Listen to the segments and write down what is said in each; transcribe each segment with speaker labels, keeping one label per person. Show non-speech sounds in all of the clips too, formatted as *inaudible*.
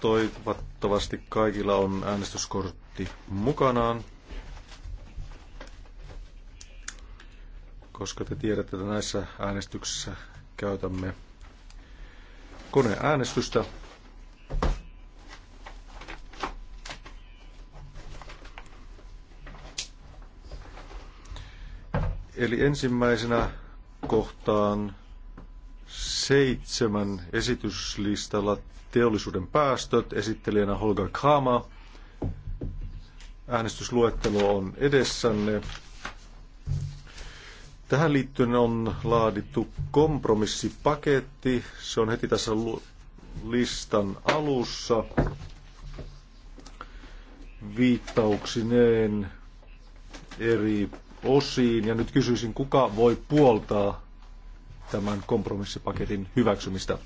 Speaker 1: Toivottavasti kaikilla on äänestyskortti mukanaan. Koska te tiedätte, että näissä äänestyksissä käytämme koneäänestystä. Eli ensimmäisenä kohtaan seitsemän esityslistalla teollisuuden päästöt, esittelijänä Holger Kama. Äänestysluettelo on edessänne. Tähän liittyen on laadittu kompromissipaketti. Se on heti tässä listan alussa viittauksineen eri osiin. Ja nyt kysyisin, kuka voi puoltaa tämän kompromissipaketin hyväksymistä.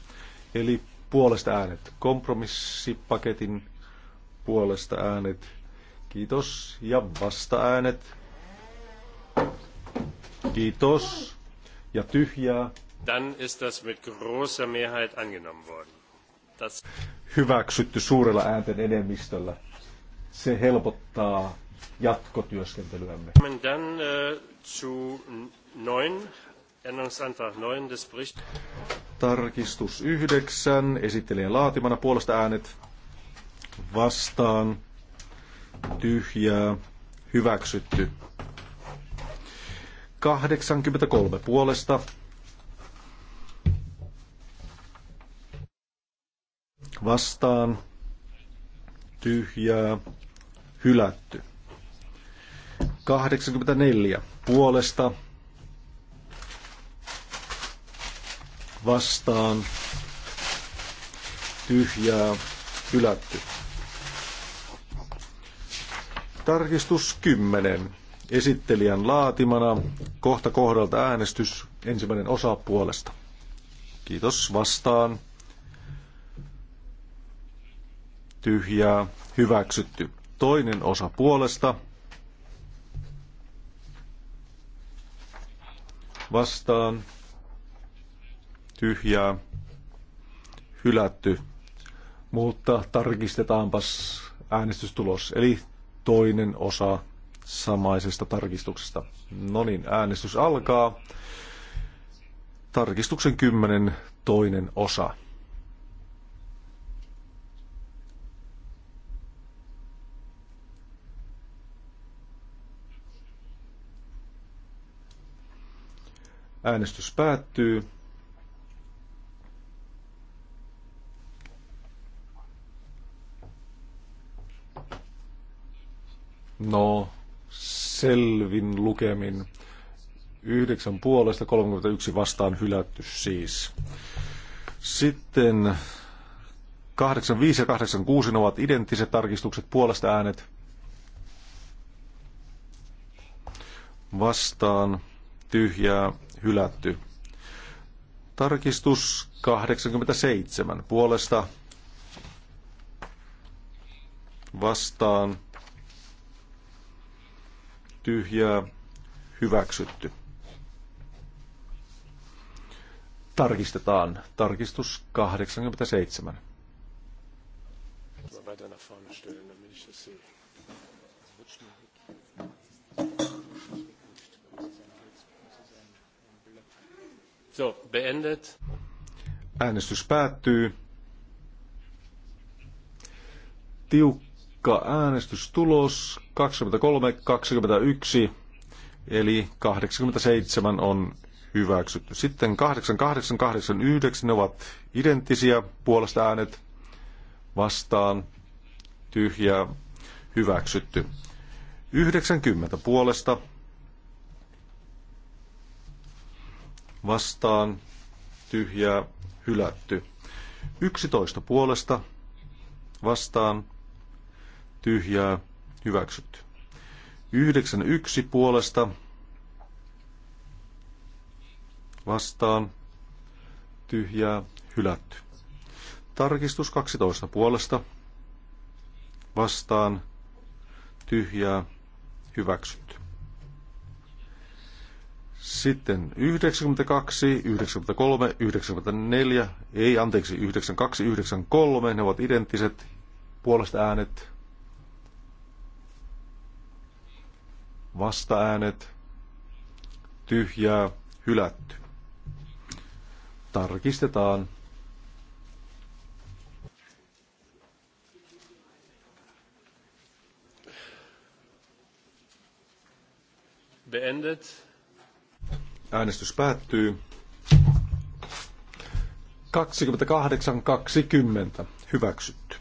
Speaker 1: Eli puolesta äänet, kompromissipaketin puolesta äänet, kiitos, ja vasta äänet, kiitos, ja tyhjää.
Speaker 2: Dann ist das mit großer Mehrheit angenommen worden. Das...
Speaker 1: Hyväksytty suurella äänten enemmistöllä. Se helpottaa jatkotyöskentelyämme.
Speaker 2: Dann äh, zu 9, Änderungsantrag 9 des Berichts.
Speaker 1: Tarkistus 9, Esittelijä laatimana puolesta äänet vastaan, tyhjää, hyväksytty. 83 puolesta. Vastaan, tyhjää, hylätty. 84 puolesta vastaan tyhjää ylätty. Tarkistus 10. Esittelijän laatimana kohta kohdalta äänestys ensimmäinen osa puolesta. Kiitos vastaan. Tyhjää hyväksytty. Toinen osa puolesta. Vastaan tyhjää hylätty, mutta tarkistetaanpas äänestystulos, eli toinen osa samaisesta tarkistuksesta. No niin, äänestys alkaa. Tarkistuksen kymmenen toinen osa. Äänestys päättyy. No, selvin lukemin. Yhdeksän puolesta, 31 vastaan hylätty siis. Sitten 85 ja 86 ovat identtiset tarkistukset puolesta äänet. Vastaan tyhjää hylätty. Tarkistus 87 puolesta vastaan tyhjää hyväksytty. Tarkistetaan. Tarkistus 87.
Speaker 2: So, beendet.
Speaker 1: Äänestys päättyy. Tiukka tarkka äänestystulos 23-21, eli 87 on hyväksytty. Sitten 8889 ovat identtisiä puolesta äänet vastaan tyhjää hyväksytty. 90 puolesta vastaan tyhjää hylätty. 11 puolesta vastaan tyhjää, hyväksytty. 91 puolesta vastaan, tyhjää, hylätty. Tarkistus 12 puolesta vastaan, tyhjää, hyväksytty. Sitten 92, 93, 94, ei anteeksi, 92, 93, ne ovat identtiset puolesta äänet vastaäänet, tyhjää, hylätty. Tarkistetaan.
Speaker 2: Beendet.
Speaker 1: Äänestys päättyy. 28.20. Hyväksytty.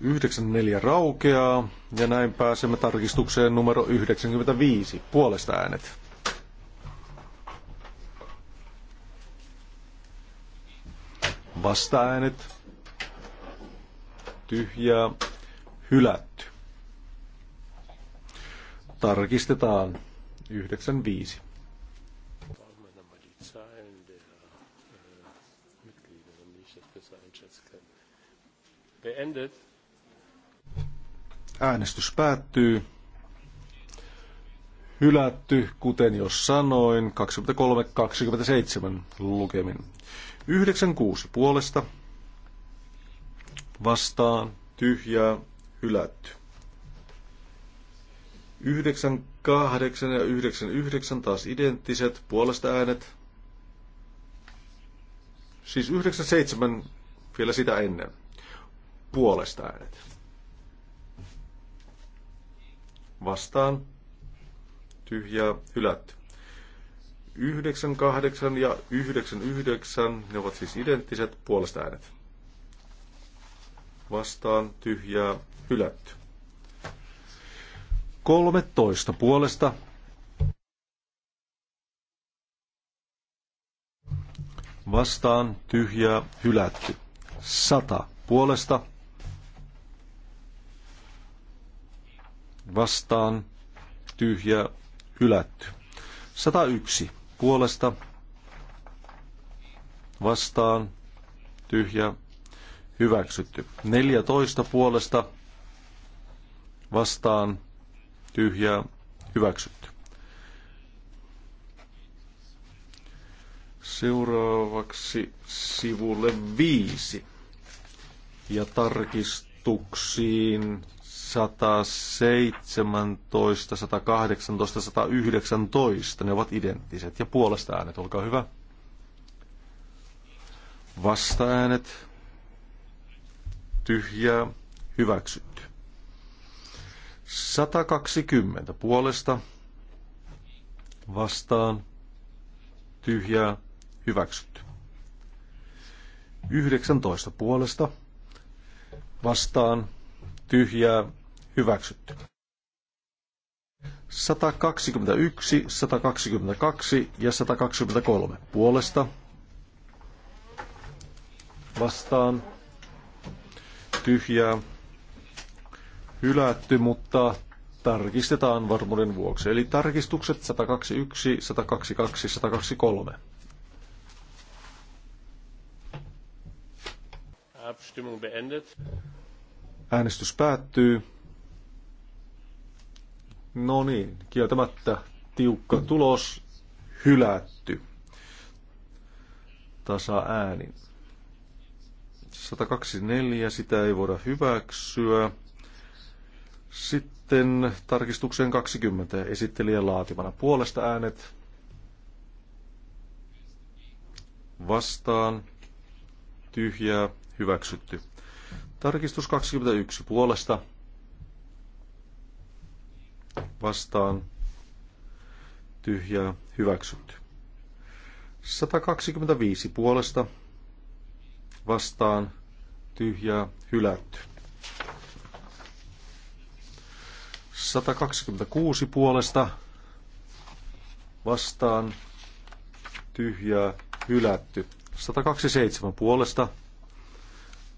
Speaker 1: 94 raukeaa ja näin pääsemme tarkistukseen numero 95. Puolesta äänet. Vasta äänet. Tyhjää. Hylätty. Tarkistetaan 95.
Speaker 2: beendet.
Speaker 1: Äänestys päättyy. Hylätty, kuten jo sanoin, 23-27 lukemin. 96 puolesta vastaan tyhjää hylätty. 98 ja 99 taas identtiset puolesta äänet. Siis 97 vielä sitä ennen puolesta äänet vastaan tyhjää hylätty. 98 ja 99, ne ovat siis identtiset puolesta äänet. Vastaan tyhjää hylätty. 13 puolesta. Vastaan tyhjää hylätty. 100 puolesta vastaan, tyhjää, hylätty. 101 puolesta, vastaan, tyhjä, hyväksytty. 14 puolesta, vastaan, tyhjä, hyväksytty. Seuraavaksi sivulle 5 ja tarkistuksiin 117, 118, 119, ne ovat identtiset. Ja puolesta äänet, olkaa hyvä. äänet. tyhjää, hyväksytty. 120 puolesta, vastaan, tyhjää, hyväksytty. 19 puolesta, vastaan, tyhjää, Hyväksytty. 121, 122 ja 123 puolesta. Vastaan. Tyhjää. Hylätty, mutta tarkistetaan varmuuden vuoksi. Eli tarkistukset 121, 122, 123. Äänestys päättyy. No niin, kieltämättä tiukka tulos, hylätty. Tasa ääni. 124, sitä ei voida hyväksyä. Sitten tarkistukseen 20 esittelijän laativana puolesta äänet. Vastaan. Tyhjää. Hyväksytty. Tarkistus 21 puolesta vastaan tyhjää hyväksytty. 125 puolesta vastaan tyhjää hylätty. 126 puolesta vastaan tyhjää hylätty. 127 puolesta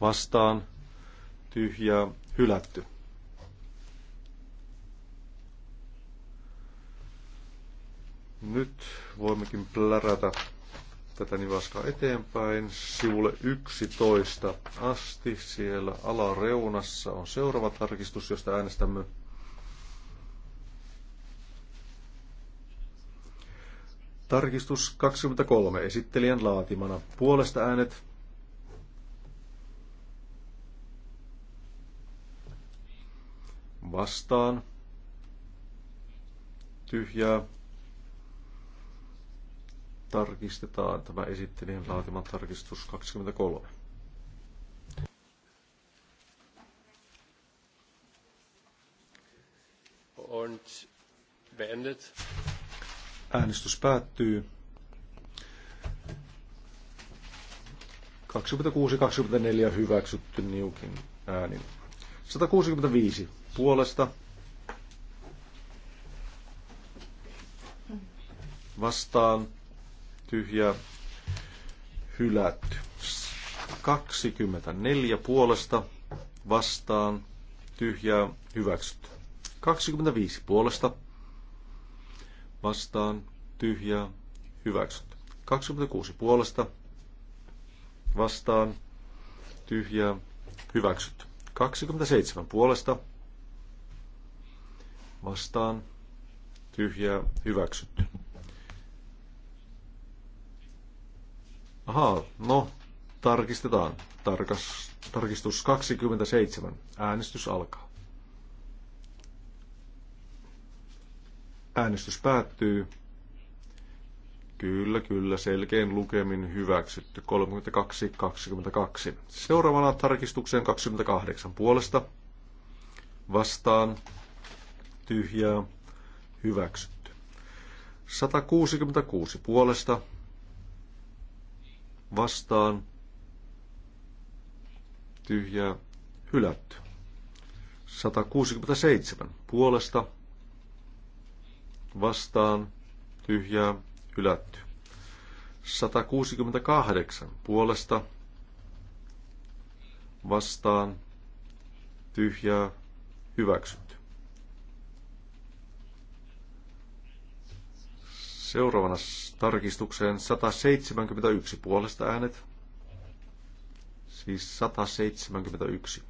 Speaker 1: vastaan tyhjää hylätty. Nyt voimmekin plärätä tätä nivaskaa eteenpäin sivulle 11 asti. Siellä alareunassa on seuraava tarkistus, josta äänestämme. Tarkistus 23 esittelijän laatimana. Puolesta äänet vastaan. Tyhjää tarkistetaan tämä esittelijän laatima tarkistus 23.
Speaker 2: Und beendet.
Speaker 1: Äänestys päättyy. 26-24 hyväksytty niukin äänin. 165 puolesta. Vastaan tyhjä, hylätty. 24 puolesta vastaan tyhjää hyväksytty. 25 puolesta vastaan tyhjää hyväksytty. 26 puolesta vastaan tyhjää hyväksytty. 27 puolesta vastaan tyhjää hyväksytty. Ahaa, no, tarkistetaan. Tarkas, tarkistus 27. Äänestys alkaa. Äänestys päättyy. Kyllä, kyllä, selkein lukemin hyväksytty. 32-22. Seuraavana tarkistukseen 28 puolesta. Vastaan. Tyhjää. Hyväksytty. 166 puolesta vastaan tyhjää hylätty. 167 puolesta vastaan tyhjää hylätty. 168 puolesta vastaan tyhjää hyväksytty. Seuraavana tarkistukseen 171 puolesta äänet. Siis 171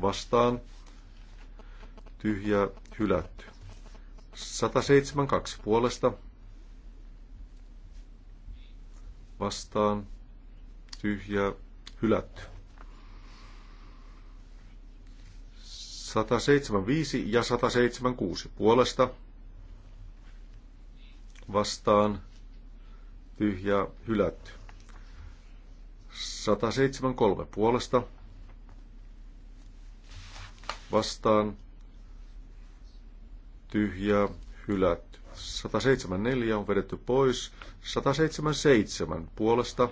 Speaker 1: vastaan. Tyhjä hylätty. 172 puolesta vastaan. Tyhjä hylätty. 175 ja 176 puolesta vastaan tyhjä hylätty. 173 puolesta vastaan tyhjä hylätty. 174 on vedetty pois. 177 puolesta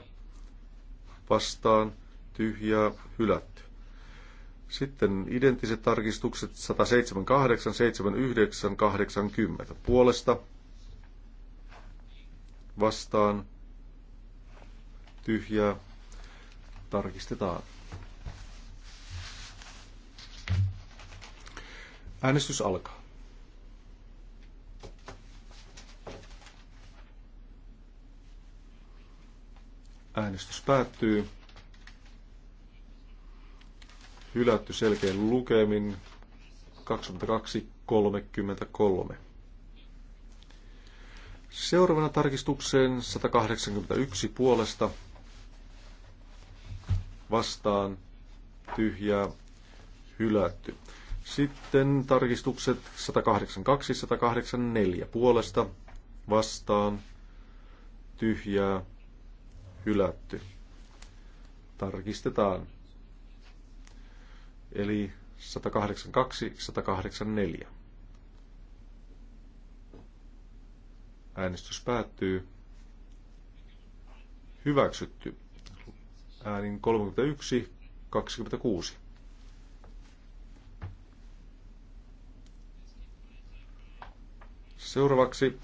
Speaker 1: vastaan tyhjä hylätty. Sitten identtiset tarkistukset 178, 79, 80 puolesta vastaan tyhjää tarkistetaan. Äänestys alkaa. Äänestys päättyy. Hylätty selkeän lukemin 22.33. Seuraavana tarkistukseen 181 puolesta vastaan tyhjää hylätty. Sitten tarkistukset 182, 184 puolesta vastaan tyhjää hylätty. Tarkistetaan. Eli 182, 184. Äänestys päättyy. Hyväksytty. Äänin 31, 26. Seuraavaksi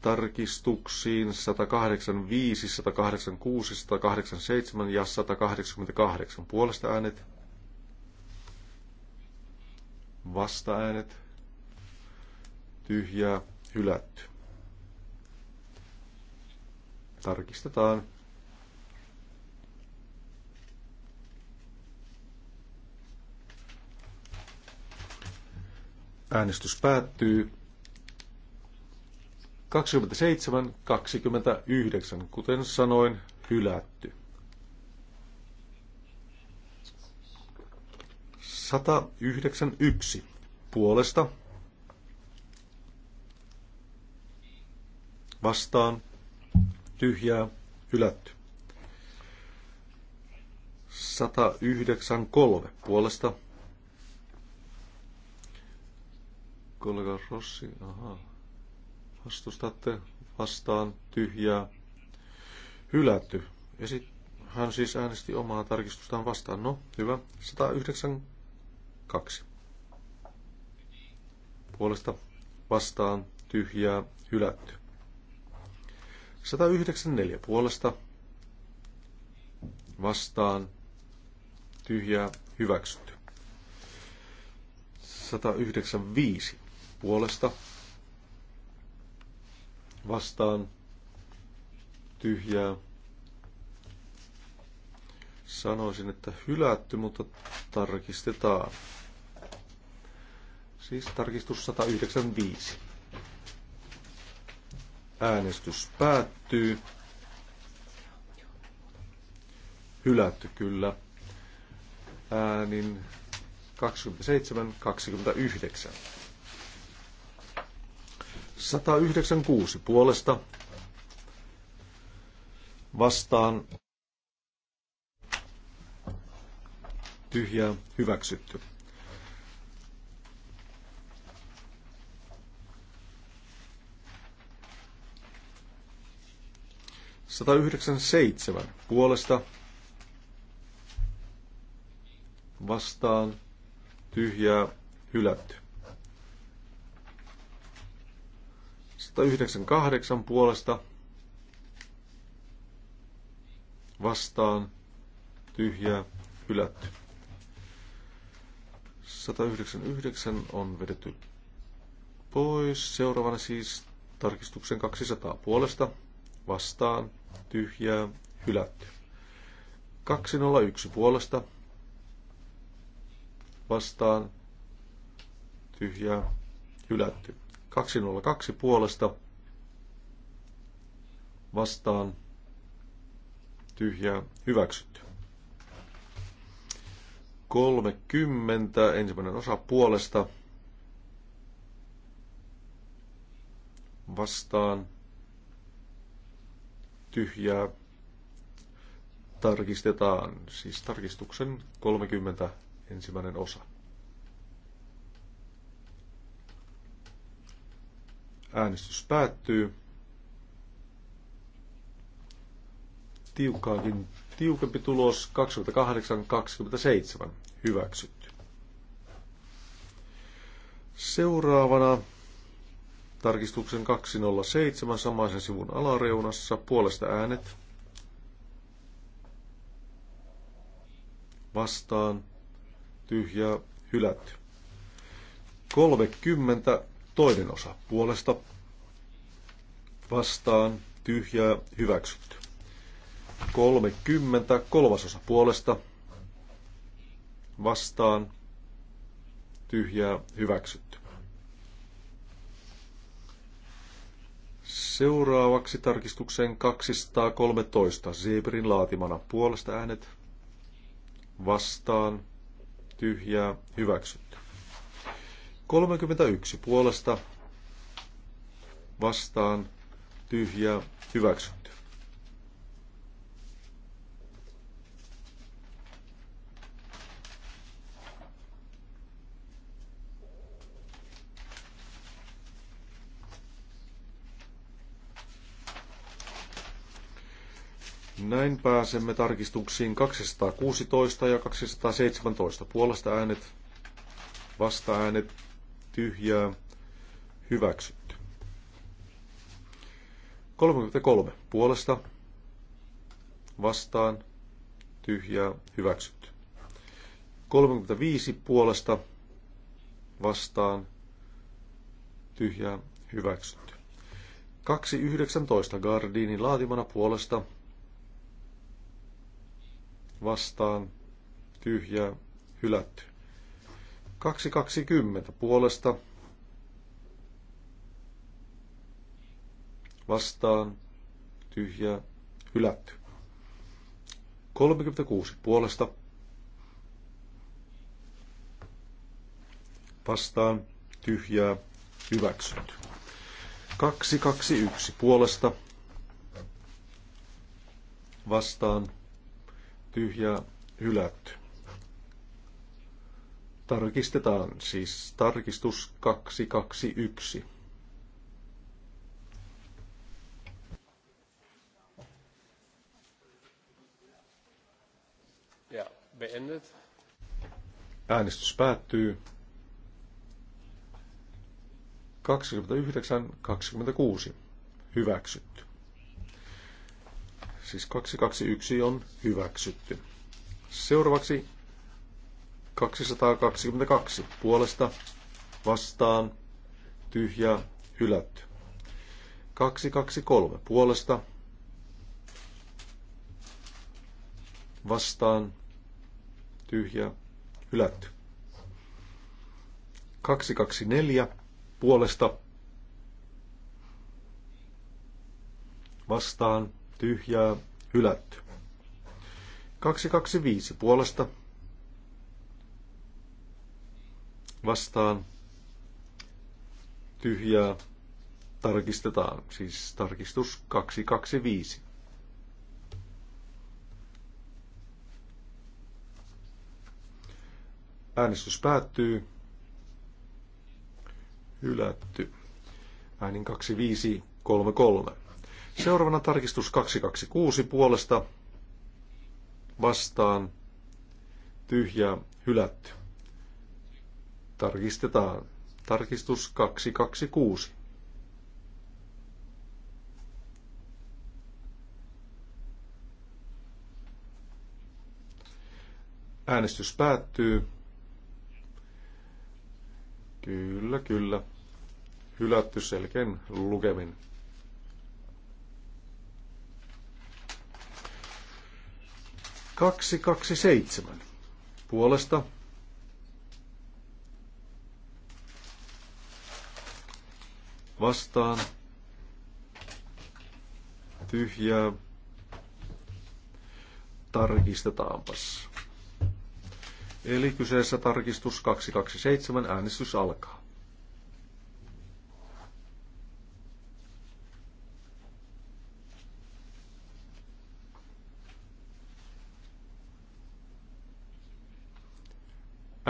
Speaker 1: tarkistuksiin 185, 186, 187 ja 188 puolesta äänet. Vasta äänet. Tyhjää, hylätty. Tarkistetaan. Äänestys päättyy 27-29, kuten sanoin, hylätty. 191 puolesta vastaan tyhjää hylätty. 193 puolesta. Kollega Rossi, aha. Vastustatte vastaan tyhjää hylätty. Ja sit hän siis äänesti omaa tarkistustaan vastaan. No, hyvä. 192. Puolesta vastaan tyhjää hylätty. 194 puolesta vastaan tyhjää hyväksytty. 195 puolesta vastaan tyhjää. Sanoisin, että hylätty, mutta tarkistetaan. Siis tarkistus 195. Äänestys päättyy. Hylätty kyllä. Äänin 27-29. 196 puolesta vastaan tyhjää hyväksytty. 197 puolesta vastaan tyhjää hylätty. 198 puolesta vastaan tyhjää hylätty. 199 on vedetty pois. Seuraavana siis tarkistuksen 200 puolesta vastaan tyhjää, hylätty. 201 puolesta vastaan tyhjää, hylätty. 202 puolesta vastaan tyhjää, hyväksytty. 30, ensimmäinen osa puolesta vastaan tyhjää tarkistetaan, siis tarkistuksen 30 ensimmäinen osa. Äänestys päättyy. Tiukkaakin tiukempi tulos 28-27 hyväksytty. Seuraavana Tarkistuksen 207 samaisen sivun alareunassa puolesta äänet. Vastaan. tyhjä Hylätty. 30 toinen osa puolesta. Vastaan. tyhjä Hyväksytty. 30 kolmasosa puolesta. Vastaan. Tyhjää. Hyväksytty. Seuraavaksi tarkistukseen 213 Zebrin laatimana puolesta äänet vastaan tyhjää hyväksytty. 31 puolesta vastaan tyhjää hyväksytty. Näin pääsemme tarkistuksiin 216 ja 217. Puolesta äänet, vasta äänet, tyhjää, hyväksytty. 33. Puolesta, vastaan, tyhjää, hyväksytty. 35. Puolesta, vastaan, tyhjää, hyväksytty. 2.19. Gardiinin laatimana puolesta, vastaan tyhjää hylätty. 220 puolesta vastaan tyhjää hylätty. 36 puolesta vastaan tyhjää hyväksytty. 221 puolesta vastaan tyhjää hylätty. Tarkistetaan siis tarkistus 221.
Speaker 2: Ja, beendet.
Speaker 1: Äänestys päättyy. 29.26. Hyväksytty. Siis 221 on hyväksytty. Seuraavaksi 222 puolesta vastaan tyhjä hylätty. 223 puolesta vastaan tyhjä hylätty. 224 puolesta vastaan tyhjää, hylätty. 225 puolesta vastaan tyhjää tarkistetaan, siis tarkistus 225. Äänestys päättyy. Hylätty. Äänin 2533. Seuraavana tarkistus 226 puolesta vastaan tyhjä hylätty. Tarkistetaan. Tarkistus 226. Äänestys päättyy. Kyllä, kyllä. Hylätty selkeän lukemin. 227 puolesta vastaan tyhjää tarkistetaanpas. Eli kyseessä tarkistus 227, äänestys alkaa.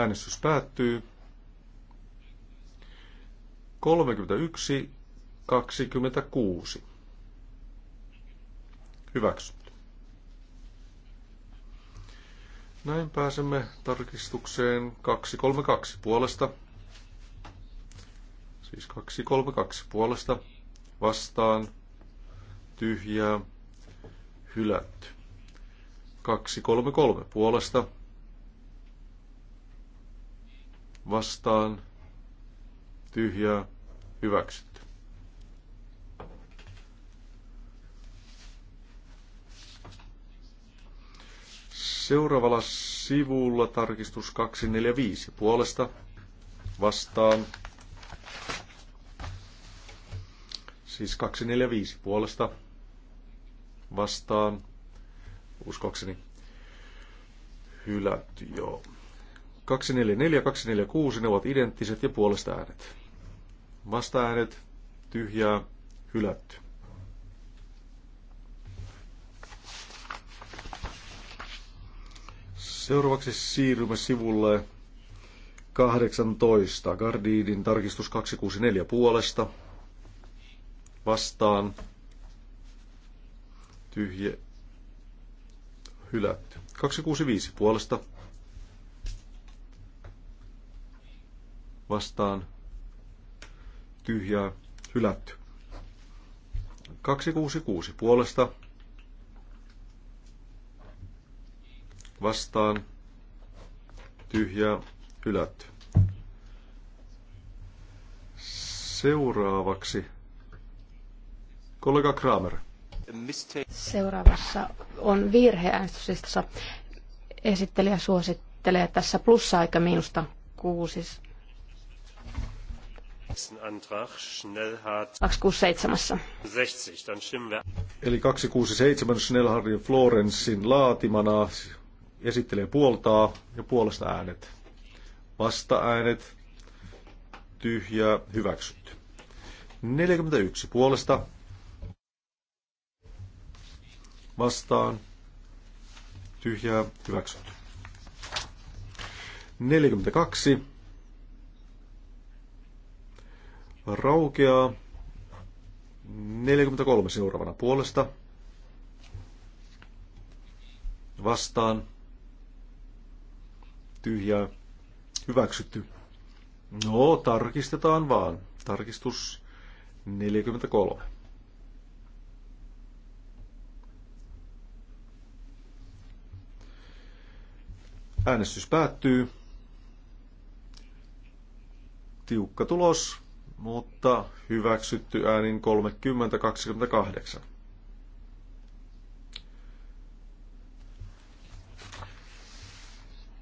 Speaker 1: Äänestys päättyy. 31, 26. Hyväksytty. Näin pääsemme tarkistukseen 232 puolesta. Siis 232 puolesta vastaan tyhjää hylätty. 233 puolesta vastaan tyhjää hyväksytty. Seuraavalla sivulla tarkistus 245 puolesta vastaan. Siis 245 puolesta vastaan. Uskokseni hylätty, joo. 244 ja 246, ne ovat identtiset ja puolesta äänet. Vasta-äänet, tyhjää, hylätty. Seuraavaksi siirrymme sivulle 18. Gardiidin tarkistus 264 puolesta. Vastaan. Tyhjä. Hylätty. 265 puolesta. vastaan tyhjää hylätty. 266 puolesta vastaan tyhjää hylätty. Seuraavaksi kollega Kramer.
Speaker 3: Seuraavassa on virheäänestyksessä. Esittelijä suosittelee tässä plussa aika miinusta kuusis
Speaker 2: 267.
Speaker 3: Eli
Speaker 1: 267 Schnellhardin Florensin laatimana esittelee puoltaa ja puolesta äänet. Vasta äänet, tyhjä, hyväksytty. 41 puolesta vastaan, tyhjää, hyväksytty. 42 raukeaa. 43 seuraavana puolesta. Vastaan. tyhjä, Hyväksytty. No, tarkistetaan vaan. Tarkistus 43. Äänestys päättyy. Tiukka tulos mutta hyväksytty äänin 30-28.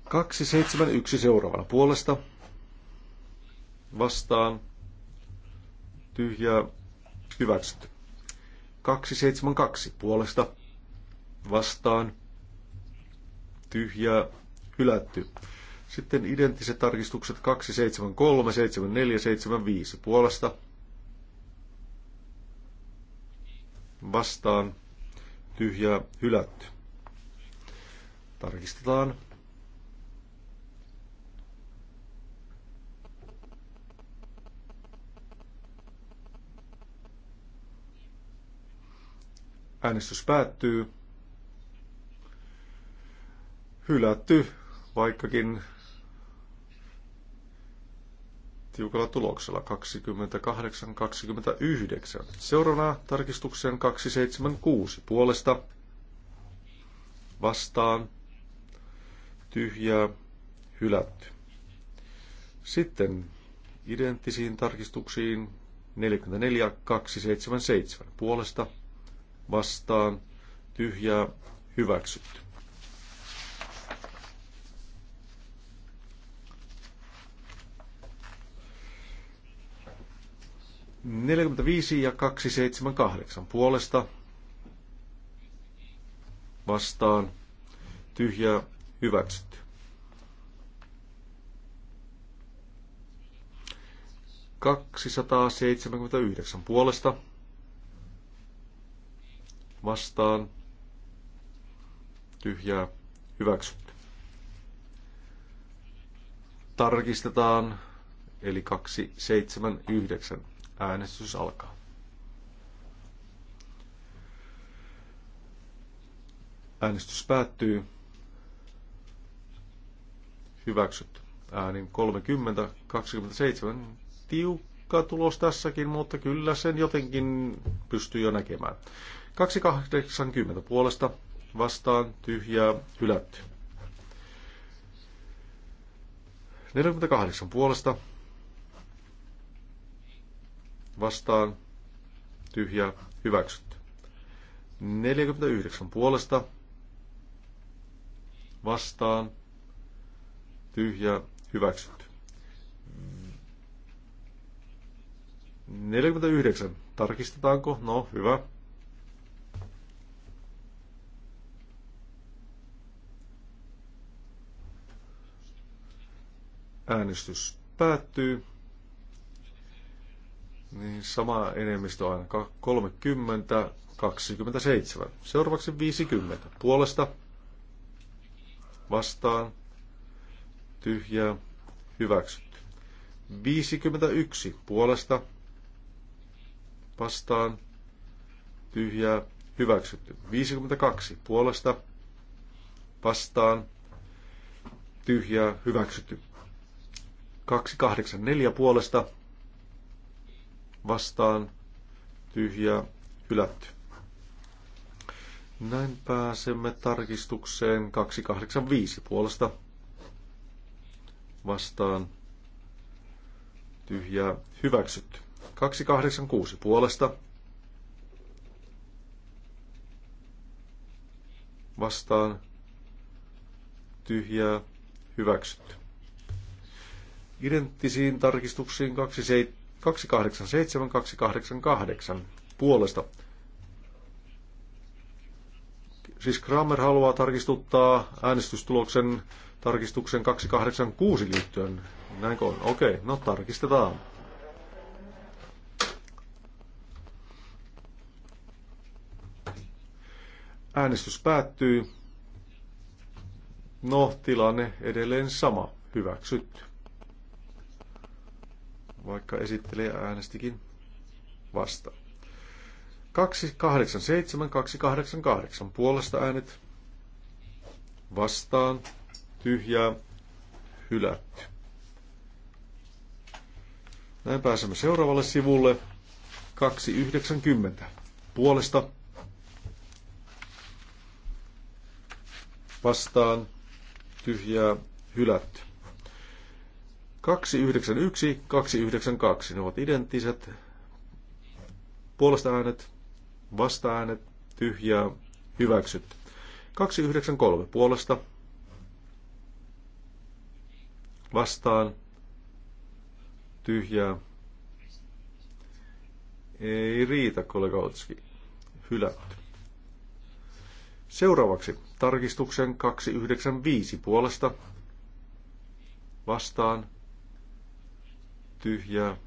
Speaker 1: Kaksi, seitsemän, yksi seuraavana puolesta. Vastaan. Tyhjää. Hyväksytty. Kaksi, seitsemän, kaksi puolesta. Vastaan. Tyhjää. Hylätty. Sitten identtiset tarkistukset 273, 74, 75 puolesta. Vastaan tyhjää hylätty. Tarkistetaan. Äänestys päättyy. Hylätty, vaikkakin tiukalla tuloksella 28-29. Seuraavana tarkistuksen 276 puolesta vastaan tyhjää hylätty. Sitten identtisiin tarkistuksiin 44-277 puolesta vastaan tyhjää hyväksytty. 45 ja 278 puolesta vastaan tyhjää hyväksytty. 279 puolesta vastaan tyhjää hyväksytty. Tarkistetaan eli 279 Äänestys alkaa. Äänestys päättyy. Hyväksyt Äänin 30, 27. Tiukka tulos tässäkin, mutta kyllä sen jotenkin pystyy jo näkemään. 280 puolesta vastaan tyhjää hylätty. 48 puolesta vastaan tyhjä, hyväksytty. 49 puolesta vastaan tyhjä, hyväksytty. 49. Tarkistetaanko? No, hyvä. Äänestys päättyy niin sama enemmistö aina 30, 27. Seuraavaksi 50. Puolesta vastaan tyhjää hyväksytty. 51 puolesta vastaan tyhjää hyväksytty. 52 puolesta vastaan tyhjää hyväksytty. 284 puolesta vastaan tyhjä hylätty. Näin pääsemme tarkistukseen 285 puolesta vastaan tyhjä hyväksytty. 286 puolesta vastaan tyhjää hyväksytty. Identtisiin tarkistuksiin 27 287, 288 puolesta. Siis Kramer haluaa tarkistuttaa äänestystuloksen tarkistuksen 286 liittyen. Näinkö on? Okei, no tarkistetaan. Äänestys päättyy. No, tilanne edelleen sama. Hyväksytty vaikka esittelijä äänestikin vastaan. 287, 288 puolesta äänet vastaan, tyhjää, hylätty. Näin pääsemme seuraavalle sivulle. 290 puolesta vastaan, tyhjää, hylätty. 291, 292, ne ovat identtiset. Puolesta äänet, vasta äänet, tyhjää, hyväksytty. 293 puolesta, vastaan, tyhjää. Ei riitä, kollega Otski. Hylätty. Seuraavaksi tarkistuksen 295 puolesta vastaan tyhjää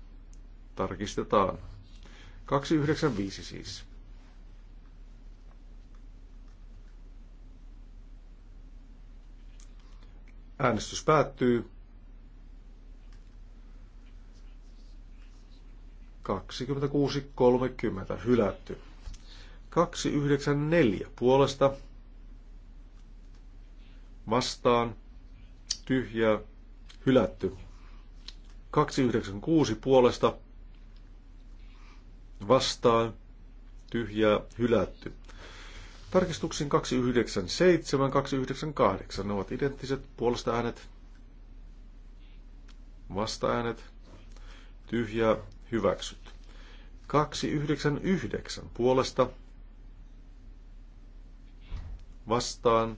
Speaker 1: tarkistetaan. 295 siis. Äänestys päättyy. 26.30 hylätty. 294 puolesta vastaan tyhjää hylätty. 296 puolesta vastaan tyhjää hylätty. Tarkistuksin 297, 298 ne ovat identtiset puolesta äänet, vasta äänet, tyhjää hyväksyt. 299 puolesta vastaan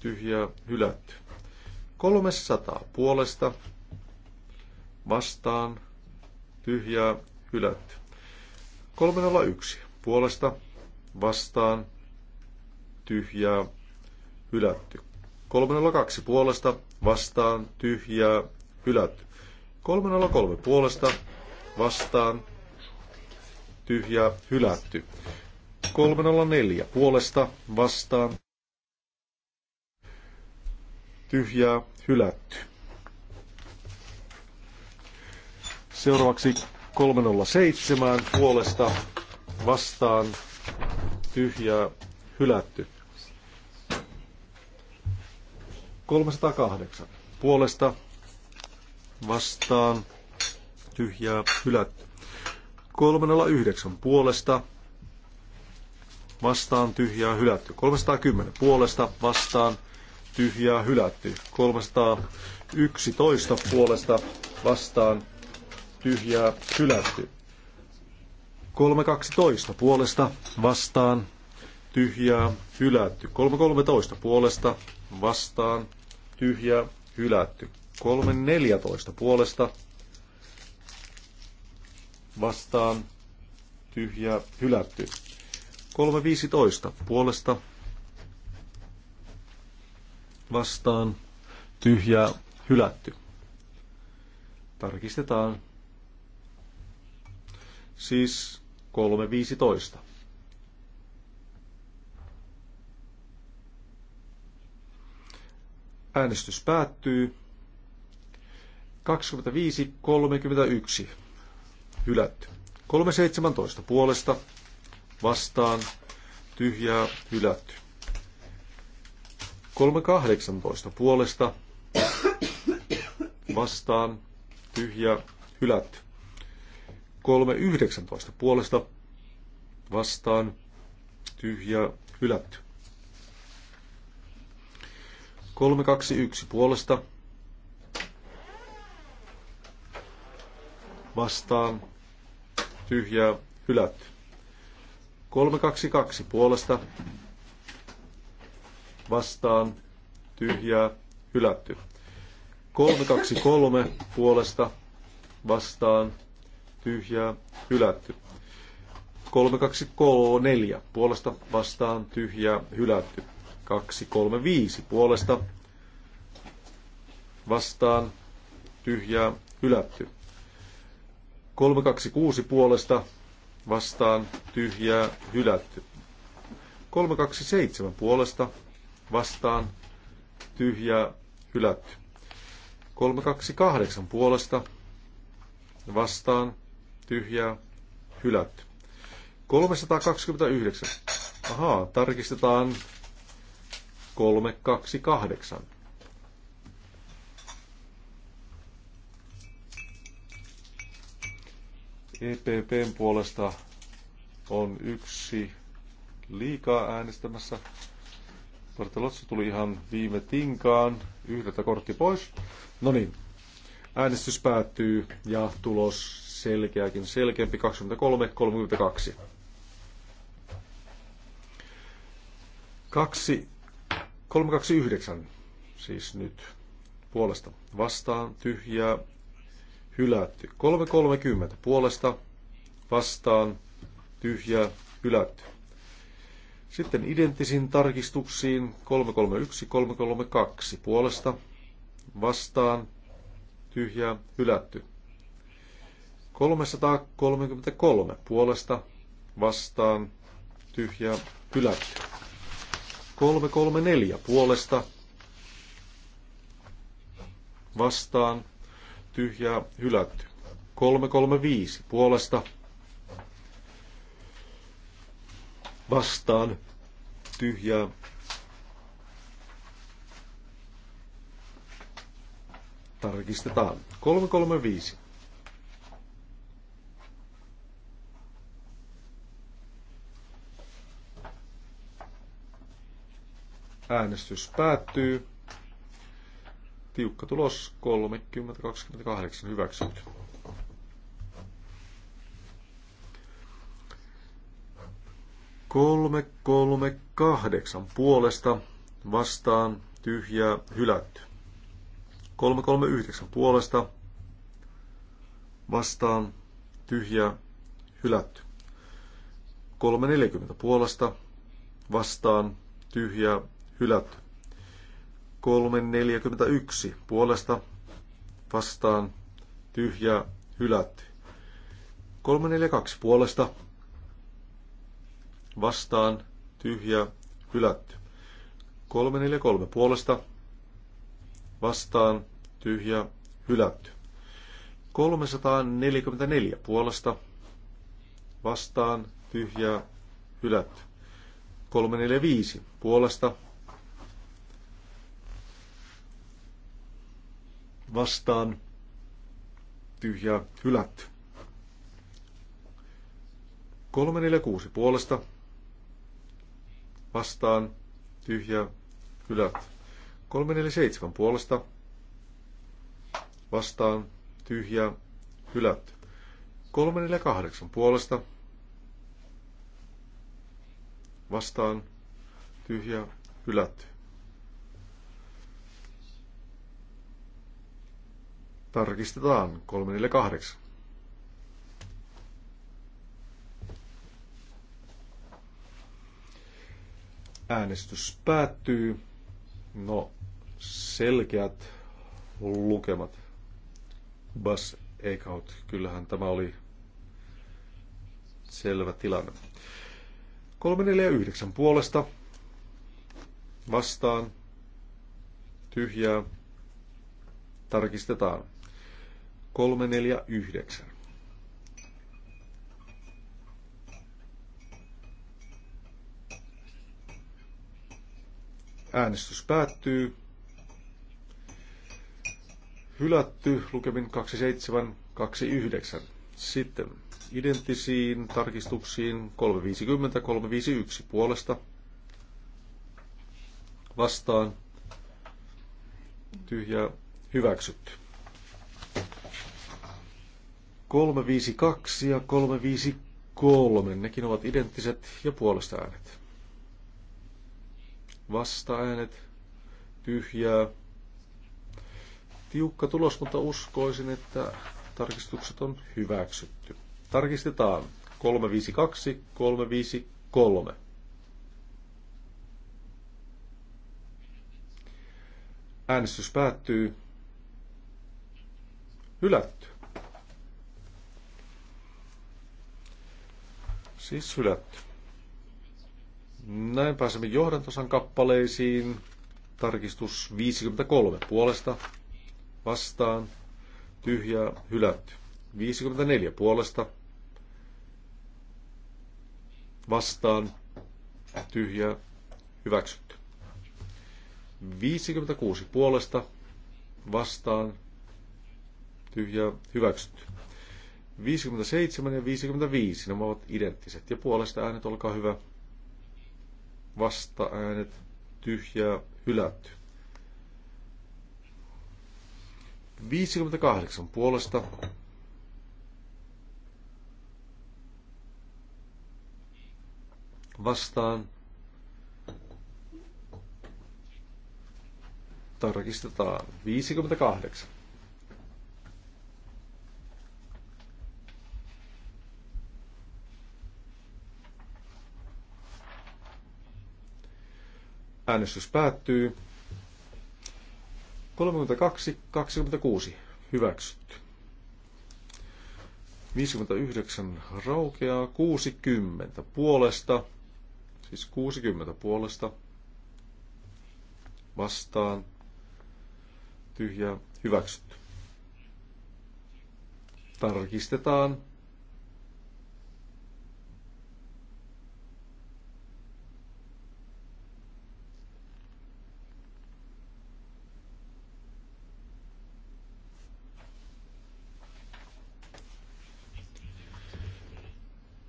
Speaker 1: tyhjää hylätty. 300 puolesta vastaan, tyhjää, hylätty. 301 puolesta, vastaan, tyhjää, hylätty. 302 puolesta, vastaan, tyhjää, hylätty. 303 puolesta, vastaan, tyhjää, hylätty. 304 puolesta, vastaan, tyhjää, hylätty. Seuraavaksi 307 puolesta vastaan tyhjää hylätty. 308 puolesta vastaan tyhjää hylätty. 309 puolesta vastaan tyhjää hylätty. 310 puolesta vastaan tyhjää hylätty. 311 puolesta vastaan tyhjää hylätty. 3.12 puolesta vastaan tyhjää hylätty. 3.13 puolesta vastaan tyhjää hylätty. 3.14 puolesta vastaan tyhjää hylätty. 3.15 puolesta vastaan tyhjää hylätty. Tarkistetaan Siis 3.15. Äänestys päättyy. 25.31. Hylätty. 3.17 puolesta. Vastaan. Tyhjää. Hylätty. 3.18 puolesta. Vastaan. Tyhjä. Hylätty. 3.19 puolesta vastaan tyhjä hylätty. 3.21 puolesta vastaan tyhjä hylätty. 322 puolesta vastaan tyhjää hylätty. 323 puolesta vastaan tyhjää hylätty. 3234 puolesta vastaan tyhjää hylätty. 235 puolesta vastaan tyhjää hylätty. 326 puolesta vastaan tyhjää hylätty. 327 puolesta vastaan tyhjää hylätty. 328 puolesta vastaan tyhjää, hylätty. 329. Ahaa, tarkistetaan 328. EPPn puolesta on yksi liikaa äänestämässä. Bartolotso tuli ihan viime tinkaan. Yhdeltä kortti pois. No niin, äänestys päättyy ja tulos selkeäkin selkeämpi. 23, 32. Kaksi, 329 siis nyt puolesta vastaan, tyhjää, hylätty. 330 puolesta vastaan, tyhjää, hylätty. Sitten identtisiin tarkistuksiin 331, 332 puolesta vastaan, tyhjää, hylätty. 333 puolesta vastaan tyhjää hylätty. 334 puolesta vastaan tyhjää hylätty. 335 puolesta vastaan tyhjää tarkistetaan. 335 Äänestys päättyy. Tiukka tulos 30-28 hyväksytty. Kolme, kolme, kahdeksan puolesta vastaan tyhjää hylätty. kolme kolme yhdeksän puolesta vastaan tyhjää hylätty. kolme neljäkymmentä puolesta vastaan tyhjää hylätty. 3.41 puolesta vastaan tyhjä hylätty. 3.42 puolesta vastaan tyhjä hylätty. 3.43 puolesta vastaan tyhjä hylätty. 344 puolesta vastaan tyhjä hylätty. 345 puolesta vastaan tyhjä hylätty. 346 puolesta vastaan tyhjä hylätty. 347 puolesta vastaan tyhjä hylätty. 348 puolesta vastaan tyhjä hylätty. Tarkistetaan 348. Äänestys päättyy. No, selkeät lukemat. Bas Eichhout, kyllähän tämä oli selvä tilanne. 349 puolesta vastaan tyhjää tarkistetaan. 349. Äänestys päättyy. Hylätty lukemin 2729. Sitten identtisiin tarkistuksiin 350, 351 puolesta vastaan Tyhjä hyväksytty. 352 ja 353, nekin ovat identtiset ja puolesta äänet. Vasta-äänet, tyhjää. Tiukka tulos, mutta uskoisin, että tarkistukset on hyväksytty. Tarkistetaan 352, 353. Äänestys päättyy. Hylätty. Siis hylätty. Näin pääsemme johdantosan kappaleisiin. Tarkistus 53 puolesta vastaan. tyhjä hylätty. 54 puolesta vastaan. tyhjä hyväksytty. 56 puolesta vastaan. tyhjä hyväksytty. 57 ja 55, nämä ovat identtiset. Ja puolesta äänet, olkaa hyvä. Vasta äänet, tyhjää, hylätty. 58 puolesta. Vastaan. Tarkistetaan. 58. Äänestys päättyy. 32-26 hyväksytty. 59 raukeaa 60 puolesta, siis 60 puolesta vastaan tyhjä hyväksytty. Tarkistetaan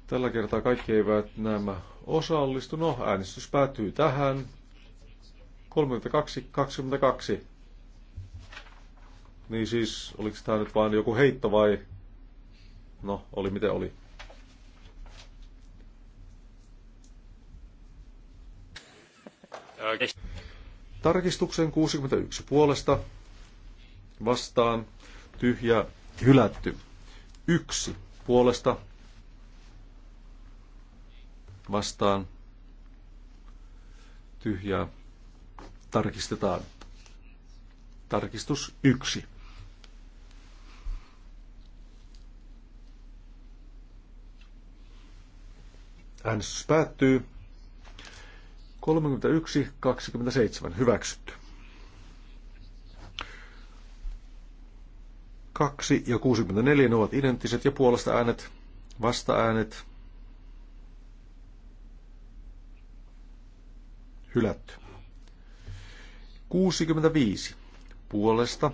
Speaker 1: Tällä kertaa kaikki eivät nämä osallistu. No, äänestys päättyy tähän. 32-22. Niin siis, oliko tämä nyt vain joku heitto vai? No, oli miten oli. Tarkistuksen 61 puolesta vastaan tyhjä hylätty. Yksi puolesta vastaan tyhjää tarkistetaan. Tarkistus yksi. Äänestys päättyy. 27 Hyväksytty. 2 ja 64 ne ovat identtiset ja puolesta äänet, vasta äänet, hylätty. 65 puolesta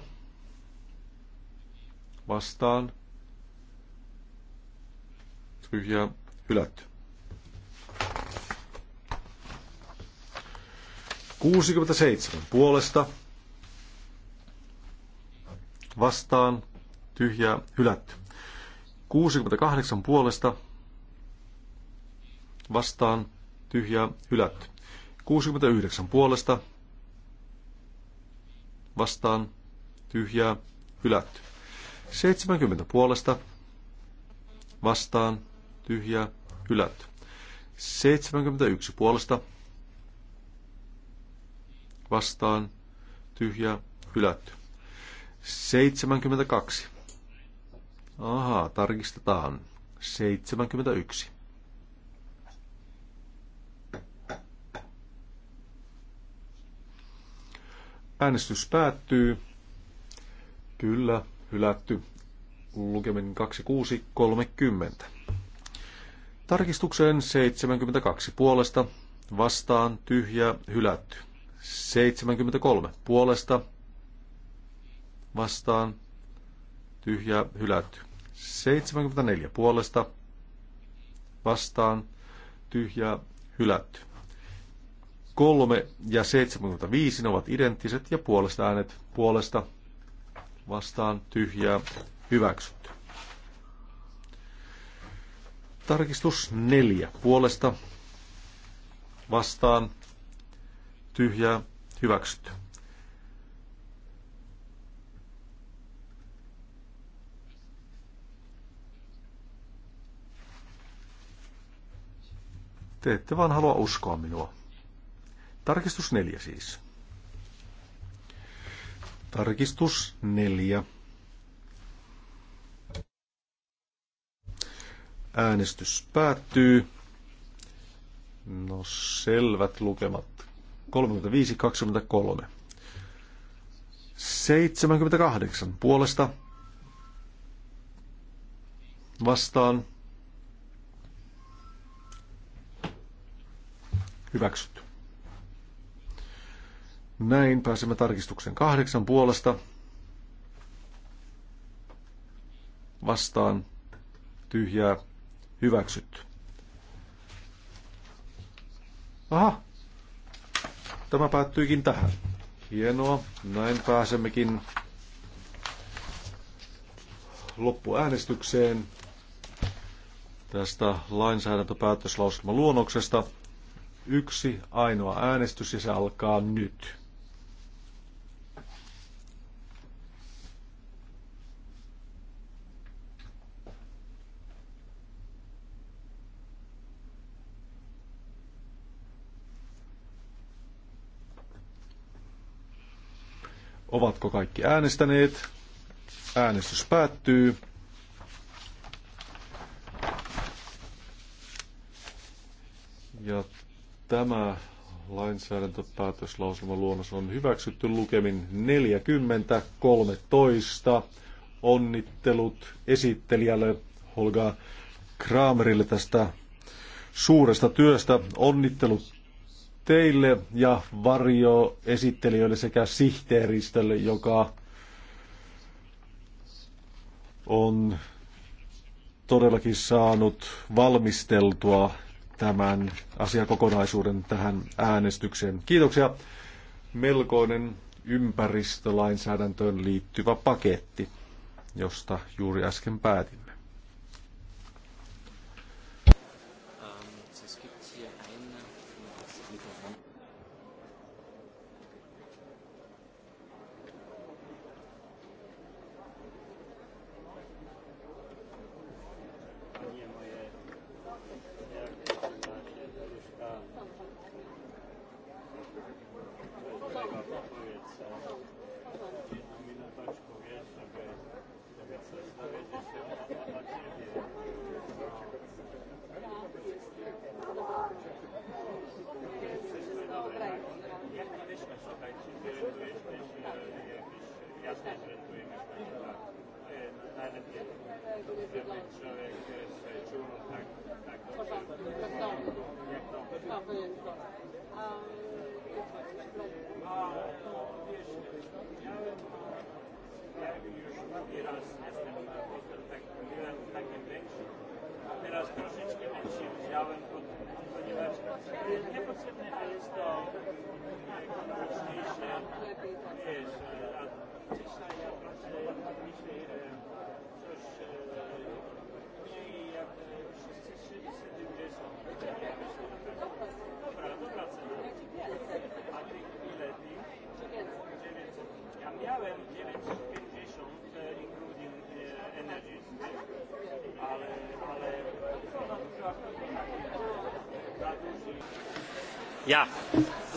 Speaker 1: vastaan tyhjää hylätty. 67 puolesta vastaan tyhjää hylätty. 68 puolesta vastaan tyhjää hylätty. 69 puolesta vastaan tyhjää hylätty. 70 puolesta vastaan tyhjää hylätty. 71 puolesta vastaan tyhjä hylätty. 72. Ahaa, tarkistetaan. 71. Äänestys päättyy. Kyllä, hylätty. Lukemin 2630. Tarkistukseen 72 puolesta, vastaan tyhjä, hylätty. 73 puolesta, vastaan tyhjä, hylätty. 74 puolesta, vastaan tyhjä, hylätty. 3 ja 75 ne ovat identtiset ja puolesta äänet puolesta vastaan tyhjää hyväksytty. Tarkistus 4 puolesta vastaan tyhjää hyväksytty. Te ette vaan halua uskoa minua. Tarkistus neljä siis. Tarkistus neljä. Äänestys päättyy. No selvät lukemat. 35-23. 78 puolesta vastaan hyväksytty. Näin pääsemme tarkistuksen kahdeksan puolesta. Vastaan tyhjää hyväksytty. Aha, tämä päättyykin tähän. Hienoa, näin pääsemmekin loppuäänestykseen tästä lainsäädäntöpäätöslauselman luonnoksesta. Yksi ainoa äänestys ja se alkaa nyt. Ovatko kaikki äänestäneet? Äänestys päättyy. Ja tämä lainsäädäntöpäätöslauselman luonnos on hyväksytty lukemin 40.13. Onnittelut esittelijälle Holga Kramerille tästä suuresta työstä. Onnittelut teille ja varjo esittelijöille sekä sihteeristölle, joka on todellakin saanut valmisteltua tämän asiakokonaisuuden tähän äänestykseen. Kiitoksia. Melkoinen ympäristölainsäädäntöön liittyvä paketti, josta juuri äsken päätin.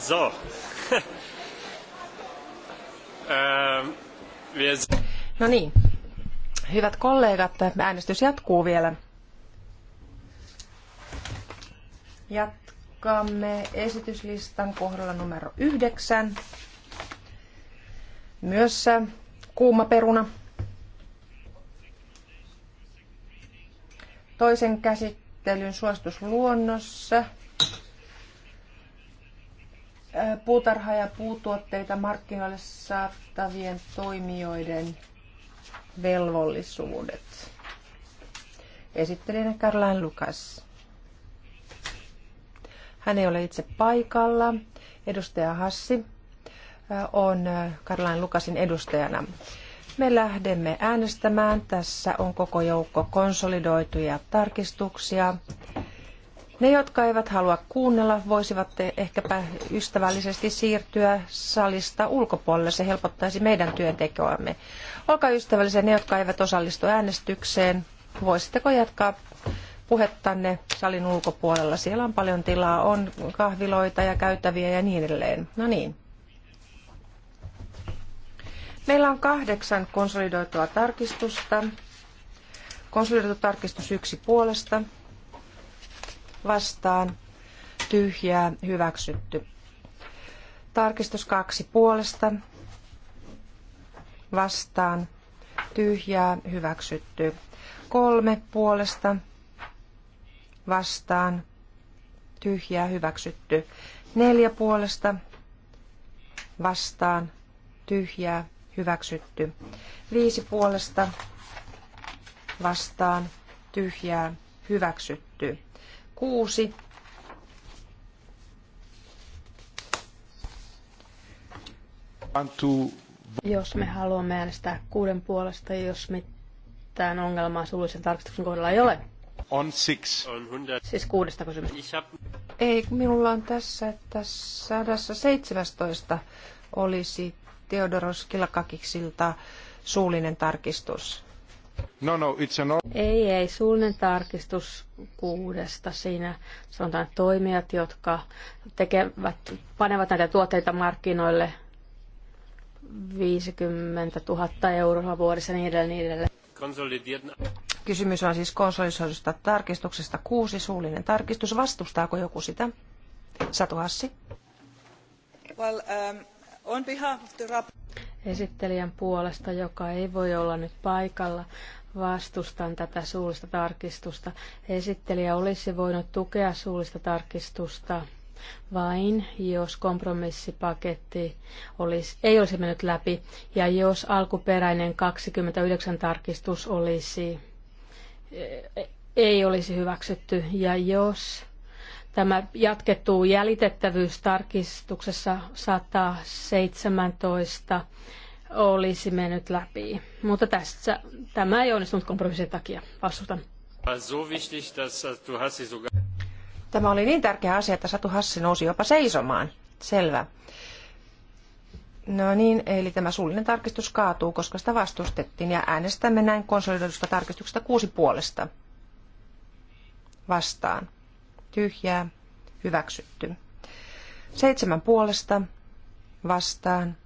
Speaker 2: So. *laughs* Ehm,
Speaker 4: no niin. Hyvät kollegat, äänestys jatkuu vielä. Jatkamme esityslistan kohdalla numero yhdeksän. Myös äh, kuuma peruna. Toisen käsittelyn suositusluonnossa puutarha- ja puutuotteita markkinoille saattavien toimijoiden velvollisuudet. Esittelijänä Karlain Lukas. Hän ei ole itse paikalla. Edustaja Hassi on Karlain Lukasin edustajana. Me lähdemme äänestämään. Tässä on koko joukko konsolidoituja tarkistuksia. Ne, jotka eivät halua kuunnella, voisivat ehkäpä ystävällisesti siirtyä salista ulkopuolelle. Se helpottaisi meidän työntekoamme. Olkaa ystävällisiä ne, jotka eivät osallistu äänestykseen. Voisitteko jatkaa puhettanne salin ulkopuolella? Siellä on paljon tilaa, on kahviloita ja käytäviä ja niin edelleen. No niin. Meillä on kahdeksan konsolidoitua tarkistusta. Konsolidoitu tarkistus yksi puolesta vastaan tyhjää hyväksytty. Tarkistus kaksi puolesta vastaan tyhjää hyväksytty. Kolme puolesta vastaan tyhjää hyväksytty. Neljä puolesta vastaan tyhjää hyväksytty. Viisi puolesta vastaan tyhjää hyväksytty.
Speaker 3: 6. Jos me haluamme äänestää kuuden puolesta, jos mitään ongelmaa suullisen tarkistuksen kohdalla ei ole.
Speaker 2: On six. Siis kuudesta kysymys. Niin,
Speaker 3: ei, minulla on tässä, että
Speaker 4: 117 olisi Teodoros Kilakakiksilta
Speaker 3: suullinen tarkistus.
Speaker 1: No, no, it's an...
Speaker 3: Ei, ei, suullinen tarkistus kuudesta. Siinä sanotaan toimijat, jotka tekevät, panevat näitä tuotteita markkinoille 50 000 euroa vuodessa niin edelleen. Niin
Speaker 2: edelleen.
Speaker 3: Kysymys on siis konsolisoidusta tarkistuksesta
Speaker 4: kuusi, suullinen tarkistus. Vastustaako joku sitä? Satu Hassi. Well, um, on behalf of the
Speaker 3: esittelijän puolesta, joka ei voi olla nyt paikalla. Vastustan tätä suullista tarkistusta. Esittelijä olisi voinut tukea suullista tarkistusta vain, jos kompromissipaketti olisi, ei olisi mennyt läpi ja jos alkuperäinen 29 tarkistus olisi, eh, ei olisi hyväksytty ja jos Tämä jatkettu jäljitettävyys tarkistuksessa 117 olisi mennyt läpi. Mutta tässä, tämä ei onnistunut kompromissin takia. Vastustan.
Speaker 4: Tämä oli niin tärkeä asia, että Satu Hassi nousi jopa seisomaan. Selvä. No niin, eli tämä suullinen tarkistus kaatuu, koska sitä vastustettiin ja äänestämme näin konsolidoidusta tarkistuksesta kuusi puolesta vastaan tyhjää, hyväksytty. Seitsemän puolesta, vastaan,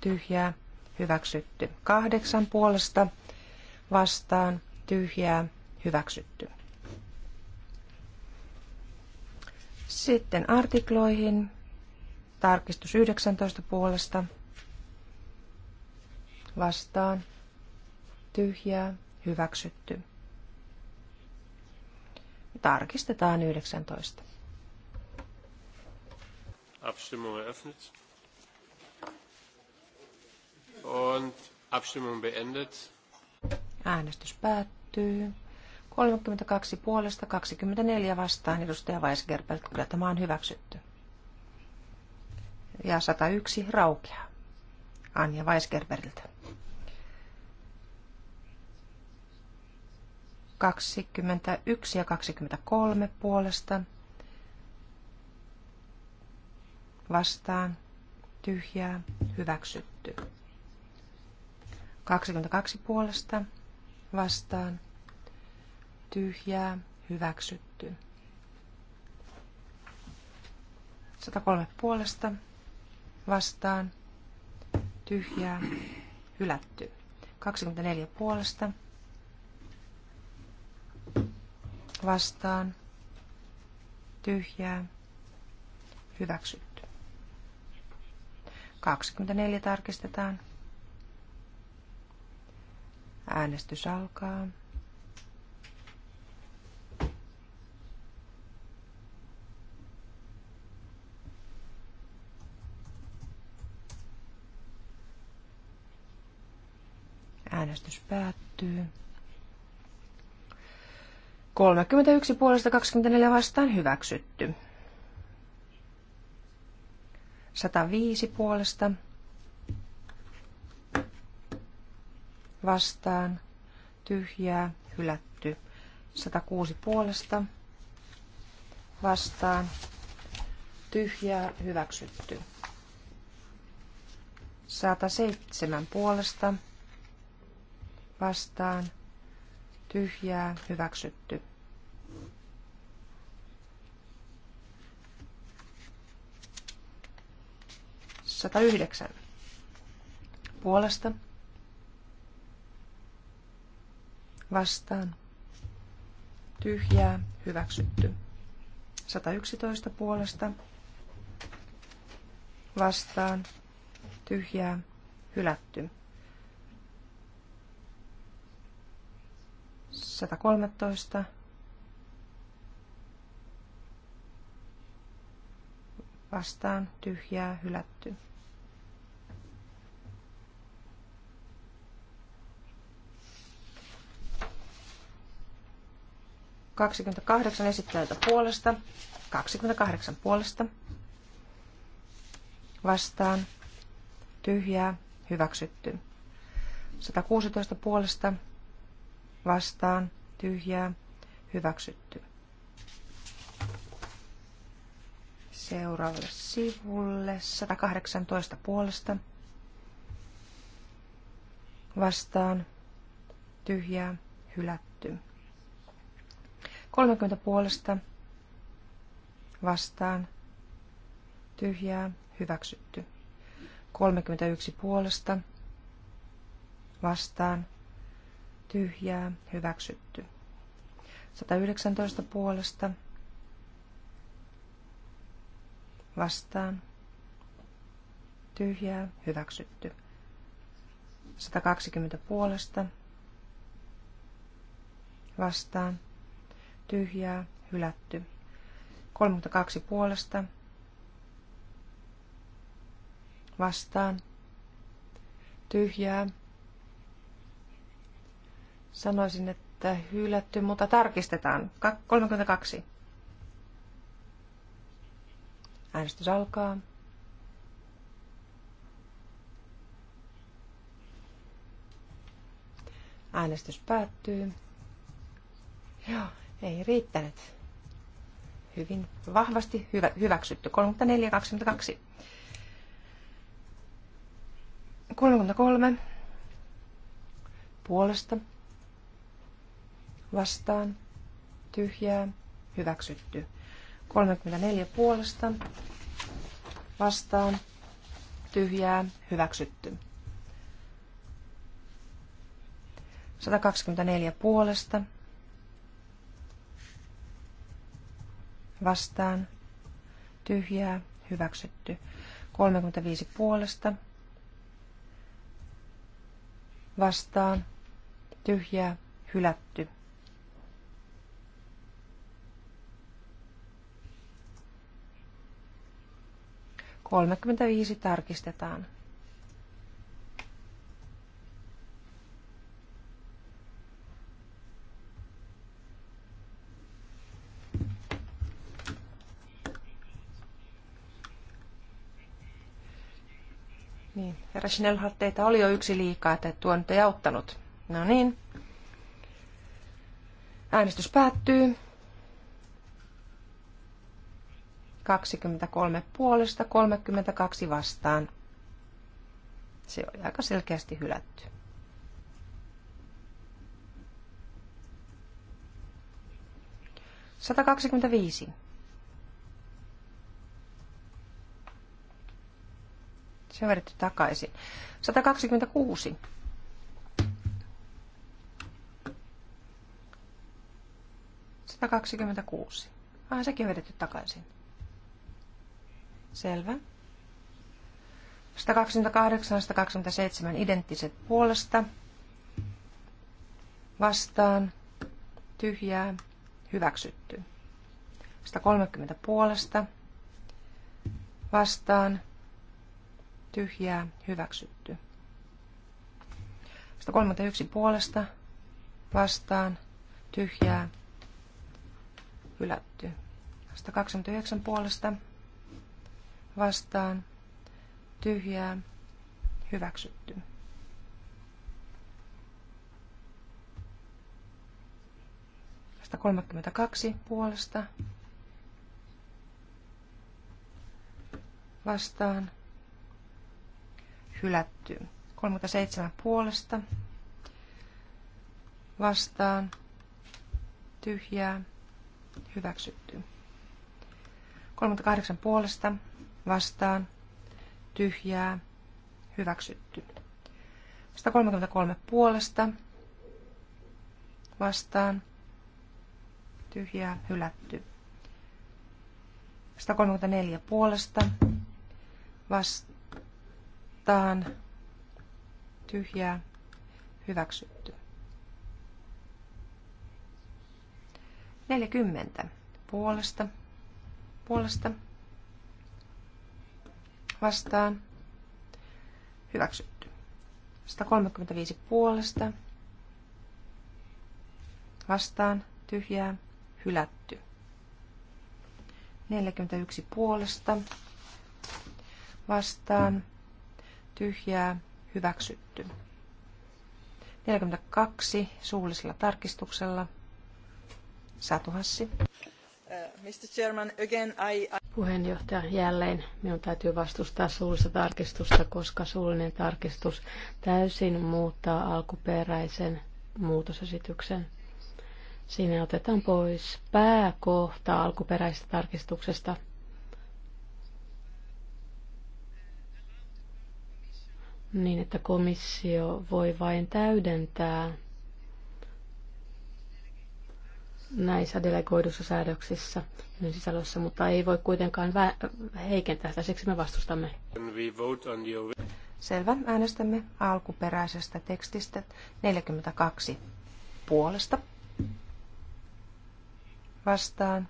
Speaker 4: tyhjää, hyväksytty. Kahdeksan puolesta, vastaan, tyhjää, hyväksytty. Sitten artikloihin. Tarkistus 19 puolesta. Vastaan. Tyhjää. Hyväksytty. Tarkistetaan 19.
Speaker 2: Abstimmung eröffnet. Und Abstimmung beendet.
Speaker 4: Äänestys päättyy. 32 puolesta, 24 vastaan edustaja Weisgerbelt. Kyllä tämä on hyväksytty. Ja 101 raukeaa. Anja Weisgerberiltä. 21 ja 23 puolesta vastaan tyhjää hyväksytty. 22 puolesta vastaan tyhjää hyväksytty. 103 puolesta vastaan tyhjää hylätty. 24 puolesta vastaan, tyhjää, hyväksytty. 24 tarkistetaan. Äänestys alkaa. Äänestys päättyy. 31 puolesta 24 vastaan hyväksytty. 105 puolesta vastaan tyhjää hylätty. 106 puolesta vastaan tyhjää hyväksytty. 107 puolesta vastaan tyhjää, hyväksytty. Sata yhdeksän. Puolesta. Vastaan. Tyhjää, hyväksytty. 111 puolesta. Vastaan. Tyhjää, hylätty. 113 vastaan tyhjää hylätty. kahdeksan esittäjältä puolesta. 28 puolesta. Vastaan. Tyhjää. Hyväksytty. 116 puolesta vastaan, tyhjää, hyväksytty. Seuraavalle sivulle 118 puolesta vastaan, tyhjää, hylätty. 30 puolesta vastaan, tyhjää, hyväksytty. 31 puolesta vastaan, tyhjää, hyväksytty. 119 puolesta vastaan, tyhjää, hyväksytty. 120 puolesta vastaan, tyhjää, hylätty. 32 puolesta vastaan, tyhjää, Sanoisin, että hylätty, mutta tarkistetaan. 32. Äänestys alkaa. Äänestys päättyy. Joo, ei riittänyt. Hyvin vahvasti hyvä, hyväksytty. 22. 33. Puolesta vastaan, tyhjää, hyväksytty. 34 puolesta vastaan, tyhjää, hyväksytty. 124 puolesta vastaan, tyhjää, hyväksytty. 35 puolesta vastaan, tyhjää, hylätty. 35 tarkistetaan. Niin, herra Schnellhardt, teitä oli jo yksi liikaa, että tuo nyt ei auttanut. No niin. Äänestys päättyy. 23 puolesta, 32 vastaan. Se oli aika selkeästi hylätty. sata viisi Se on vedetty takaisin. kaksikymmentä kuusi. Ah, sekin on vedetty takaisin. Selvä. 128 127 identtiset puolesta. Vastaan. Tyhjää. Hyväksytty. 130 puolesta. Vastaan. Tyhjää. Hyväksytty. 131 puolesta. Vastaan. Tyhjää. Hylätty. 129 puolesta vastaan tyhjää hyväksytty. Vasta 32 puolesta vastaan hylätty. 37 puolesta vastaan tyhjää hyväksytty. 38 puolesta vastaan, tyhjää, hyväksytty. 133 puolesta, vastaan, tyhjää, hylätty. 134 puolesta, vastaan, tyhjää, hyväksytty. 40 puolesta, puolesta, vastaan. Hyväksytty. 135 puolesta. Vastaan. Tyhjää. Hylätty. 41 puolesta. Vastaan. Tyhjää. Hyväksytty. 42 suullisella tarkistuksella. Satuhassi. Uh,
Speaker 3: Mr. Chairman, again I... Puheenjohtaja, jälleen minun täytyy vastustaa suullista tarkistusta, koska suullinen tarkistus täysin muuttaa alkuperäisen muutosesityksen. Siinä otetaan pois pääkohta alkuperäisestä tarkistuksesta. Niin, että komissio voi vain täydentää näissä delegoidussa säädöksissä ja sisällössä, mutta ei voi kuitenkaan heikentää sitä, siksi me vastustamme. Selvä, äänestämme alkuperäisestä tekstistä
Speaker 4: 42 puolesta. Vastaan.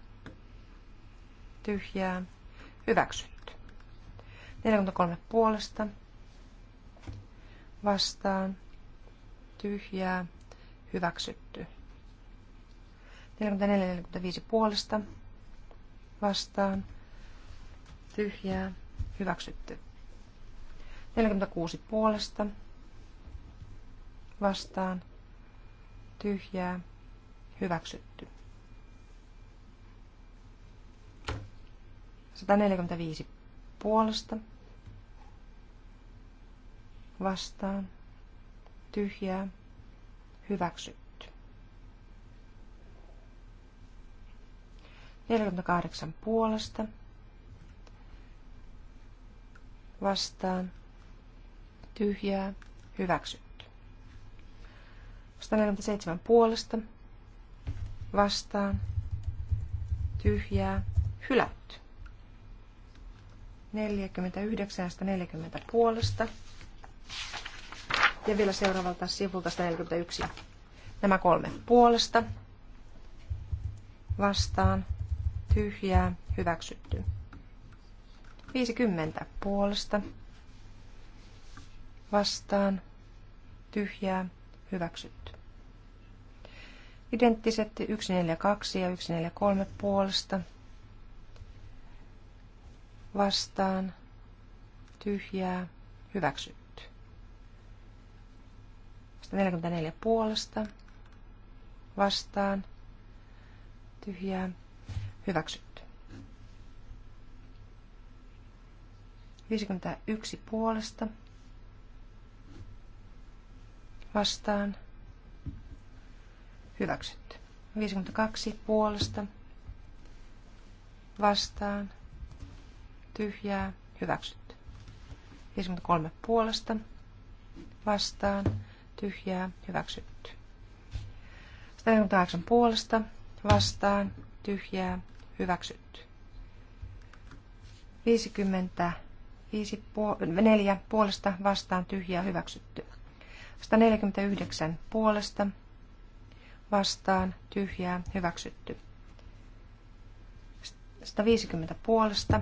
Speaker 4: Tyhjää. Hyväksytty. 43 puolesta. Vastaan. Tyhjää. Hyväksytty. 44-45 puolesta vastaan. Tyhjää. Hyväksytty. 46 puolesta vastaan. Tyhjää. Hyväksytty. 145 puolesta vastaan. Tyhjää. Hyväksytty. 48 puolesta vastaan tyhjää hyväksytty. 147 puolesta vastaan tyhjää hylätty. 49 140 puolesta. Ja vielä seuraavalta sivulta 141. Nämä kolme puolesta vastaan, tyhjää, hyväksytty. 50 puolesta, vastaan, tyhjää, hyväksytty. Identtiset 142 ja 143 puolesta, vastaan, tyhjää, hyväksytty. 144 puolesta, vastaan, tyhjää, Hyväksytty. 51 puolesta. Vastaan. Hyväksytty. 52 puolesta. Vastaan. Tyhjää. Hyväksytty. 53 puolesta. Vastaan. Tyhjää. Hyväksytty. 48 puolesta. Vastaan. Tyhjää hyväksytty. 55 4 puolesta vastaan tyhjää hyväksytty. 149 puolesta vastaan tyhjää hyväksytty. 150 puolesta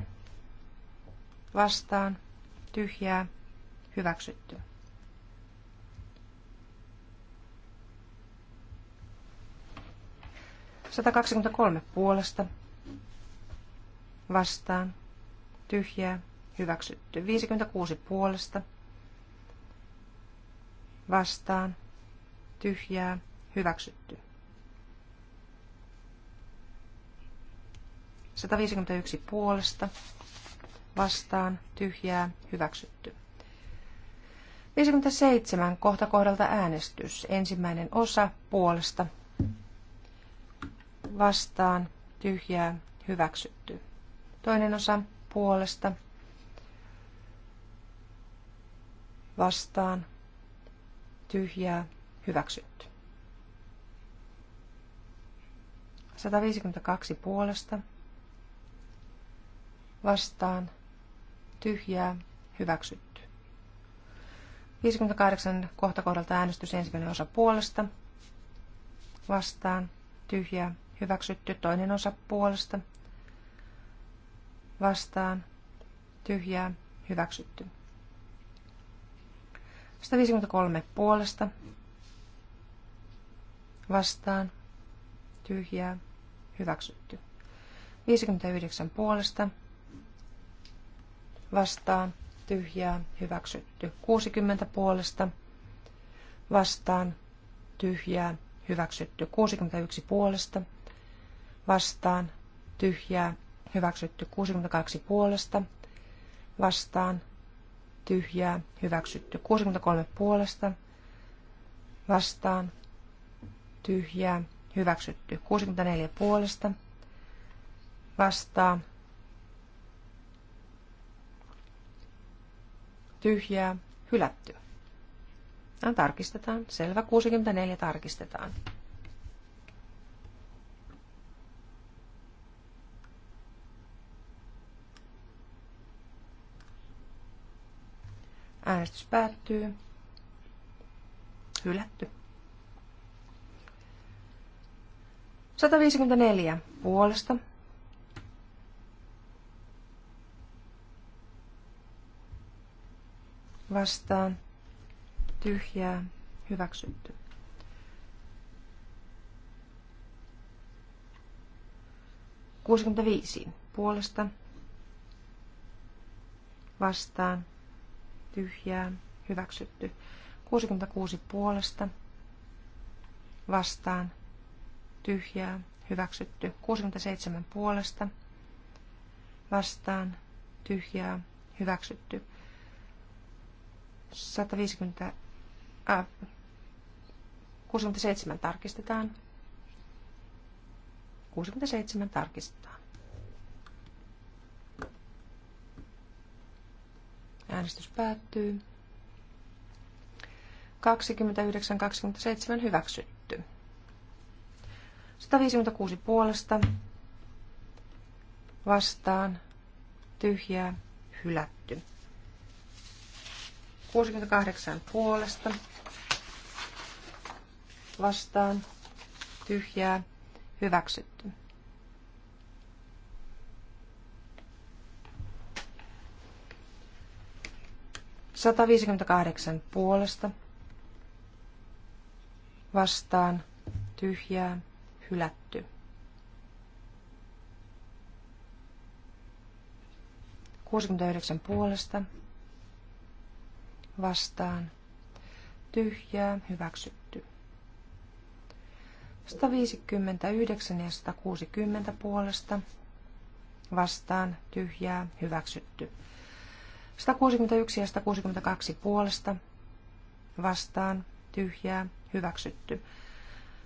Speaker 4: vastaan tyhjää hyväksytty. Satakaksikymmentäkolme puolesta vastaan, tyhjää, hyväksytty. 56 puolesta, vastaan, tyhjää, hyväksytty. 151 puolesta, vastaan, tyhjää, hyväksytty. 57 kohta kohdalta äänestys. Ensimmäinen osa puolesta, vastaan, tyhjää, hyväksytty. Toinen osa puolesta vastaan tyhjää hyväksytty. 152 puolesta vastaan tyhjää hyväksytty. 58 kohta kohdalta äänestys ensimmäinen osa puolesta vastaan tyhjää hyväksytty toinen osa puolesta vastaan, tyhjää, hyväksytty. 153 puolesta, vastaan, tyhjää, hyväksytty. 59 puolesta, vastaan, tyhjää, hyväksytty. 60 puolesta, vastaan, tyhjää, hyväksytty. 61 puolesta, vastaan, tyhjää, hyväksytty 62 puolesta, vastaan, tyhjää, hyväksytty 63 puolesta, vastaan, tyhjää, hyväksytty 64 puolesta, vastaan, tyhjää, hylätty. tarkistetaan, selvä 64 tarkistetaan. Äänestys päättyy. Hylätty. 154 puolesta. Vastaan. Hyväksytty. Kuusikymmentäviisi puolesta vastaan tyhjää, hyväksytty. 66 puolesta, vastaan, tyhjää, hyväksytty. 67 puolesta, vastaan, tyhjää, hyväksytty. 150, äh, 67 tarkistetaan. 67 tarkistetaan. Äänestys päättyy. 29-27 hyväksytty. 156 puolesta vastaan tyhjää hylätty. 68 puolesta vastaan tyhjää hyväksytty. 158 puolesta vastaan tyhjää hylätty. Kuusikymmentäyhdeksän puolesta vastaan tyhjää hyväksytty. 159 ja 160 puolesta vastaan tyhjää hyväksytty. 161 ja 162 puolesta vastaan tyhjää hyväksytty.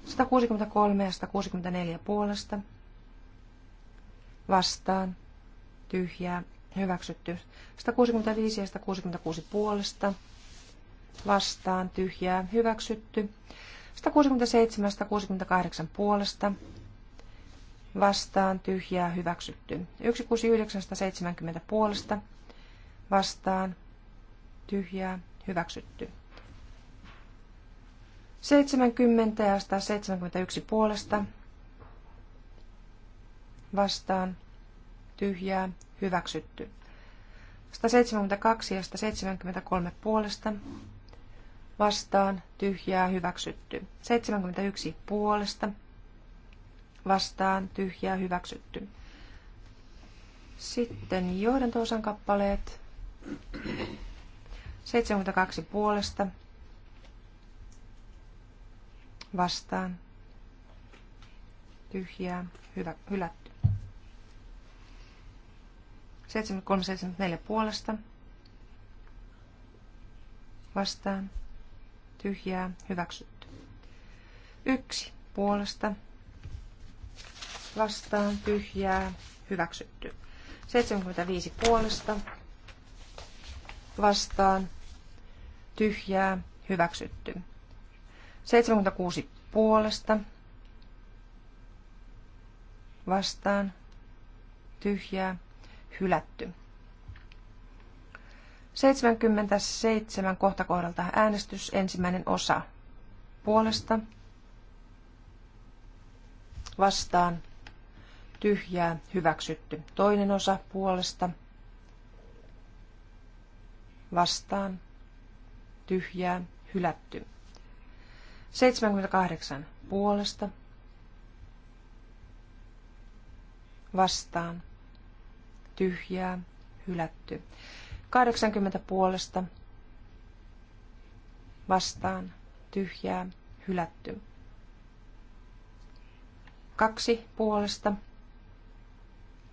Speaker 4: 163 ja 164 puolesta vastaan tyhjää hyväksytty. 165 ja 166 puolesta vastaan tyhjää hyväksytty. 167 ja 168 puolesta vastaan tyhjää hyväksytty. 169 170 puolesta vastaan, tyhjää, hyväksytty. 70 ja 171 puolesta vastaan, tyhjää, hyväksytty. 172 ja 173 puolesta vastaan, tyhjää, hyväksytty. 71 puolesta vastaan, tyhjää, hyväksytty. Sitten johdantoosan kappaleet. 72 puolesta vastaan tyhjää hyvä, hylätty. 73-74 puolesta vastaan tyhjää hyväksytty. Yksi puolesta vastaan tyhjää hyväksytty. 75 puolesta vastaan, tyhjää, hyväksytty. 76 puolesta, vastaan, tyhjää, hylätty. 77 kohta kohdalta äänestys, ensimmäinen osa puolesta, vastaan, tyhjää, hyväksytty. Toinen osa puolesta, vastaan, tyhjää, hylätty. 78 puolesta, vastaan, tyhjää, hylätty. 80 puolesta, vastaan, tyhjää, hylätty. Kaksi puolesta,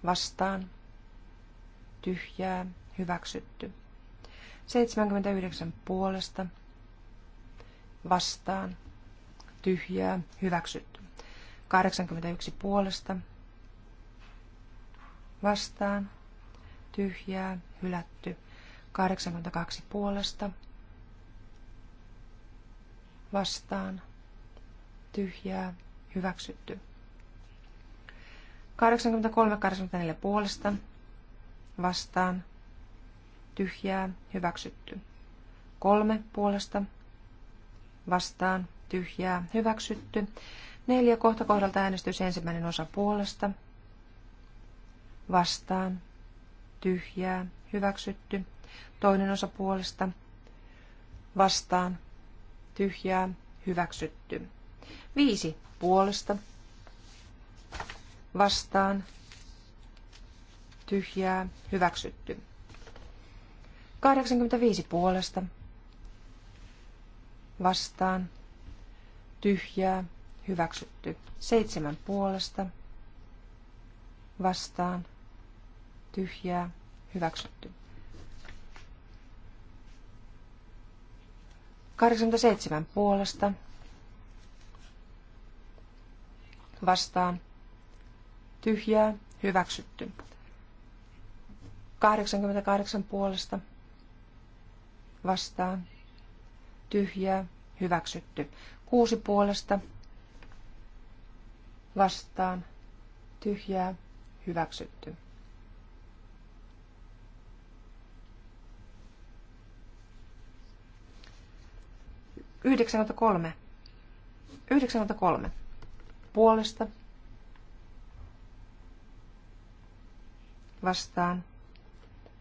Speaker 4: vastaan, tyhjää, hyväksytty. 79 puolesta vastaan tyhjää hyväksytty. 81 puolesta vastaan tyhjää hylätty. 82 puolesta vastaan tyhjää hyväksytty. 83-84 puolesta vastaan tyhjää, hyväksytty. Kolme puolesta, vastaan, tyhjää, hyväksytty. Neljä kohta kohdalta äänestys ensimmäinen osa puolesta, vastaan, tyhjää, hyväksytty. Toinen osa puolesta, vastaan, tyhjää, hyväksytty. Viisi puolesta, vastaan, tyhjää, hyväksytty. 85 puolesta. Vastaan. Tyhjää. Hyväksytty. 7 puolesta. Vastaan. Tyhjää. Hyväksytty. 87 puolesta. Vastaan. Tyhjää. Hyväksytty. 88 puolesta vastaan, tyhjää, hyväksytty. Kuusi puolesta vastaan, tyhjää, hyväksytty. yhdeksänota kolme puolesta vastaan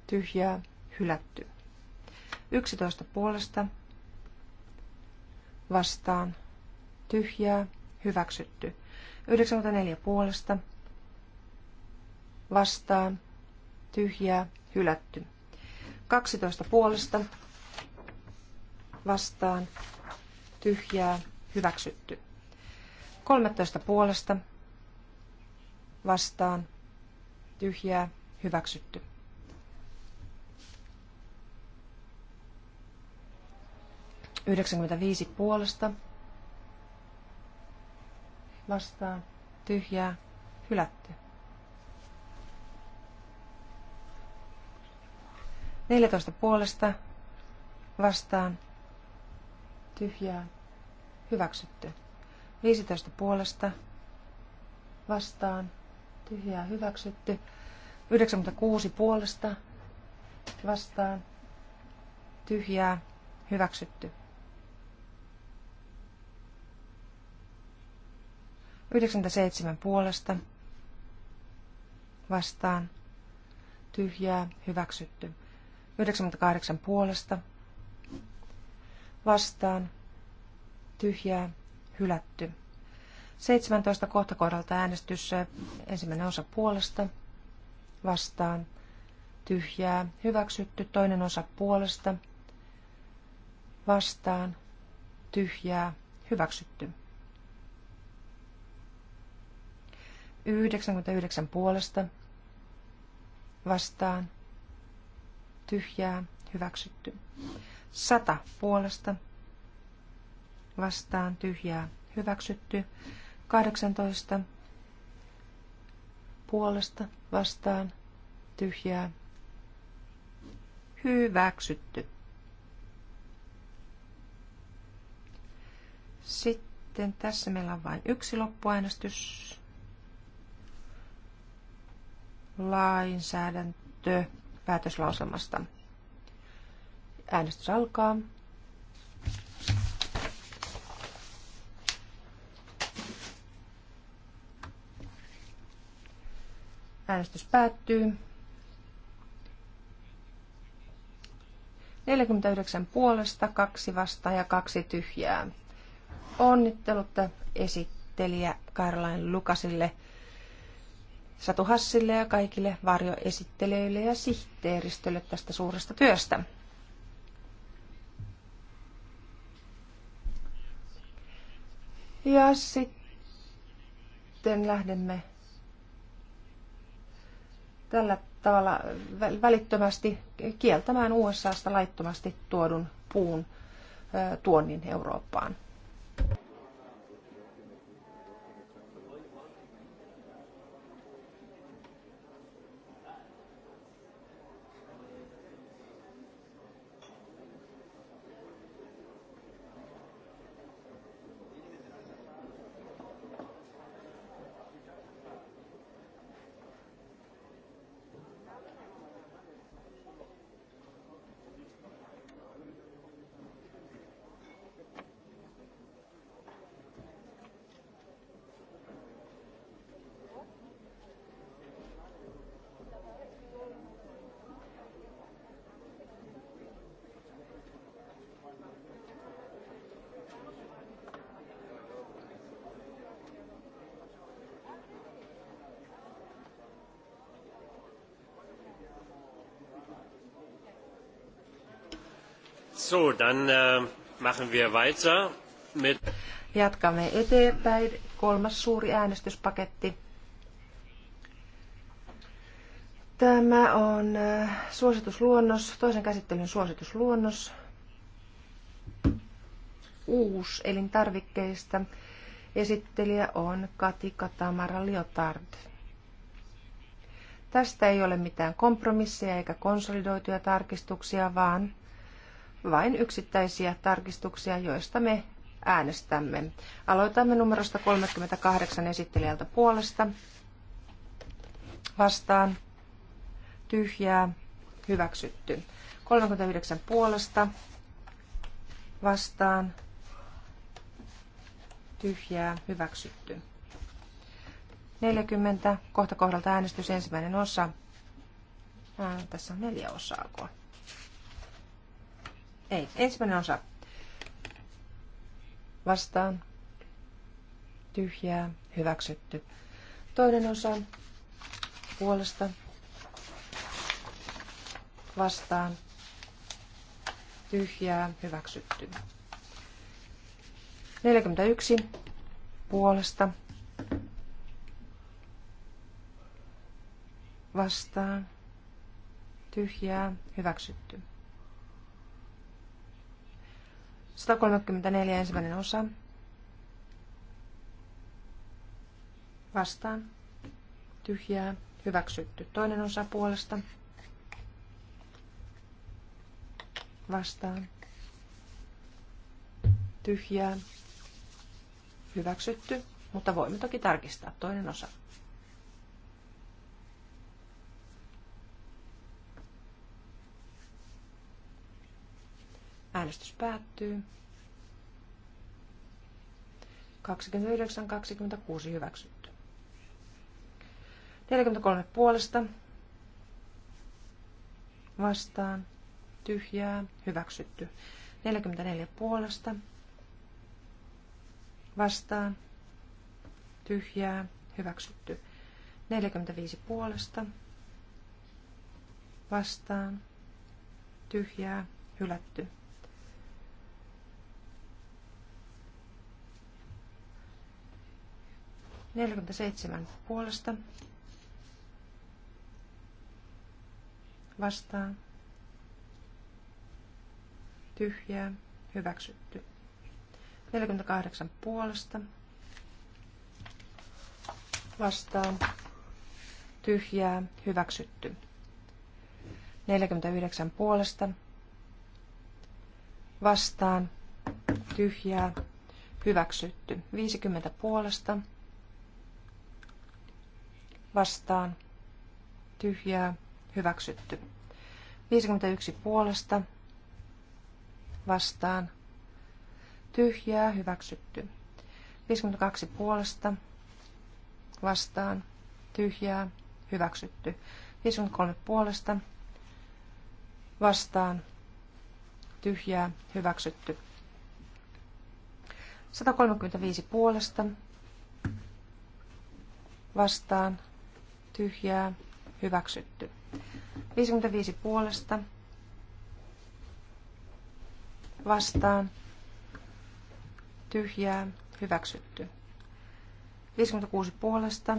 Speaker 4: tyhjää hylätty. 11 puolesta vastaan tyhjää hyväksytty. 94 puolesta vastaan tyhjää hylätty. 12 puolesta vastaan tyhjää hyväksytty. 13 puolesta vastaan tyhjää hyväksytty. 95 puolesta vastaan tyhjää hylätty. 14 puolesta vastaan tyhjää hyväksytty. 15 puolesta vastaan tyhjää hyväksytty. 96 puolesta vastaan tyhjää hyväksytty. 97 puolesta vastaan tyhjää hyväksytty. 98 puolesta vastaan tyhjää hylätty. 17 kohta kohdalta äänestys ensimmäinen osa puolesta vastaan tyhjää hyväksytty toinen osa puolesta vastaan tyhjää hyväksytty. 99 puolesta vastaan tyhjää hyväksytty. 100 puolesta vastaan tyhjää hyväksytty. 18 puolesta vastaan tyhjää hyväksytty. Sitten tässä meillä on vain yksi loppuäänestys lainsäädäntö päätöslauselmasta. Äänestys alkaa. Äänestys päättyy. 49 puolesta, kaksi vastaan ja kaksi tyhjää. Onnittelut esittelijä Karlain Lukasille – Satu Hassille ja kaikille varjoesittelijöille ja sihteeristölle tästä suuresta työstä. Ja sitten lähdemme tällä tavalla välittömästi kieltämään USAsta laittomasti tuodun puun tuonnin Eurooppaan.
Speaker 2: So, dann äh, machen wir weiter mit...
Speaker 4: Jatkamme eteenpäin. Kolmas suuri äänestyspaketti. Tämä on äh, suositusluonnos, toisen käsittelyn suositusluonnos. Uus elintarvikkeista. Esittelijä on Kati Katamara Liotard. Tästä ei ole mitään kompromisseja eikä konsolidoituja tarkistuksia, vaan vain yksittäisiä tarkistuksia, joista me äänestämme. Aloitamme numerosta 38 esittelijältä puolesta. Vastaan. Tyhjää. Hyväksytty. 39 puolesta. Vastaan. Tyhjää. Hyväksytty. 40. Kohta kohdalta äänestys ensimmäinen osa. Ää, tässä on neljä osaa. Kun. Ei, ensimmäinen osa. Vastaan. Tyhjää. Hyväksytty. Toinen osa. Puolesta. Vastaan. Tyhjää. Hyväksytty. 41. Puolesta. Vastaan. Tyhjää. Hyväksytty. 134 ensimmäinen osa. Vastaan. Tyhjää. Hyväksytty. Toinen osa puolesta. Vastaan. Tyhjää. Hyväksytty, mutta voimme toki tarkistaa toinen osa. Äänestys päättyy. 29-26 hyväksytty. 43 puolesta. Vastaan. Tyhjää. Hyväksytty. 44 puolesta. Vastaan. Tyhjää. Hyväksytty. 45 puolesta. Vastaan. Tyhjää. Hylätty. 47 puolesta. Vastaan. Tyhjää. Hyväksytty. 48 puolesta. Vastaan. Tyhjää. Hyväksytty. 49 puolesta. Vastaan. Tyhjää. Hyväksytty. 50 puolesta vastaan, tyhjää, hyväksytty. 51 puolesta, vastaan, tyhjää, hyväksytty. 52 puolesta, vastaan, tyhjää, hyväksytty. 53 puolesta, vastaan, tyhjää, hyväksytty. 135 puolesta, vastaan, tyhjää, hyväksytty. 55 puolesta, vastaan, tyhjää, hyväksytty. 56 puolesta,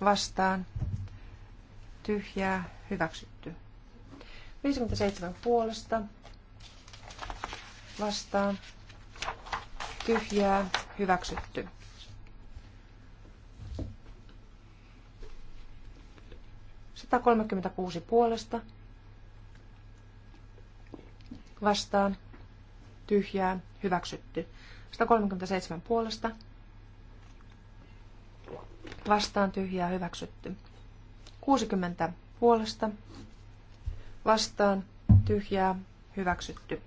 Speaker 4: vastaan, tyhjää, hyväksytty. 57 puolesta, vastaan, tyhjää, hyväksytty. 136 puolesta vastaan tyhjää hyväksytty. 137 puolesta vastaan tyhjää hyväksytty. 60 puolesta vastaan tyhjää hyväksytty.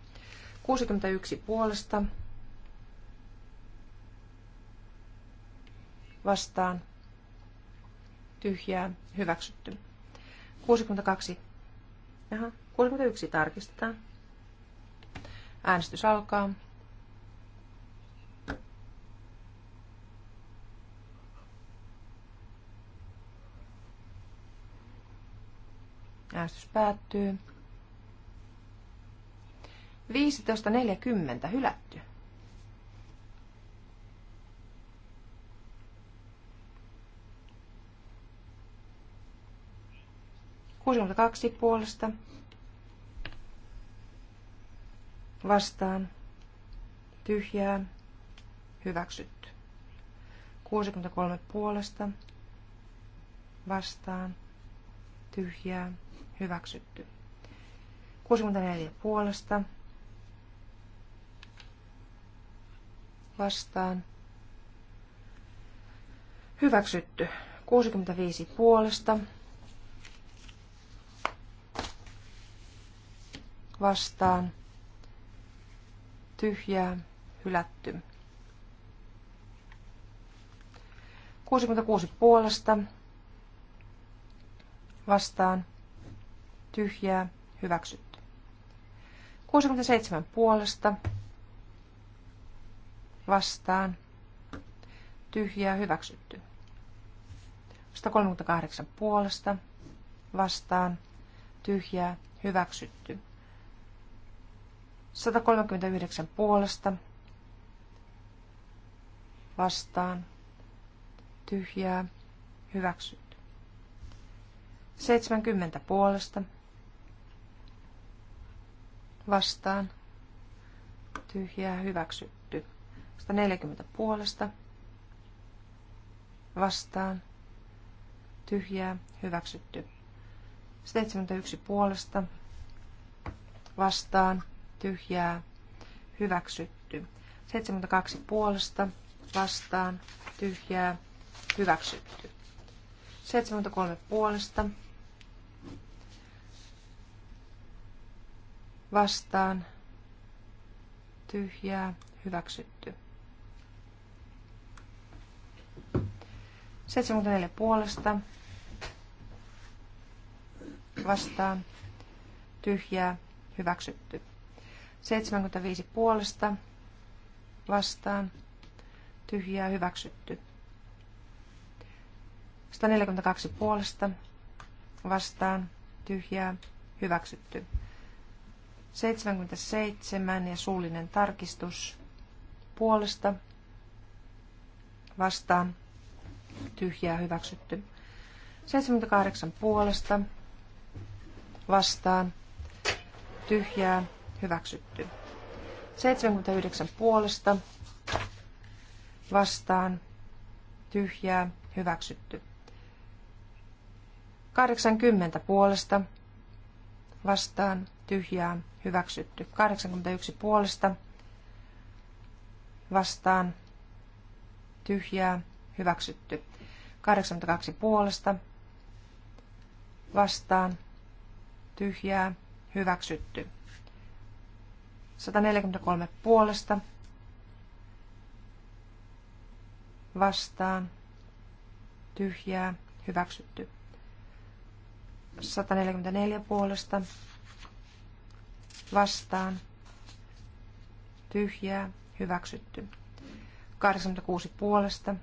Speaker 4: 61 puolesta vastaan tyhjää hyväksytty. 62. Jaha, 61 tarkistetaan. Äänestys alkaa. Äänestys päättyy. 15.40 hylätty. 62 puolesta vastaan tyhjää hyväksytty. 63 puolesta vastaan tyhjää hyväksytty. 64 puolesta vastaan hyväksytty. 65 puolesta vastaan tyhjää hylätty. 66 puolesta vastaan tyhjää hyväksytty. 67 puolesta vastaan tyhjää hyväksytty. 138 puolesta vastaan tyhjää hyväksytty. 139 puolesta vastaan tyhjää hyväksyt 70 puolesta vastaan tyhjää hyväksytty. 140 puolesta vastaan tyhjää hyväksytty. 71 puolesta vastaan tyhjää, hyväksytty. 72 puolesta, vastaan, tyhjää, hyväksytty. 73 puolesta, vastaan, tyhjää, hyväksytty. 74 puolesta, vastaan, tyhjää, hyväksytty. 75 puolesta vastaan tyhjää hyväksytty. 142 puolesta vastaan tyhjää hyväksytty. 77 ja suullinen tarkistus puolesta vastaan tyhjää hyväksytty. 78 puolesta vastaan tyhjää Hyväksytty. 79 puolesta vastaan tyhjää hyväksytty. 80 puolesta vastaan tyhjää hyväksytty. 81 puolesta vastaan tyhjää hyväksytty. 82 puolesta vastaan tyhjää hyväksytty. 143 puolesta vastaan tyhjää hyväksytty. 144 puolesta vastaan tyhjää hyväksytty. 86 puolesta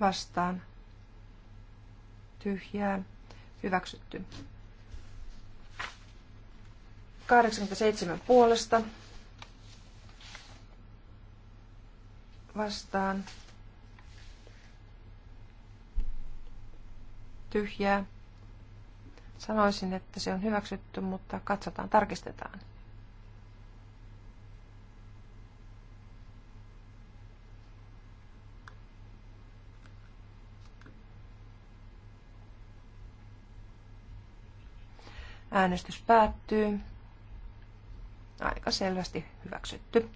Speaker 4: vastaan tyhjää hyväksytty. 87 puolesta vastaan. Tyhjää. Sanoisin, että se on hyväksytty, mutta katsotaan, tarkistetaan. Äänestys päättyy. Aika selvästi hyväksytty.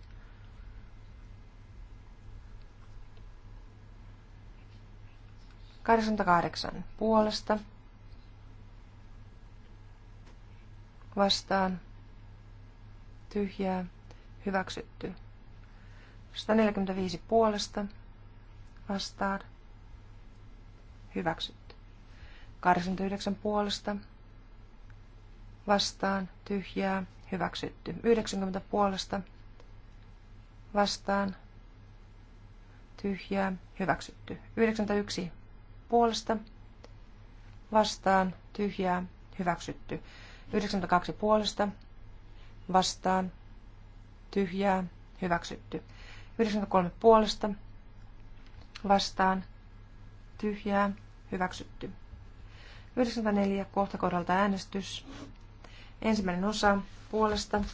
Speaker 4: kahdeksan puolesta vastaan tyhjää hyväksytty. 145 puolesta vastaan hyväksytty. 89 puolesta vastaan tyhjää hyväksytty. 90 puolesta vastaan tyhjää hyväksytty. 91 puolesta vastaan tyhjää hyväksytty. 92 puolesta vastaan tyhjää hyväksytty. 93 puolesta vastaan tyhjää hyväksytty. 94 kohta kohdalta äänestys. Ensimmäinen osa puolesta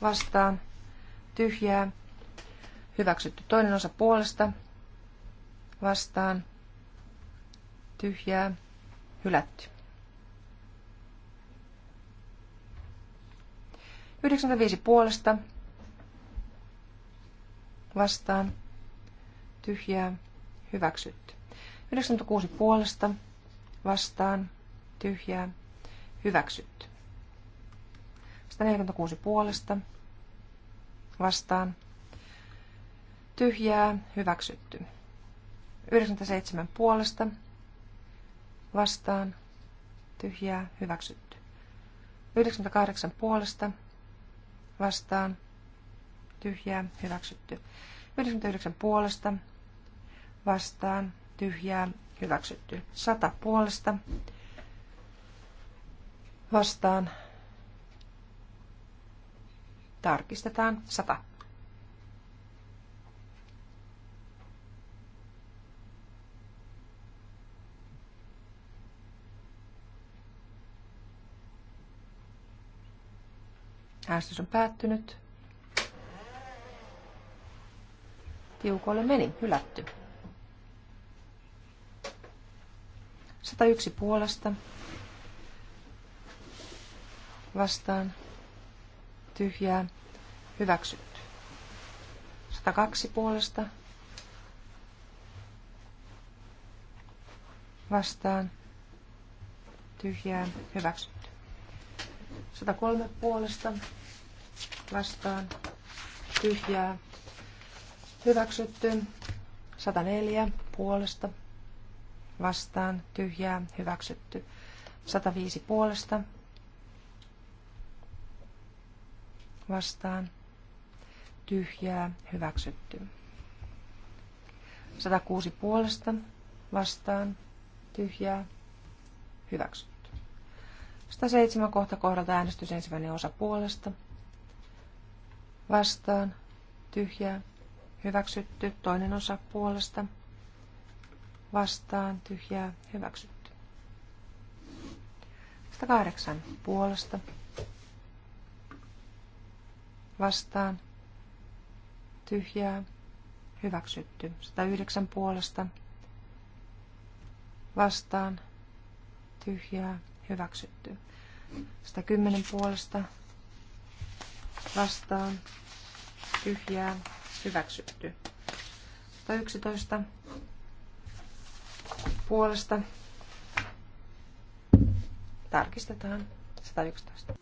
Speaker 4: vastaan tyhjää. Hyväksytty toinen osa puolesta vastaan tyhjää. Hylätty. 95 puolesta vastaan tyhjää. Hyväksytty. 96 puolesta vastaan tyhjää. Hyväksytty. 146 puolesta vastaan. Tyhjää hyväksytty. 97 puolesta vastaan. Tyhjää hyväksytty. 98 puolesta vastaan. Tyhjää hyväksytty. 99 puolesta vastaan. Tyhjää hyväksytty. 100 puolesta vastaan Tarkistetaan 100. Äänestys on päättynyt. Tiukolle meni, hylätty. 101 puolesta. Vastaan. Tyhjää. Hyväksytty. 102 puolesta. Vastaan. Tyhjään. Hyväksytty. 103 puolesta. Vastaan. Tyhjää. Hyväksytty. 104 puolesta. Vastaan. Tyhjää. Hyväksytty. 105 puolesta. Vastaan tyhjää, hyväksytty. 106 puolesta, vastaan, tyhjää, hyväksytty. 107 kohta kohdalta äänestys ensimmäinen osa puolesta, vastaan, tyhjää, hyväksytty. Toinen osa puolesta, vastaan, tyhjää, hyväksytty. 108 puolesta, vastaan, tyhjää, hyväksytty. 109 puolesta vastaan, tyhjää, hyväksytty. 110 puolesta vastaan, tyhjää, hyväksytty. 111 puolesta tarkistetaan 111.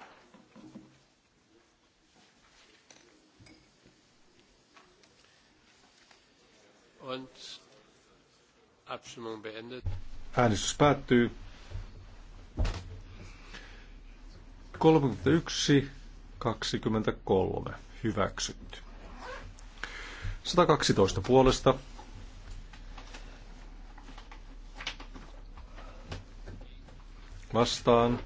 Speaker 1: Äänestys päättyy. 31, 23 hyväksytty. 112 puolesta. Vastaan.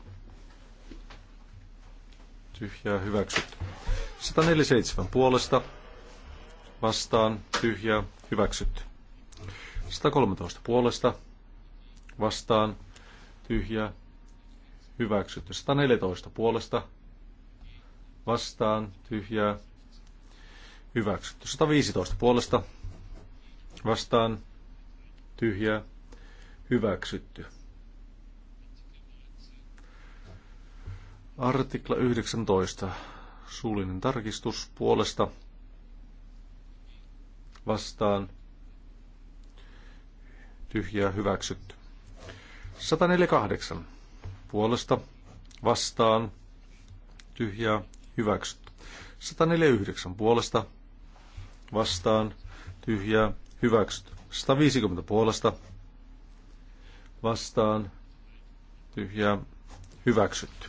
Speaker 1: Tyhjää hyväksytty. 147 puolesta vastaan tyhjää hyväksytty. 113 puolesta vastaan tyhjää hyväksytty. 114 puolesta vastaan tyhjää hyväksytty. 115 puolesta vastaan tyhjää hyväksytty. Artikla 19. Suullinen tarkistus puolesta vastaan tyhjää hyväksytty. 148 puolesta vastaan tyhjää hyväksytty. 149 puolesta vastaan tyhjää hyväksytty. 150 puolesta vastaan tyhjää hyväksytty.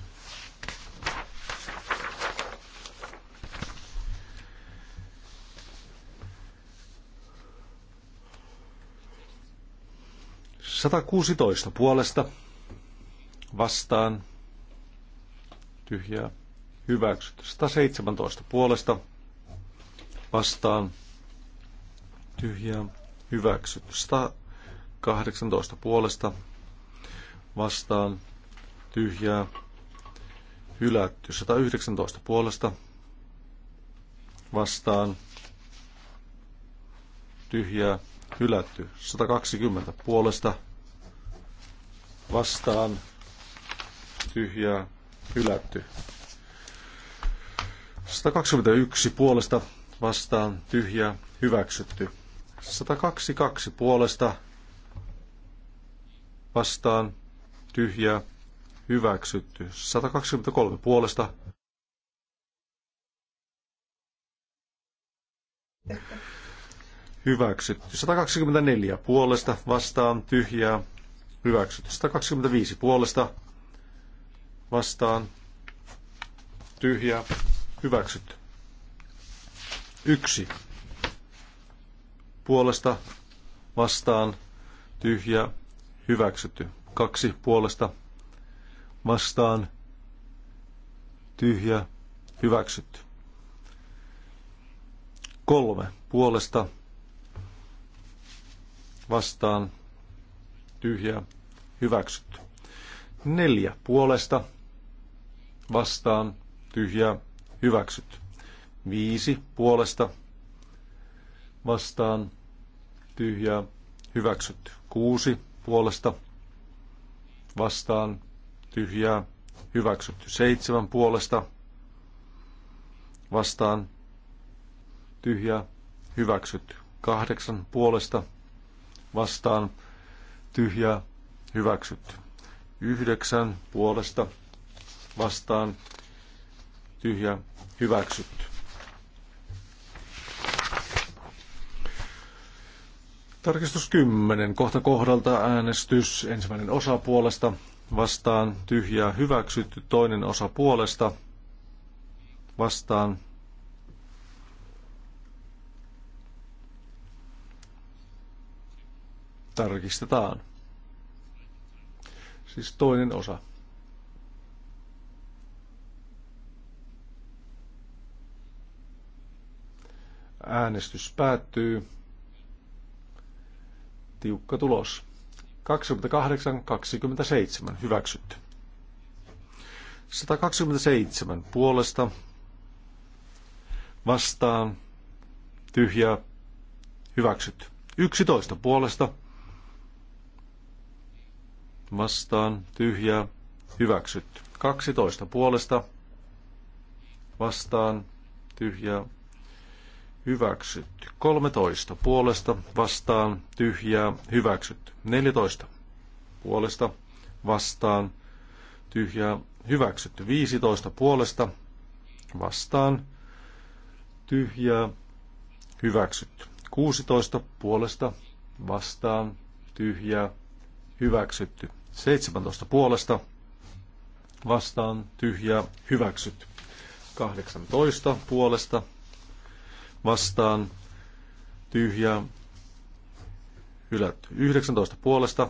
Speaker 1: 116 puolesta vastaan tyhjää hyväksytty. 117 puolesta vastaan tyhjää hyväksytty. 118 puolesta vastaan tyhjää hylätty. 119 puolesta vastaan tyhjää hylätty. 120 puolesta vastaan vastaan tyhjää hylätty. 121 puolesta vastaan tyhjää hyväksytty. 122 puolesta vastaan tyhjää hyväksytty. 123 puolesta hyväksytty. 124 puolesta vastaan tyhjää hyväksytty. 125 puolesta vastaan tyhjä hyväksytty. Yksi puolesta vastaan tyhjä hyväksytty. Kaksi puolesta vastaan tyhjä hyväksytty. Kolme puolesta vastaan tyhjää hyväksytty. Neljä puolesta vastaan tyhjää hyväksytty. Viisi puolesta vastaan tyhjää hyväksytty. Kuusi puolesta vastaan tyhjää hyväksytty. Seitsemän puolesta vastaan tyhjää hyväksytty. Kahdeksan puolesta vastaan tyhjää hyväksytty. Yhdeksän puolesta vastaan tyhjä hyväksytty. Tarkistus 10. Kohta kohdalta äänestys. Ensimmäinen osa puolesta vastaan tyhjää hyväksytty. Toinen osa puolesta vastaan tarkistetaan. Siis toinen osa. Äänestys päättyy. Tiukka tulos. 28-27 hyväksytty. 127 puolesta vastaan tyhjää hyväksytty. 11 puolesta vastaan, tyhjä, hyväksytty. 12 puolesta vastaan, tyhjä, hyväksytty. 13 puolesta vastaan, tyhjä hyväksytty. 14 puolesta vastaan, tyhjä hyväksytty. 15 puolesta vastaan, tyhjä hyväksytty. 16 puolesta vastaan, tyhjä hyväksytty. 17 puolesta vastaan tyhjää hyväksyt. 18 puolesta vastaan tyhjää hylätty. 19 puolesta.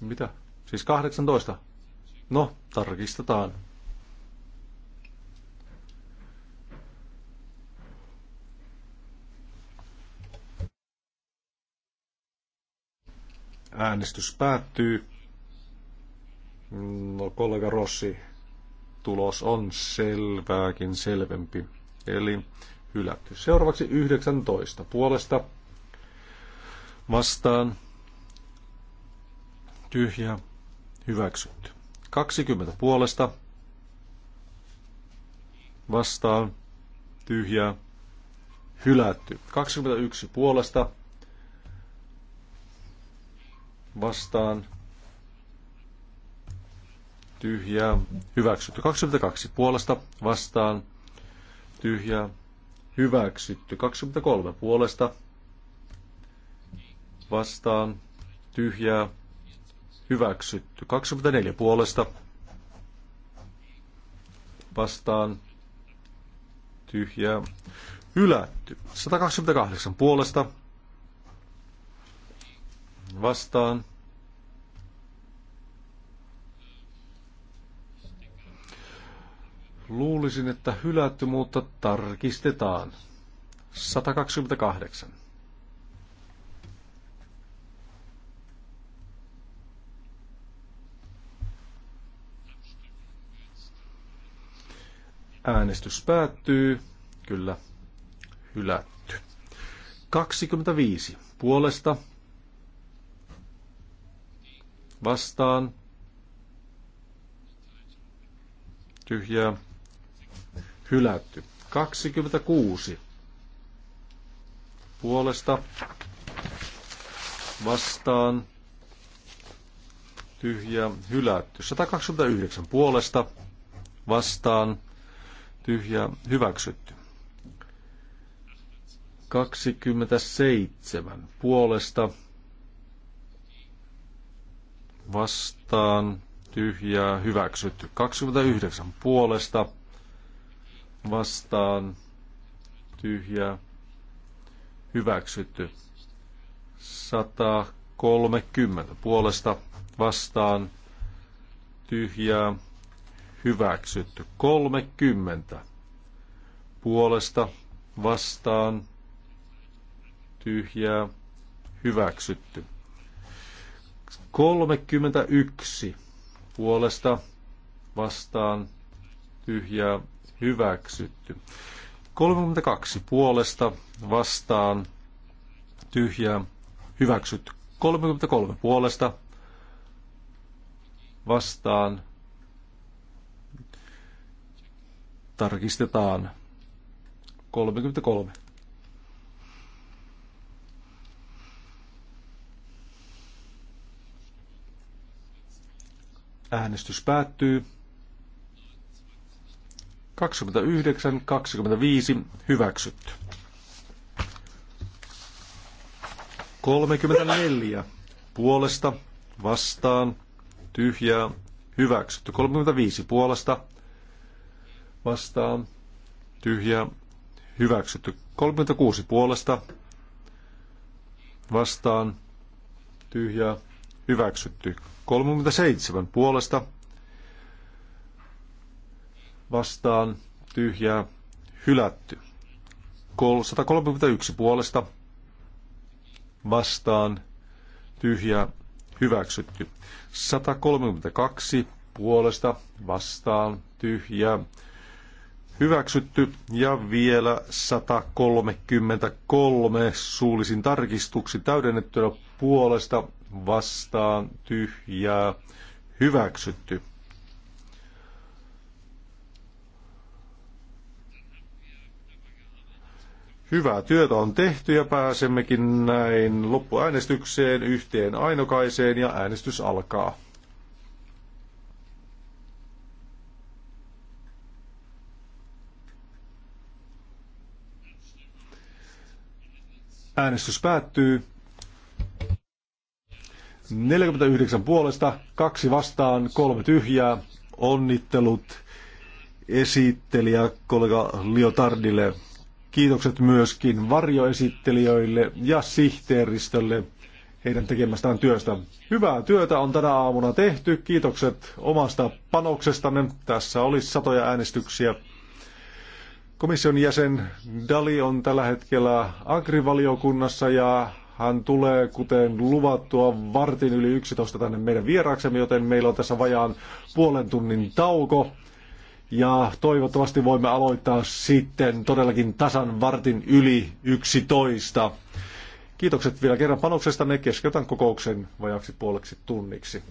Speaker 1: Mitä? Siis 18. No, tarkistetaan. Äänestys päättyy. No, kollega Rossi, tulos on selvääkin selvempi, eli hylätty. Seuraavaksi 19 puolesta vastaan tyhjä hyväksytty. 20 puolesta vastaan tyhjä hylätty. 21 puolesta vastaan tyhjää, hyväksytty. 22 puolesta vastaan, tyhjää, hyväksytty. 23 puolesta vastaan, tyhjää, hyväksytty. 24 puolesta vastaan, tyhjää, hylätty. 128 puolesta vastaan. Luulisin, että hylätty, mutta tarkistetaan. 128. Äänestys päättyy. Kyllä, hylätty. 25. Puolesta vastaan, tyhjää, hylätty. 26 puolesta vastaan tyhjä hylätty. 129 puolesta vastaan tyhjä hyväksytty. 27 puolesta vastaan tyhjää hyväksytty. 29 puolesta vastaan tyhjää hyväksytty. 130 puolesta vastaan tyhjää hyväksytty. 30 puolesta vastaan tyhjää hyväksytty. 31 puolesta vastaan tyhjää hyväksytty. 32 puolesta vastaan tyhjää hyväksytty. 33 puolesta vastaan tarkistetaan 33. Äänestys päättyy. 29-25 hyväksytty. 34 puolesta vastaan tyhjää hyväksytty. 35 puolesta vastaan tyhjää hyväksytty. 36 puolesta vastaan tyhjää hyväksytty. 37 puolesta vastaan tyhjää hylätty. 131 puolesta vastaan tyhjää hyväksytty. 132 puolesta vastaan tyhjää hyväksytty ja vielä 133 suullisin tarkistuksi täydennettynä puolesta vastaan tyhjää hyväksytty. Hyvää työtä on tehty ja pääsemmekin näin loppuäänestykseen yhteen ainokaiseen ja äänestys alkaa. Äänestys päättyy. 49 puolesta, kaksi vastaan, kolme tyhjää. Onnittelut esittelijä kollega Liotardille. Kiitokset myöskin varjoesittelijöille ja sihteeristölle heidän tekemästään työstä. Hyvää työtä on tänä aamuna tehty. Kiitokset omasta panoksestanne. Tässä oli satoja äänestyksiä. Komission jäsen Dali on tällä hetkellä agrivaliokunnassa ja hän tulee, kuten luvattua, vartin yli 11 tänne meidän vieraaksemme, joten meillä on tässä vajaan puolen tunnin tauko. Ja toivottavasti voimme aloittaa sitten todellakin tasan vartin yli 11. Kiitokset vielä kerran panoksesta, ne Keskeytän kokouksen vajaksi puoleksi tunniksi.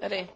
Speaker 4: Ready.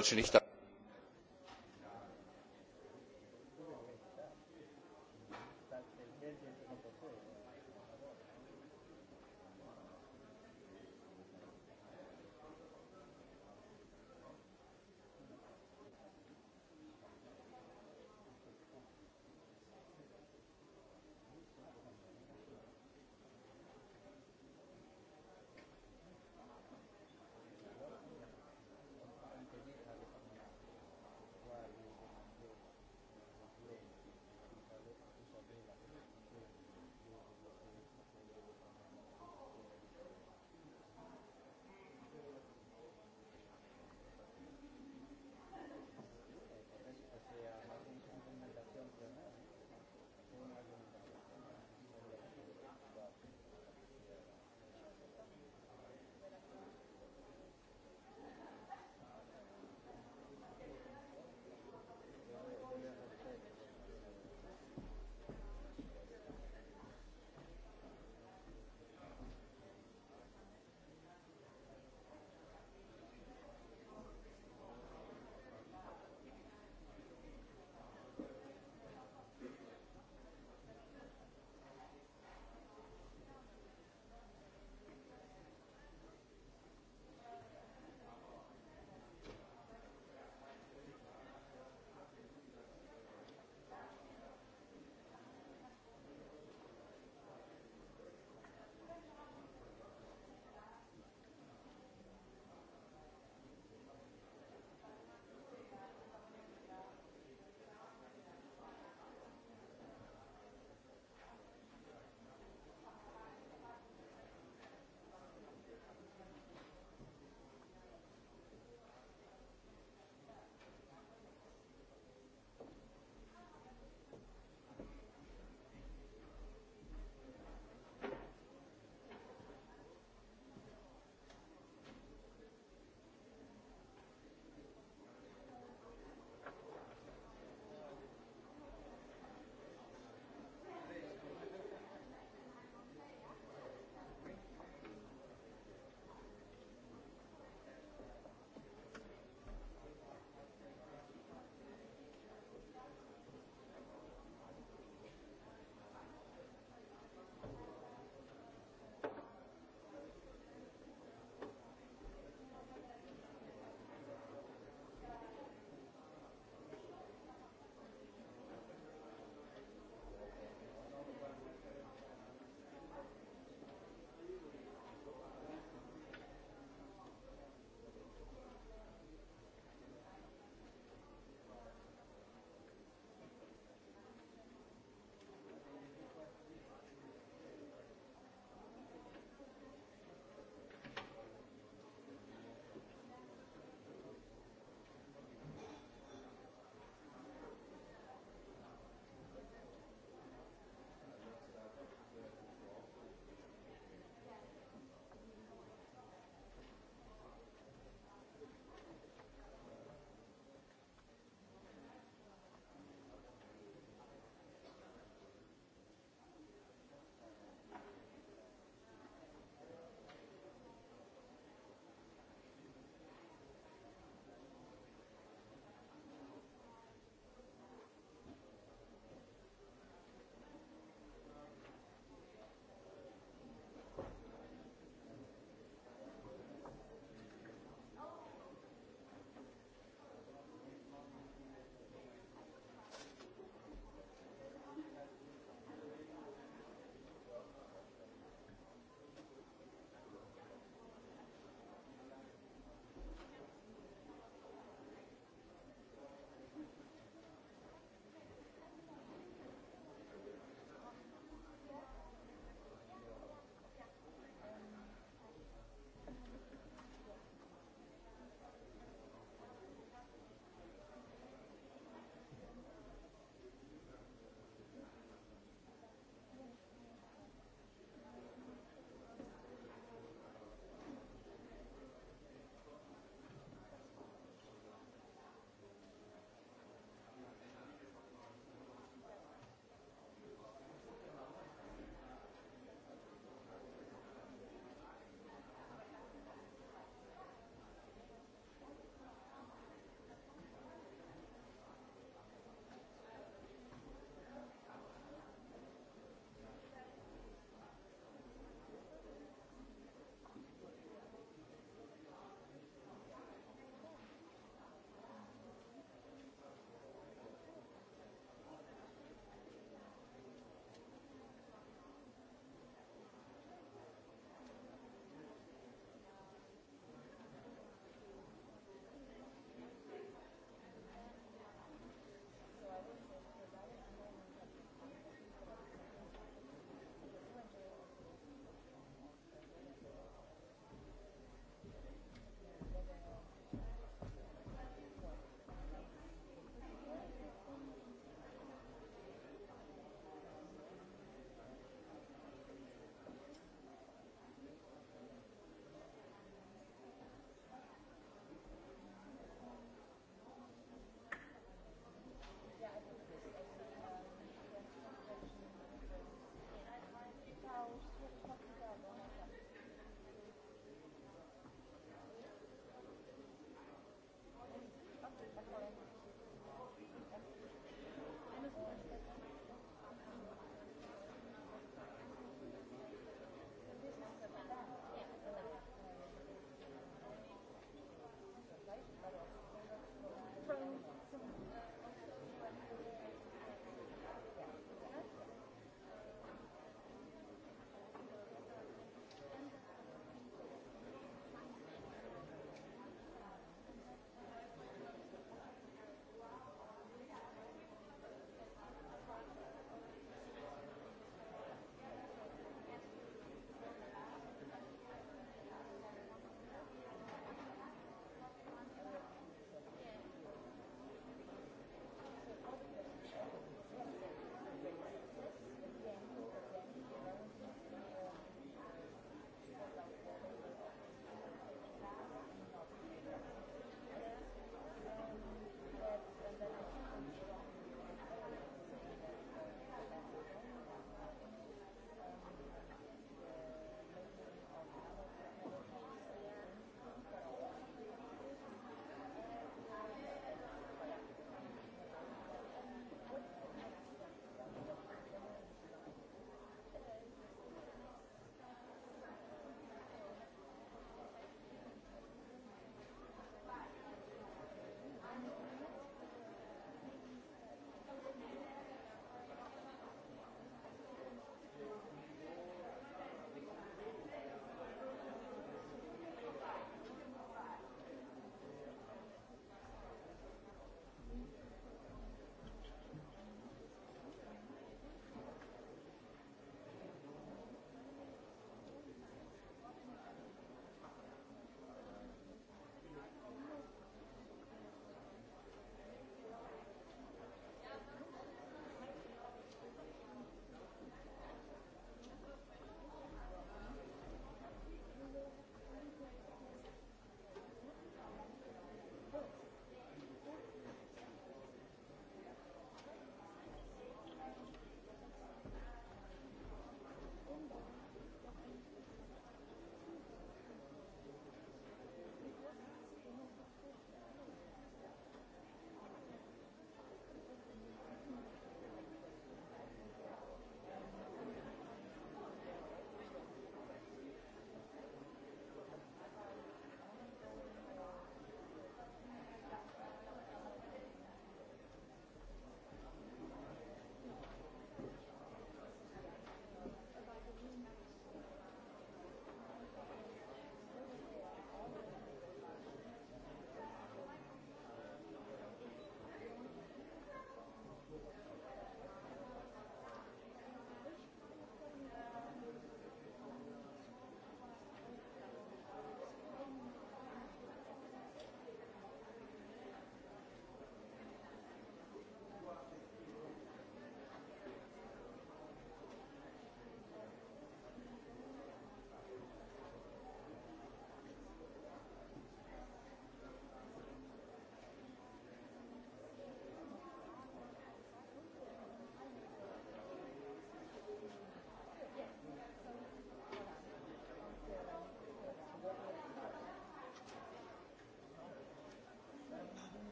Speaker 5: sollte.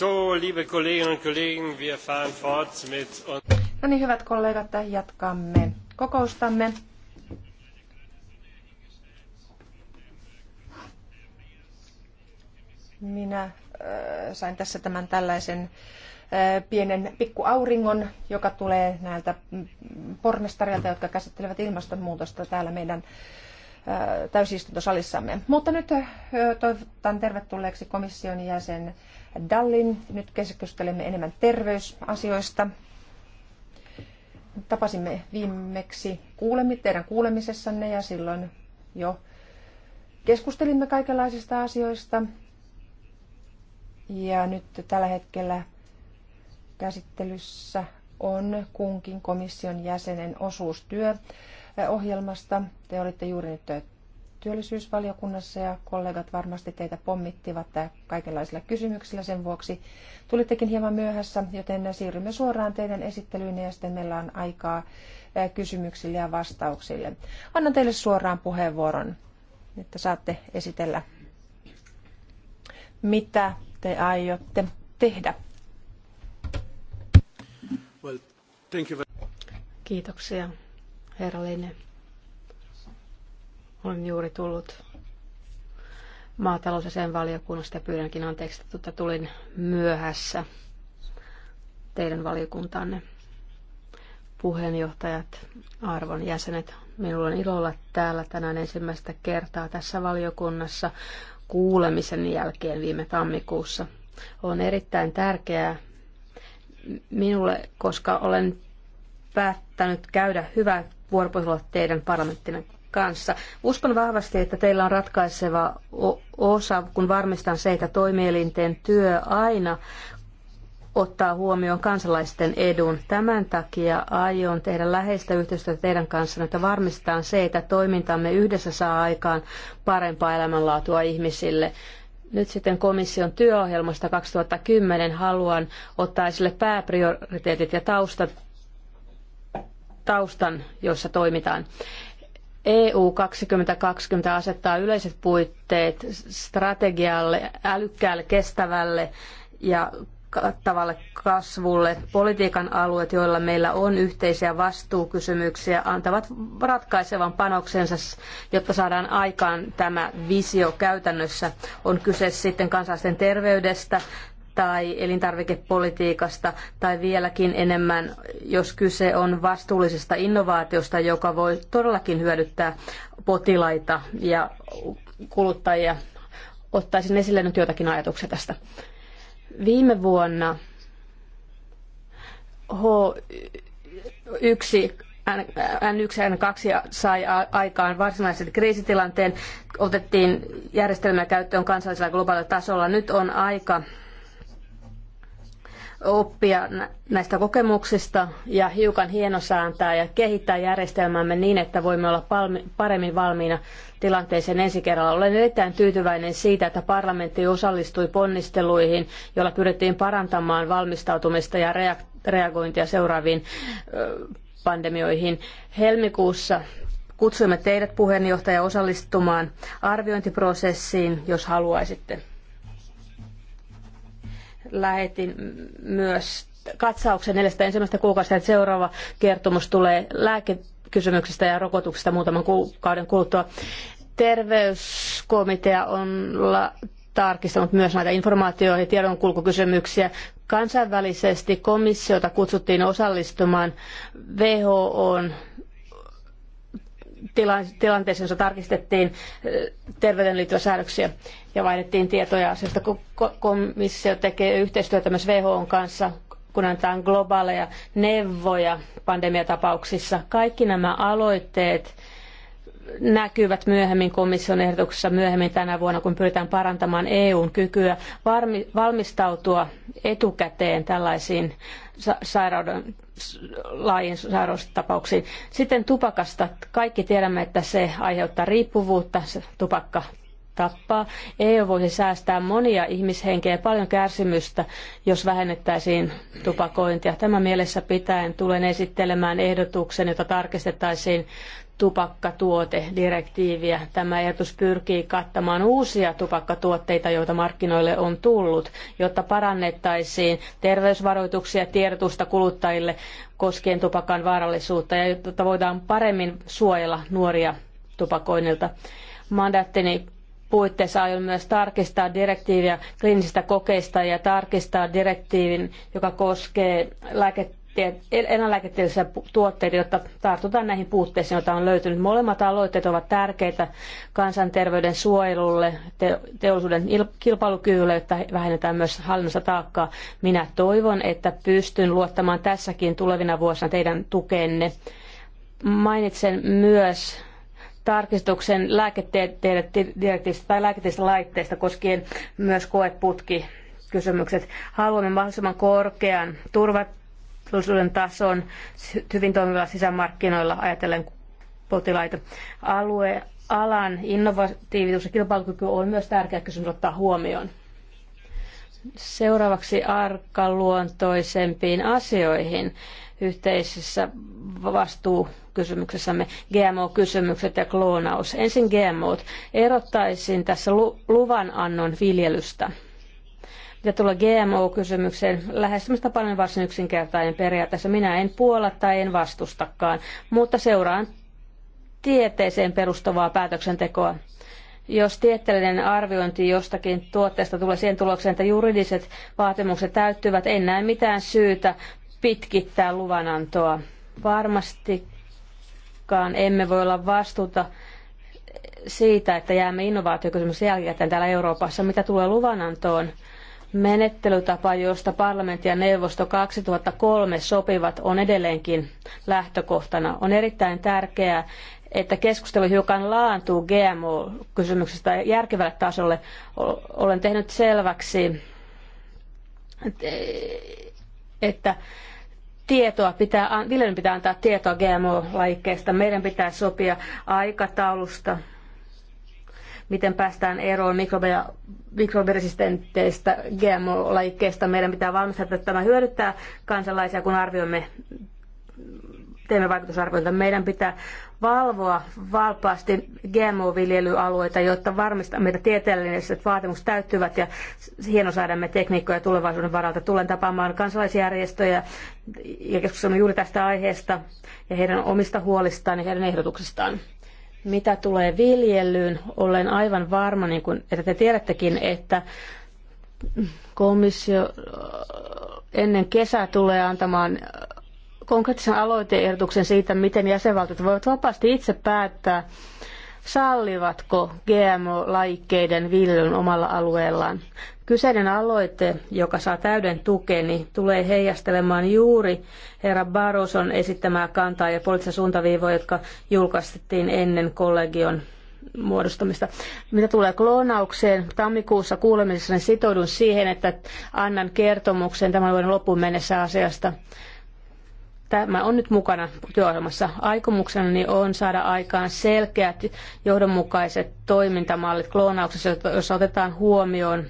Speaker 2: So, liebe Kolleginnen und Kollegen, wir fahren fort mit...
Speaker 4: No niin, hyvät kollegat, jatkamme kokoustamme. Minä äh, sain tässä tämän tällaisen äh, pienen pienen pikkuauringon, joka tulee näiltä mm, pormestarilta, jotka käsittelevät ilmastonmuutosta täällä meidän äh, täysistuntosalissamme. Mutta nyt toivotan tervetulleeksi komission jäsen Dallin. Nyt keskustelemme enemmän terveysasioista. Tapasimme viimeksi kuulemi, teidän kuulemisessanne ja silloin jo keskustelimme kaikenlaisista asioista. Ja nyt tällä hetkellä käsittelyssä on kunkin komission jäsenen osuustyö ohjelmasta. Te olitte juuri nyt työllisyysvaliokunnassa ja kollegat varmasti teitä pommittivat kaikenlaisilla kysymyksillä sen vuoksi. Tulittekin hieman myöhässä, joten siirrymme suoraan teidän esittelyyn ja sitten meillä on aikaa eh, kysymyksille ja vastauksille. Annan teille suoraan puheenvuoron, että saatte esitellä, mitä te aiotte tehdä.
Speaker 1: Well, thank you very-
Speaker 3: Kiitoksia herrallinen. Olen juuri tullut maatalous- ja sen valiokunnasta ja pyydänkin anteeksi, että tuota tulin myöhässä teidän valiokuntanne puheenjohtajat, arvon jäsenet. Minulla on ilo olla täällä tänään ensimmäistä kertaa tässä valiokunnassa kuulemisen jälkeen viime tammikuussa. On erittäin tärkeää minulle, koska olen päättänyt käydä hyvää vuoropuhelua teidän parlamenttinne kanssa. Uskon vahvasti, että teillä on ratkaiseva osa, kun varmistan se, että toimielinten työ aina ottaa huomioon kansalaisten edun. Tämän takia aion tehdä läheistä yhteistyötä teidän kanssa että varmistetaan se, että toimintamme yhdessä saa aikaan parempaa elämänlaatua ihmisille. Nyt sitten komission työohjelmasta 2010 haluan ottaa esille pääprioriteetit ja taustat taustan, jossa toimitaan. EU 2020 asettaa yleiset puitteet strategialle, älykkäälle, kestävälle ja kattavalle kasvulle. Politiikan alueet, joilla meillä on yhteisiä vastuukysymyksiä, antavat ratkaisevan panoksensa, jotta saadaan aikaan tämä visio käytännössä. On kyse sitten kansalaisten terveydestä, tai elintarvikepolitiikasta tai vieläkin enemmän, jos kyse on vastuullisesta innovaatiosta, joka voi todellakin hyödyttää potilaita ja kuluttajia. Ottaisin esille nyt joitakin ajatuksia tästä. Viime vuonna H1 N1 N2 sai aikaan varsinaisen kriisitilanteen. Otettiin järjestelmä käyttöön kansallisella globaalilla tasolla. Nyt on aika oppia näistä kokemuksista ja hiukan hienosääntää ja kehittää järjestelmäämme niin, että voimme olla paremmin valmiina tilanteeseen ensi kerralla. Olen erittäin tyytyväinen siitä, että parlamentti osallistui ponnisteluihin, joilla pyrittiin parantamaan valmistautumista ja reagointia seuraaviin pandemioihin. Helmikuussa kutsuimme teidät puheenjohtaja osallistumaan arviointiprosessiin, jos haluaisitte lähetin myös katsauksen neljästä ensimmäistä kuukaudesta, että seuraava kertomus tulee lääkekysymyksistä ja rokotuksista muutaman kuukauden kuluttua. Terveyskomitea on tarkistanut myös näitä informaatio- ja tiedonkulkukysymyksiä. Kansainvälisesti komissiota kutsuttiin osallistumaan WHOn tilanteeseen, jossa tarkistettiin terveyteen liittyviä säädöksiä ja vaihdettiin tietoja asiasta. Komissio tekee yhteistyötä myös WHOn kanssa, kun annetaan globaaleja neuvoja pandemiatapauksissa. Kaikki nämä aloitteet näkyvät myöhemmin komission ehdotuksessa myöhemmin tänä vuonna, kun pyritään parantamaan EUn kykyä valmistautua etukäteen tällaisiin sairauden laajin sairaustapauksiin. Sitten tupakasta. Kaikki tiedämme, että se aiheuttaa riippuvuutta, se tupakka tappaa. EU voisi säästää monia ihmishenkeä ja paljon kärsimystä, jos vähennettäisiin tupakointia. Tämä mielessä pitäen tulen esittelemään ehdotuksen, jota tarkistettaisiin tupakkatuotedirektiiviä. Tämä ehdotus pyrkii kattamaan uusia tupakkatuotteita, joita markkinoille on tullut, jotta parannettaisiin terveysvaroituksia ja tiedotusta kuluttajille koskien tupakan vaarallisuutta ja jotta voidaan paremmin suojella nuoria tupakoinnilta. Mandaattini puitteissa aion myös tarkistaa direktiiviä kliinisistä kokeista ja tarkistaa direktiivin, joka koskee lääke eläinlääketieteellisiä tuotteita, jotta tartutaan näihin puutteisiin, joita on löytynyt. Molemmat aloitteet ovat tärkeitä kansanterveyden suojelulle, teollisuuden kilpailukyvylle, jotta vähennetään myös hallinnosta taakkaa. Minä toivon, että pystyn luottamaan tässäkin tulevina vuosina teidän tukeenne. Mainitsen myös tarkistuksen lääketieteellisistä tai lääketieteellisistä laitteista koskien myös koeputki kysymykset. Haluamme mahdollisimman korkean turvat, turvallisuuden tason hyvin toimivilla sisämarkkinoilla ajatellen potilaita. Alue, alan innovatiivisuus ja kilpailukyky on myös tärkeä kysymys ottaa huomioon. Seuraavaksi arkaluontoisempiin asioihin yhteisessä vastuukysymyksessämme GMO-kysymykset ja kloonaus. Ensin t Erottaisin tässä luvanannon viljelystä mitä tulee GMO-kysymykseen, lähestymistapa on varsin yksinkertainen periaatteessa. Minä en puolla tai en vastustakaan, mutta seuraan tieteeseen perustuvaa päätöksentekoa. Jos tieteellinen arviointi jostakin tuotteesta tulee siihen tulokseen, että juridiset vaatimukset täyttyvät, en näe mitään syytä pitkittää luvanantoa. Varmastikaan emme voi olla vastuuta siitä, että jäämme innovaatiokysymys jälkikäteen täällä Euroopassa, mitä tulee luvanantoon. Menettelytapa, josta parlamentti ja neuvosto 2003 sopivat, on edelleenkin lähtökohtana. On erittäin tärkeää, että keskustelu hiukan laantuu GMO-kysymyksestä järkevälle tasolle. Olen tehnyt selväksi, että tietoa pitää, viljelyn pitää antaa tietoa GMO-lajikkeesta. Meidän pitää sopia aikataulusta miten päästään eroon mikroberesistenteistä GMO-lajikkeista. Meidän pitää valmistaa, että tämä hyödyttää kansalaisia, kun arvioimme teemme vaikutusarviointia. Meidän pitää valvoa valpaasti GMO-viljelyalueita, jotta varmistamme, että tieteelliset vaatimukset täyttyvät ja hienosäädämme tekniikkoja tulevaisuuden varalta. Tulen tapaamaan kansalaisjärjestöjä ja keskustelun juuri tästä aiheesta ja heidän omista huolistaan ja heidän ehdotuksistaan. Mitä tulee viljelyyn, olen aivan varma, niin kuin, että te tiedättekin, että komissio ennen kesää tulee antamaan konkreettisen aloiteehdotuksen siitä, miten jäsenvaltiot voivat vapaasti itse päättää, sallivatko GMO-laikkeiden viljelyn omalla alueellaan. Kyseinen aloite, joka saa täyden tukeni, tulee heijastelemaan juuri herra Baroson esittämää kantaa ja poliittisia suuntaviivoja, jotka julkaistettiin ennen kollegion muodostumista. Mitä tulee kloonaukseen, tammikuussa kuulemisessa niin sitoudun siihen, että annan kertomuksen tämän vuoden loppuun mennessä asiasta. Tämä on nyt mukana työohjelmassa. niin on saada aikaan selkeät johdonmukaiset toimintamallit kloonauksessa, jossa otetaan huomioon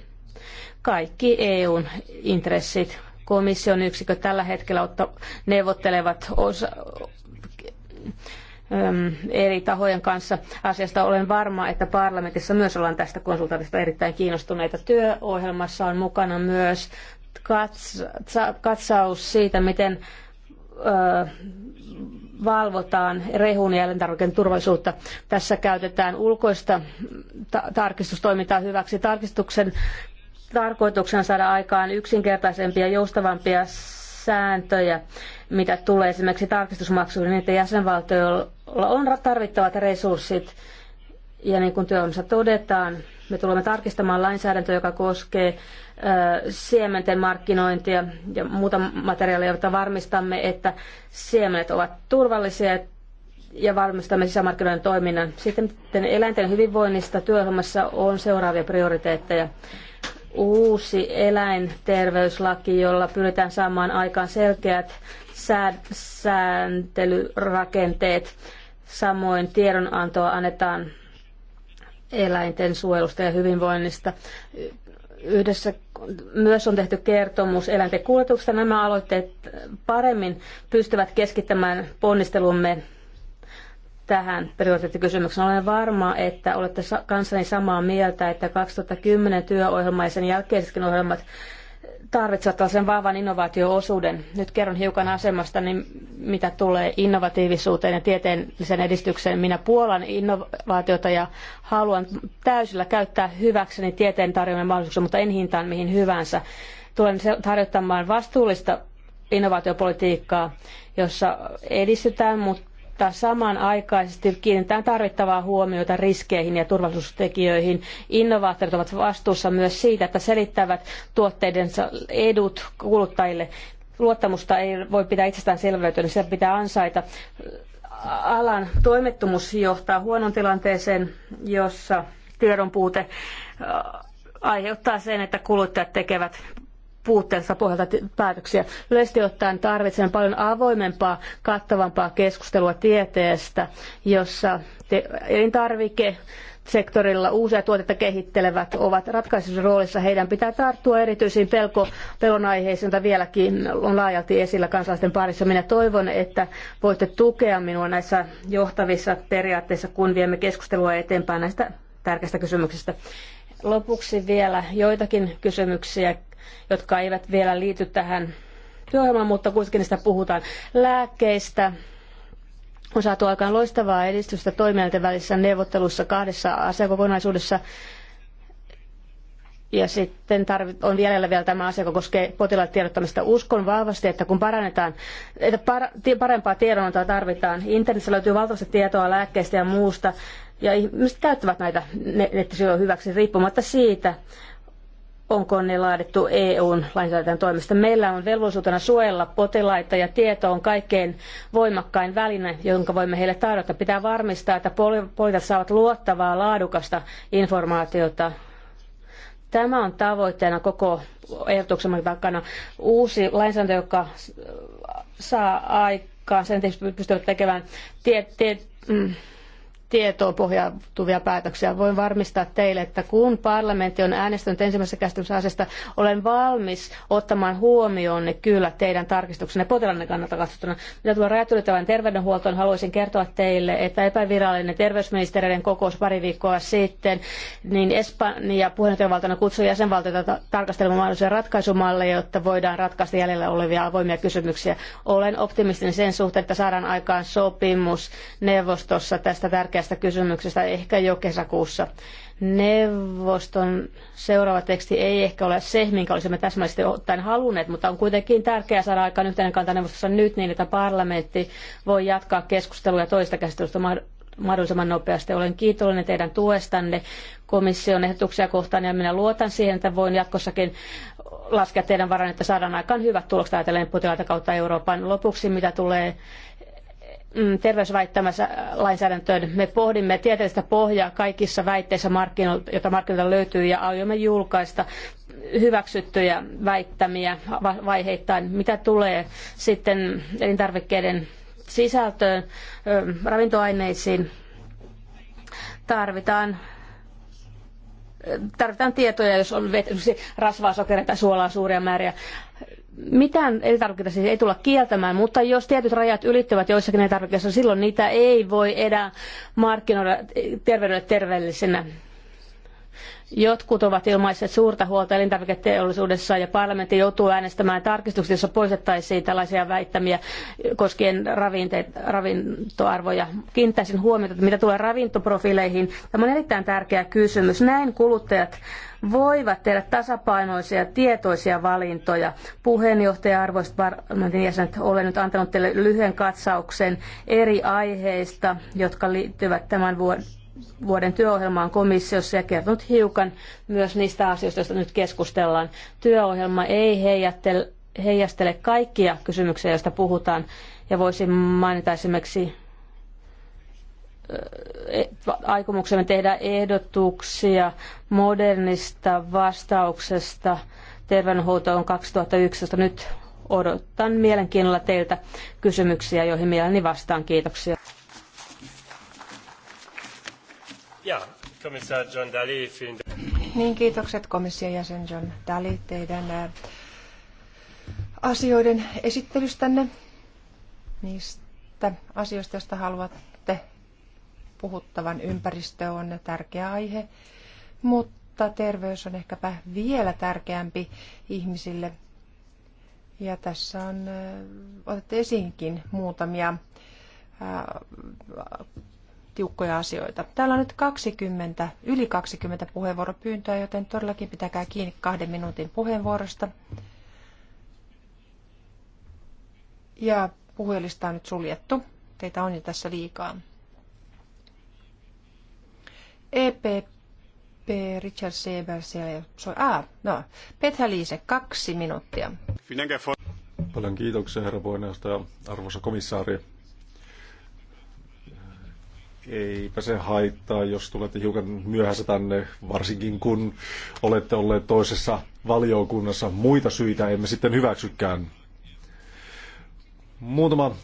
Speaker 3: kaikki EUn intressit. Komission yksiköt tällä hetkellä otta, neuvottelevat osa, eri tahojen kanssa asiasta. Olen varma, että parlamentissa myös ollaan tästä konsultaatista erittäin kiinnostuneita. Työohjelmassa on mukana myös katsaus siitä, miten valvotaan rehun ja elintarvikkeiden turvallisuutta. Tässä käytetään ulkoista tarkistustoimintaa hyväksi. Tarkistuksen tarkoituksena saada aikaan yksinkertaisempia ja joustavampia sääntöjä, mitä tulee esimerkiksi tarkistusmaksuihin, niin että jäsenvaltioilla on tarvittavat resurssit. Ja niin kuin työohjelmassa todetaan, me tulemme tarkistamaan lainsäädäntöä, joka koskee siementen markkinointia ja muuta materiaalia, jotta varmistamme, että siemenet ovat turvallisia ja varmistamme sisämarkkinoiden toiminnan. Sitten eläinten hyvinvoinnista työohjelmassa on seuraavia prioriteetteja uusi eläinterveyslaki, jolla pyritään saamaan aikaan selkeät sääntelyrakenteet. Samoin tiedonantoa annetaan eläinten suojelusta ja hyvinvoinnista. Yhdessä myös on tehty kertomus eläinten kuljetuksesta. Nämä aloitteet paremmin pystyvät keskittämään ponnistelumme tähän periaatekysymykseen. Olen varma, että olette kanssani samaa mieltä, että 2010 työohjelma ja sen jälkeisetkin ohjelmat tarvitsevat tällaisen vahvan innovaatioosuuden. Nyt kerron hiukan asemasta, niin mitä tulee innovatiivisuuteen ja tieteelliseen edistykseen. Minä puolan innovaatiota ja haluan täysillä käyttää hyväkseni tieteen tarjoamia mahdollisuuksia, mutta en hintaan mihin hyvänsä. Tulen harjoittamaan vastuullista innovaatiopolitiikkaa, jossa edistytään, mutta mutta samanaikaisesti kiinnitetään tarvittavaa huomiota riskeihin ja turvallisuustekijöihin. Innovaattorit ovat vastuussa myös siitä, että selittävät tuotteidensa edut kuluttajille. Luottamusta ei voi pitää itsestään selveytyä, niin pitää ansaita. Alan toimettomuus johtaa huonon tilanteeseen, jossa tiedon puute äh, aiheuttaa sen, että kuluttajat tekevät puutteelliselta pohjalta päätöksiä. Yleisesti ottaen tarvitsemme paljon avoimempaa, kattavampaa keskustelua tieteestä, jossa te- elintarvike, sektorilla uusia tuotteita kehittelevät ovat ratkaisussa roolissa. Heidän pitää tarttua erityisiin pelko, aiheisiin, joita vieläkin on laajalti esillä kansalaisten parissa. Minä toivon, että voitte tukea minua näissä johtavissa periaatteissa, kun viemme keskustelua eteenpäin näistä tärkeistä kysymyksistä. Lopuksi vielä joitakin kysymyksiä jotka eivät vielä liity tähän työohjelmaan, mutta kuitenkin sitä puhutaan lääkkeistä. On saatu aikaan loistavaa edistystä toimijoiden välissä neuvottelussa kahdessa asiakokonaisuudessa. Ja sitten on jäljellä vielä tämä asia, joka koskee potilaiden tiedottamista. Uskon vahvasti, että kun parannetaan, että parempaa tiedonantoa tarvitaan. Internetissä löytyy valtavasti tietoa lääkkeistä ja muusta, ja ihmiset käyttävät näitä nettisivuja hyväksi riippumatta siitä, onko ne laadittu EUn lainsäädännön toimesta. Meillä on velvollisuutena suojella potilaita ja tieto on kaikkein voimakkain väline, jonka voimme heille tarjota. Pitää varmistaa, että potilaat saavat luottavaa, laadukasta informaatiota. Tämä on tavoitteena koko ehdotuksemme takana. Uusi lainsäädäntö, joka saa aikaan, sen pystyvät tekemään tie, tie, mm, tietoon pohjautuvia päätöksiä. Voin varmistaa teille, että kun parlamentti on äänestänyt ensimmäisessä käsittelyssä asiasta, olen valmis ottamaan huomioon ne kyllä teidän tarkistuksenne potilaan kannalta katsottuna. Mitä tulee rajatylittävän terveydenhuoltoon, haluaisin kertoa teille, että epävirallinen terveysministeriöiden kokous pari viikkoa sitten, niin Espanja puheenjohtajavaltiona kutsui jäsenvaltioita tarkastelemaan mahdollisia ratkaisumalleja, jotta voidaan ratkaista jäljellä olevia avoimia kysymyksiä. Olen optimistinen sen suhteen, että saadaan aikaan sopimus neuvostossa tästä tärkeästä tärkeästä kysymyksestä ehkä jo kesäkuussa. Neuvoston seuraava teksti ei ehkä ole se, minkä olisimme täsmällisesti ottaen halunneet, mutta on kuitenkin tärkeää saada aikaan yhteinen kanta neuvostossa nyt niin, että parlamentti voi jatkaa keskustelua toista käsittelystä mahdollisimman nopeasti. Olen kiitollinen teidän tuestanne komission ehdotuksia kohtaan ja minä luotan siihen, että voin jatkossakin laskea teidän varan, että saadaan aikaan hyvät tulokset ajatellen potilaita kautta Euroopan. Lopuksi mitä tulee mm, terveysväittämässä äh, lainsäädäntöön. Me pohdimme tieteellistä pohjaa kaikissa väitteissä, joita markkinoilta löytyy, ja aiomme julkaista hyväksyttyjä väittämiä vaiheittain, mitä tulee sitten elintarvikkeiden sisältöön, ravintoaineisiin. Tarvitaan tarvitaan tietoja, jos on esimerkiksi rasvaa, sokeria tai suolaa suuria määriä. Mitään elintarvikkeita siis ei tulla kieltämään, mutta jos tietyt rajat ylittävät joissakin elintarvikkeissa, silloin niitä ei voi edä markkinoida terveydelle terveellisenä. Jotkut ovat ilmaisseet suurta huolta elintarviketeollisuudessa ja parlamentti joutuu äänestämään tarkistuksista, jossa poistettaisiin tällaisia väittämiä koskien ravintoarvoja. Kiinnittäisin huomiota, että mitä tulee ravintoprofiileihin. Tämä on erittäin tärkeä kysymys. Näin kuluttajat voivat tehdä tasapainoisia tietoisia valintoja. Puheenjohtaja arvoisat parlamentin jäsenet, olen nyt antanut teille lyhyen katsauksen eri aiheista, jotka liittyvät tämän vuoden vuoden työohjelmaan komissiossa ja kertonut hiukan myös niistä asioista, joista nyt keskustellaan. Työohjelma ei heijastele kaikkia kysymyksiä, joista puhutaan, ja voisin mainita esimerkiksi e, aikomuksemme tehdä ehdotuksia modernista vastauksesta terveydenhuoltoon 2011. Nyt odotan mielenkiinnolla teiltä kysymyksiä, joihin mielelläni vastaan. Kiitoksia.
Speaker 2: Ja, komissaari John Daly,
Speaker 3: Niin, kiitokset
Speaker 4: komission jäsen John Daly teidän äh, asioiden esittelystänne, niistä asioista, joista haluatte puhuttavan. Ympäristö on tärkeä aihe, mutta terveys on ehkäpä vielä tärkeämpi ihmisille. Ja tässä on äh, otettu esiinkin muutamia äh, tiukkoja asioita. Täällä on nyt 20, yli 20 puheenvuoropyyntöä, joten todellakin pitäkää kiinni kahden minuutin puheenvuorosta. Ja puhujalista on nyt suljettu. Teitä on jo tässä liikaa. EPP Richard Sebers ja so, Ah, no. Petra Liise, kaksi minuuttia.
Speaker 1: Paljon kiitoksia, herra puheenjohtaja, arvoisa komissaari. Eipä se haittaa, jos tulette hiukan myöhässä tänne, varsinkin kun olette olleet toisessa valiokunnassa. Muita syitä emme sitten hyväksykään. Muutama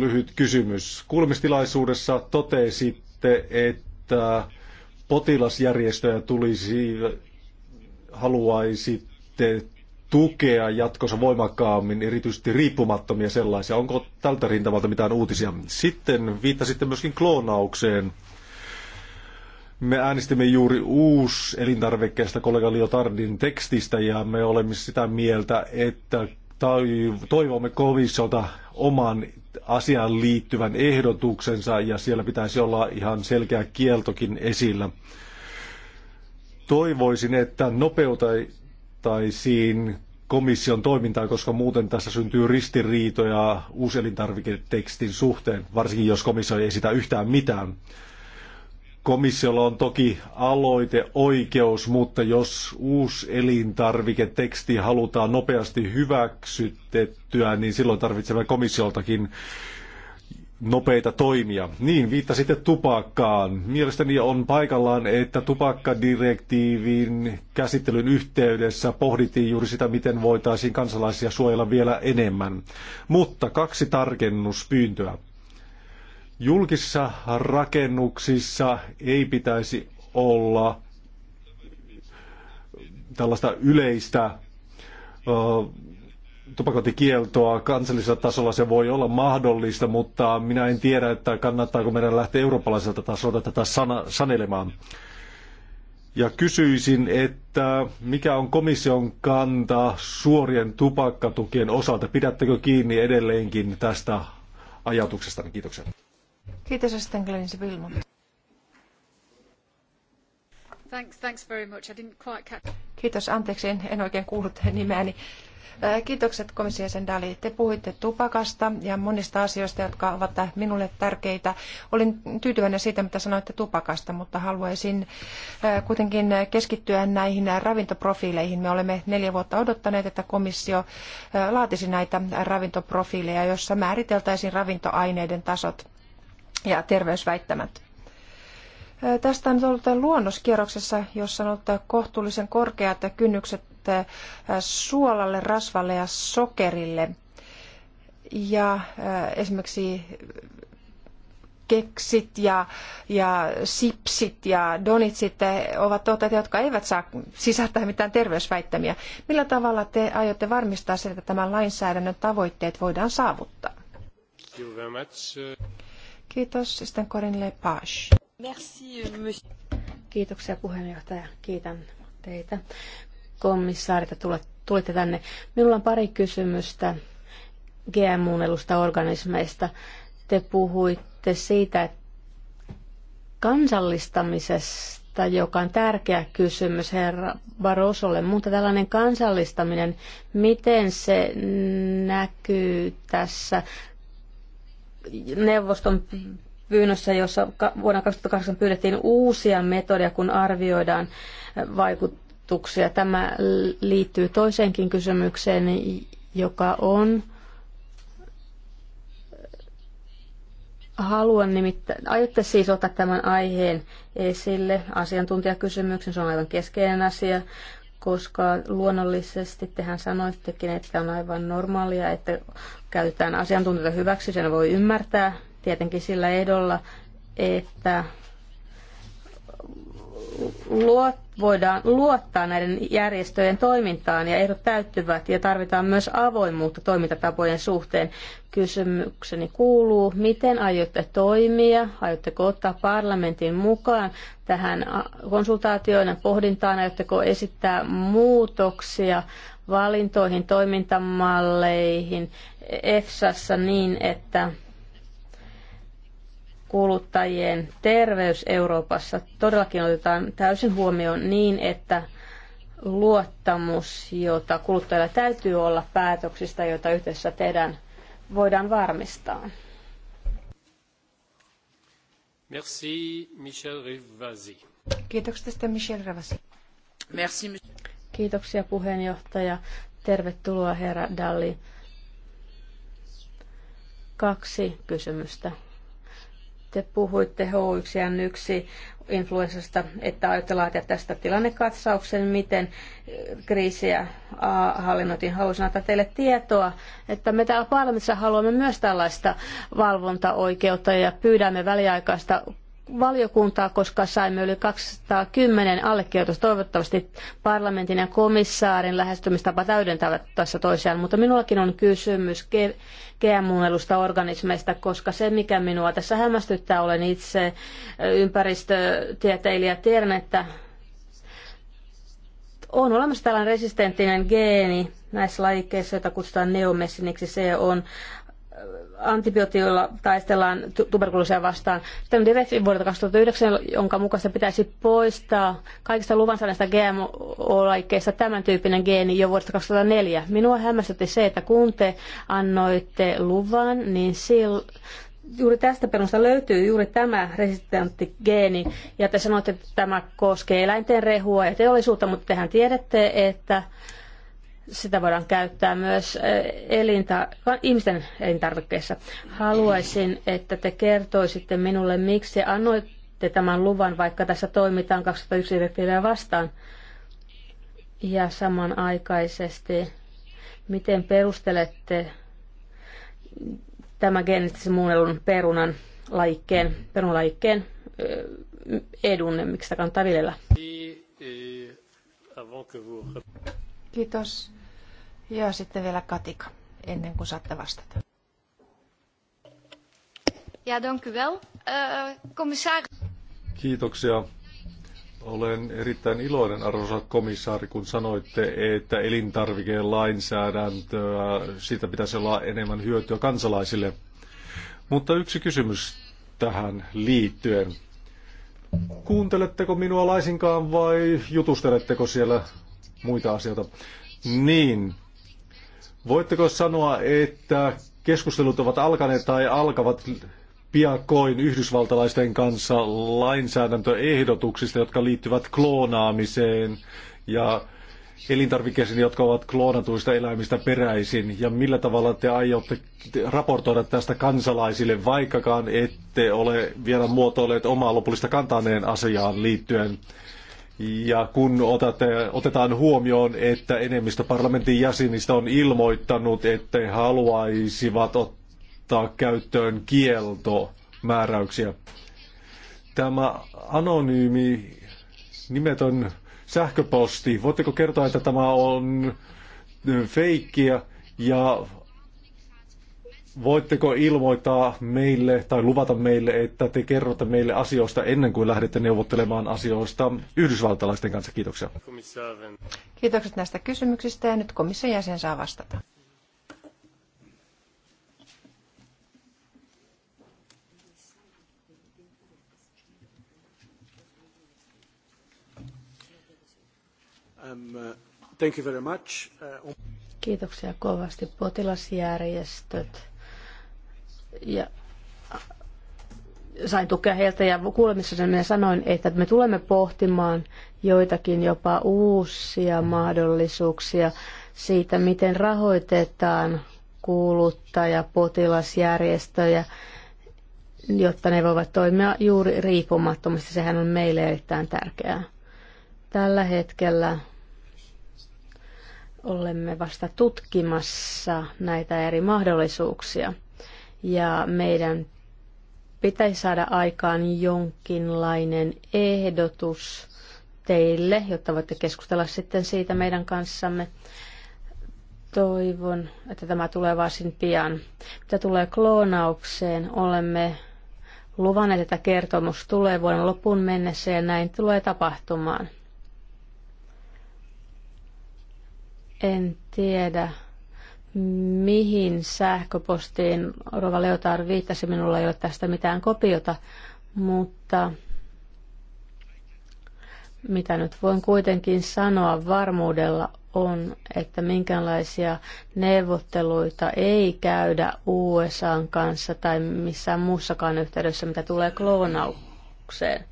Speaker 1: lyhyt kysymys. Kuulemistilaisuudessa totesitte, että potilasjärjestöjä tulisi, haluaisitte tukea jatkossa voimakkaammin, erityisesti riippumattomia sellaisia. Onko tältä rintamalta mitään uutisia? Sitten viittasitte myöskin kloonaukseen. Me äänestimme juuri uus elintarvikkeesta kollega Tardin tekstistä ja me olemme sitä mieltä, että toivomme kovissolta oman asiaan liittyvän ehdotuksensa ja siellä pitäisi olla ihan selkeä kieltokin esillä. Toivoisin, että nopeuta, vaikutettaisiin komission toimintaan, koska muuten tässä syntyy ristiriitoja uuselintarviketekstin suhteen, varsinkin jos komissio ei esitä yhtään mitään. Komissiolla on toki aloiteoikeus, mutta jos uusi elintarviketeksti halutaan nopeasti hyväksytettyä, niin silloin tarvitsemme komissioltakin nopeita toimia. Niin, viittasitte tupakkaan. Mielestäni on paikallaan, että tupakkadirektiivin käsittelyn yhteydessä pohdittiin juuri sitä, miten voitaisiin kansalaisia suojella vielä enemmän. Mutta kaksi tarkennuspyyntöä. Julkisissa rakennuksissa ei pitäisi olla tällaista yleistä tupakointikieltoa kansallisella tasolla se voi olla mahdollista, mutta minä en tiedä, että kannattaako meidän lähteä eurooppalaiselta tasolta tätä sana, sanelemaan. Ja kysyisin, että mikä on komission kanta suorien tupakkatukien osalta? Pidättekö kiinni edelleenkin tästä ajatuksesta? Niin kiitoksia.
Speaker 4: Kiitos, Vilmo.
Speaker 3: Thanks, thanks very much. I didn't quite catch...
Speaker 4: Kiitos, anteeksi, en, en oikein kuullut nimeäni. Kiitokset komission sen Dali. Te puhuitte tupakasta ja monista asioista, jotka ovat minulle tärkeitä. Olin tyytyväinen siitä, mitä sanoitte tupakasta, mutta haluaisin kuitenkin keskittyä näihin ravintoprofiileihin. Me olemme neljä vuotta odottaneet, että komissio laatisi näitä ravintoprofiileja, joissa määriteltäisiin ravintoaineiden tasot ja terveysväittämät. Tästä on ollut luonnoskierroksessa, jossa on ollut kohtuullisen korkeat kynnykset Äh, suolalle, rasvalle ja sokerille. Ja äh, esimerkiksi keksit ja, ja sipsit ja donitsit äh, ovat tuotteita, jotka eivät saa sisältää mitään terveysväittämiä. Millä tavalla te aiotte varmistaa sen, että tämän lainsäädännön tavoitteet voidaan saavuttaa? Kiitos. Sitten Corinne Lepage.
Speaker 3: Merci, Kiitoksia puheenjohtaja. Kiitän teitä että tulette tänne. Minulla on pari kysymystä GM-muunnelusta organismeista. Te puhuitte siitä kansallistamisesta, joka on tärkeä kysymys herra Barosolle, mutta tällainen kansallistaminen, miten se näkyy tässä neuvoston pyynnössä, jossa vuonna 2008 pyydettiin uusia metodeja, kun arvioidaan vaikuttaa ehdotuksia. Tämä liittyy toiseenkin kysymykseen, joka on haluan nimittäin, aiotte siis ottaa tämän aiheen esille asiantuntijakysymyksen, se on aivan keskeinen asia, koska luonnollisesti tehän sanoittekin, että on aivan normaalia, että käytetään asiantuntijoita hyväksi, sen voi ymmärtää tietenkin sillä ehdolla, että luot, voidaan luottaa näiden järjestöjen toimintaan ja ehdot täyttyvät ja tarvitaan myös avoimuutta toimintatapojen suhteen. Kysymykseni kuuluu, miten aiotte toimia, aiotteko ottaa parlamentin mukaan tähän konsultaatioon ja pohdintaan, aiotteko esittää muutoksia valintoihin, toimintamalleihin EFSassa niin, että kuluttajien terveys Euroopassa todellakin otetaan täysin huomioon niin, että luottamus, jota kuluttajilla täytyy olla päätöksistä, joita yhdessä tehdään, voidaan varmistaa.
Speaker 2: Merci, Michel Rivasi.
Speaker 3: Kiitoksia tästä Michel Rivasi. Merci. Kiitoksia puheenjohtaja. Tervetuloa herra Dalli. Kaksi kysymystä te puhuitte H1N1 influenssasta, että aiotte laatia tästä tilannekatsauksen, miten eh, kriisiä hallinnoitiin. Haluaisin antaa teille tietoa, että me täällä parlamentissa haluamme myös tällaista valvontaoikeutta ja pyydämme väliaikaista valiokuntaa, koska saimme yli 210 allekirjoitusta. Toivottavasti parlamentin ja komissaarin lähestymistapa täydentävät tässä toisiaan, mutta minullakin on kysymys GM-muunnelusta organismeista, koska se mikä minua tässä hämmästyttää, olen itse ympäristötieteilijä, tiedän, että on olemassa tällainen resistenttinen geeni näissä lajikkeissa, jota kutsutaan neomessiniksi. Se on antibiootioilla taistellaan tuberkuloosia vastaan. Tämä direktiivi vuodelta 2009, jonka mukaan se pitäisi poistaa kaikista luvansaaneista GMO-laikkeista tämän tyyppinen geeni jo vuodesta 2004. Minua hämmästytti se, että kun te annoitte luvan, niin sil, juuri tästä perusta löytyy juuri tämä resistentti geeni. Ja te sanoitte, että tämä koskee eläinten rehua ja teollisuutta, mutta tehän tiedätte, että sitä voidaan käyttää myös eh, elinta, ihmisten elintarvikkeissa. Haluaisin, että te kertoisitte minulle, miksi annoitte tämän luvan, vaikka tässä toimitaan 2001 direktiiviä vastaan. Ja samanaikaisesti, miten perustelette tämän geneettisen muunnelun perunan lajikkeen, perunalajikkeen edun, eh, miksi sitä kannattaa viljellä?
Speaker 4: Kiitos. Ja sitten vielä Katika, ennen kuin saatte vastata. Ja, dank u wel. Eh, commissaris.
Speaker 1: Kiitoksia. Olen erittäin iloinen, arvoisa komissaari, kun sanoitte, että elintarvikeen lainsäädäntöä, siitä pitäisi olla enemmän hyötyä kansalaisille. Mutta yksi kysymys tähän liittyen. Kuunteletteko minua laisinkaan vai jutusteletteko siellä muita asioita? Niin, Voitteko sanoa, että keskustelut ovat alkaneet tai alkavat piakkoin yhdysvaltalaisten kanssa lainsäädäntöehdotuksista, jotka liittyvät kloonaamiseen ja elintarvikkeisiin, jotka ovat kloonatuista eläimistä peräisin, ja millä tavalla te aiotte raportoida tästä kansalaisille, vaikkakaan ette ole vielä muotoilleet omaa lopullista kantaneen asiaan liittyen. Ja kun otatte, otetaan huomioon, että enemmistö parlamentin jäsenistä on ilmoittanut, että he haluaisivat ottaa käyttöön kieltomääräyksiä. Tämä anonyymi nimetön sähköposti, voitteko kertoa, että tämä on feikkiä ja voitteko ilmoittaa meille tai luvata meille, että te kerrotte meille asioista ennen kuin lähdette neuvottelemaan asioista yhdysvaltalaisten kanssa? Kiitoksia.
Speaker 4: Kiitokset näistä kysymyksistä ja nyt komission jäsen saa vastata.
Speaker 1: Um,
Speaker 2: uh, uh,
Speaker 3: Kiitoksia kovasti potilasjärjestöt ja sain tukea heiltä ja kuulemisessa minä sanoin, että me tulemme pohtimaan joitakin jopa uusia mahdollisuuksia siitä, miten rahoitetaan kuluttaja, potilasjärjestöjä, jotta ne voivat toimia juuri riippumattomasti. Sehän on meille erittäin tärkeää. Tällä hetkellä olemme vasta tutkimassa näitä eri mahdollisuuksia – ja meidän pitäisi saada aikaan jonkinlainen ehdotus teille, jotta voitte keskustella sitten siitä meidän kanssamme. Toivon, että tämä tulee varsin pian. Mitä tulee kloonaukseen, olemme luvanneet, että kertomus tulee vuoden lopun mennessä ja näin tulee tapahtumaan. En tiedä, mihin sähköpostiin Rova Leotar viittasi. Minulla ei ole tästä mitään kopiota, mutta mitä nyt voin kuitenkin sanoa varmuudella on, että minkälaisia neuvotteluita ei käydä USAn kanssa tai missään muussakaan yhteydessä, mitä tulee kloonaukseen.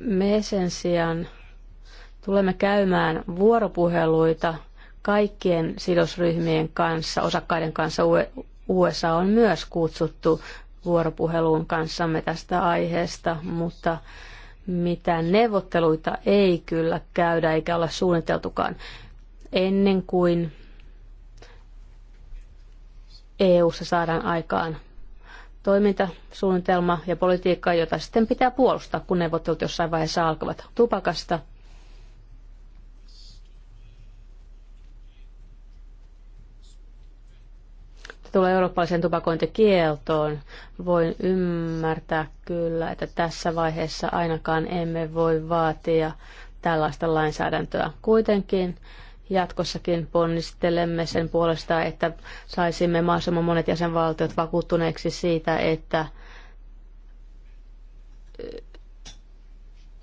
Speaker 3: Me sen sijaan Tulemme käymään vuoropuheluita kaikkien sidosryhmien kanssa, osakkaiden kanssa. USA on myös kutsuttu vuoropuheluun kanssamme tästä aiheesta, mutta mitään neuvotteluita ei kyllä käydä eikä olla suunniteltukaan ennen kuin EU:ssa saadaan aikaan toimintasuunnitelma ja politiikka, jota sitten pitää puolustaa, kun neuvottelut jossain vaiheessa alkavat tupakasta. tulee eurooppalaisen tupakointikieltoon, voin ymmärtää kyllä, että tässä vaiheessa ainakaan emme voi vaatia tällaista lainsäädäntöä. Kuitenkin jatkossakin ponnistelemme sen puolesta, että saisimme mahdollisimman monet jäsenvaltiot vakuuttuneeksi siitä, että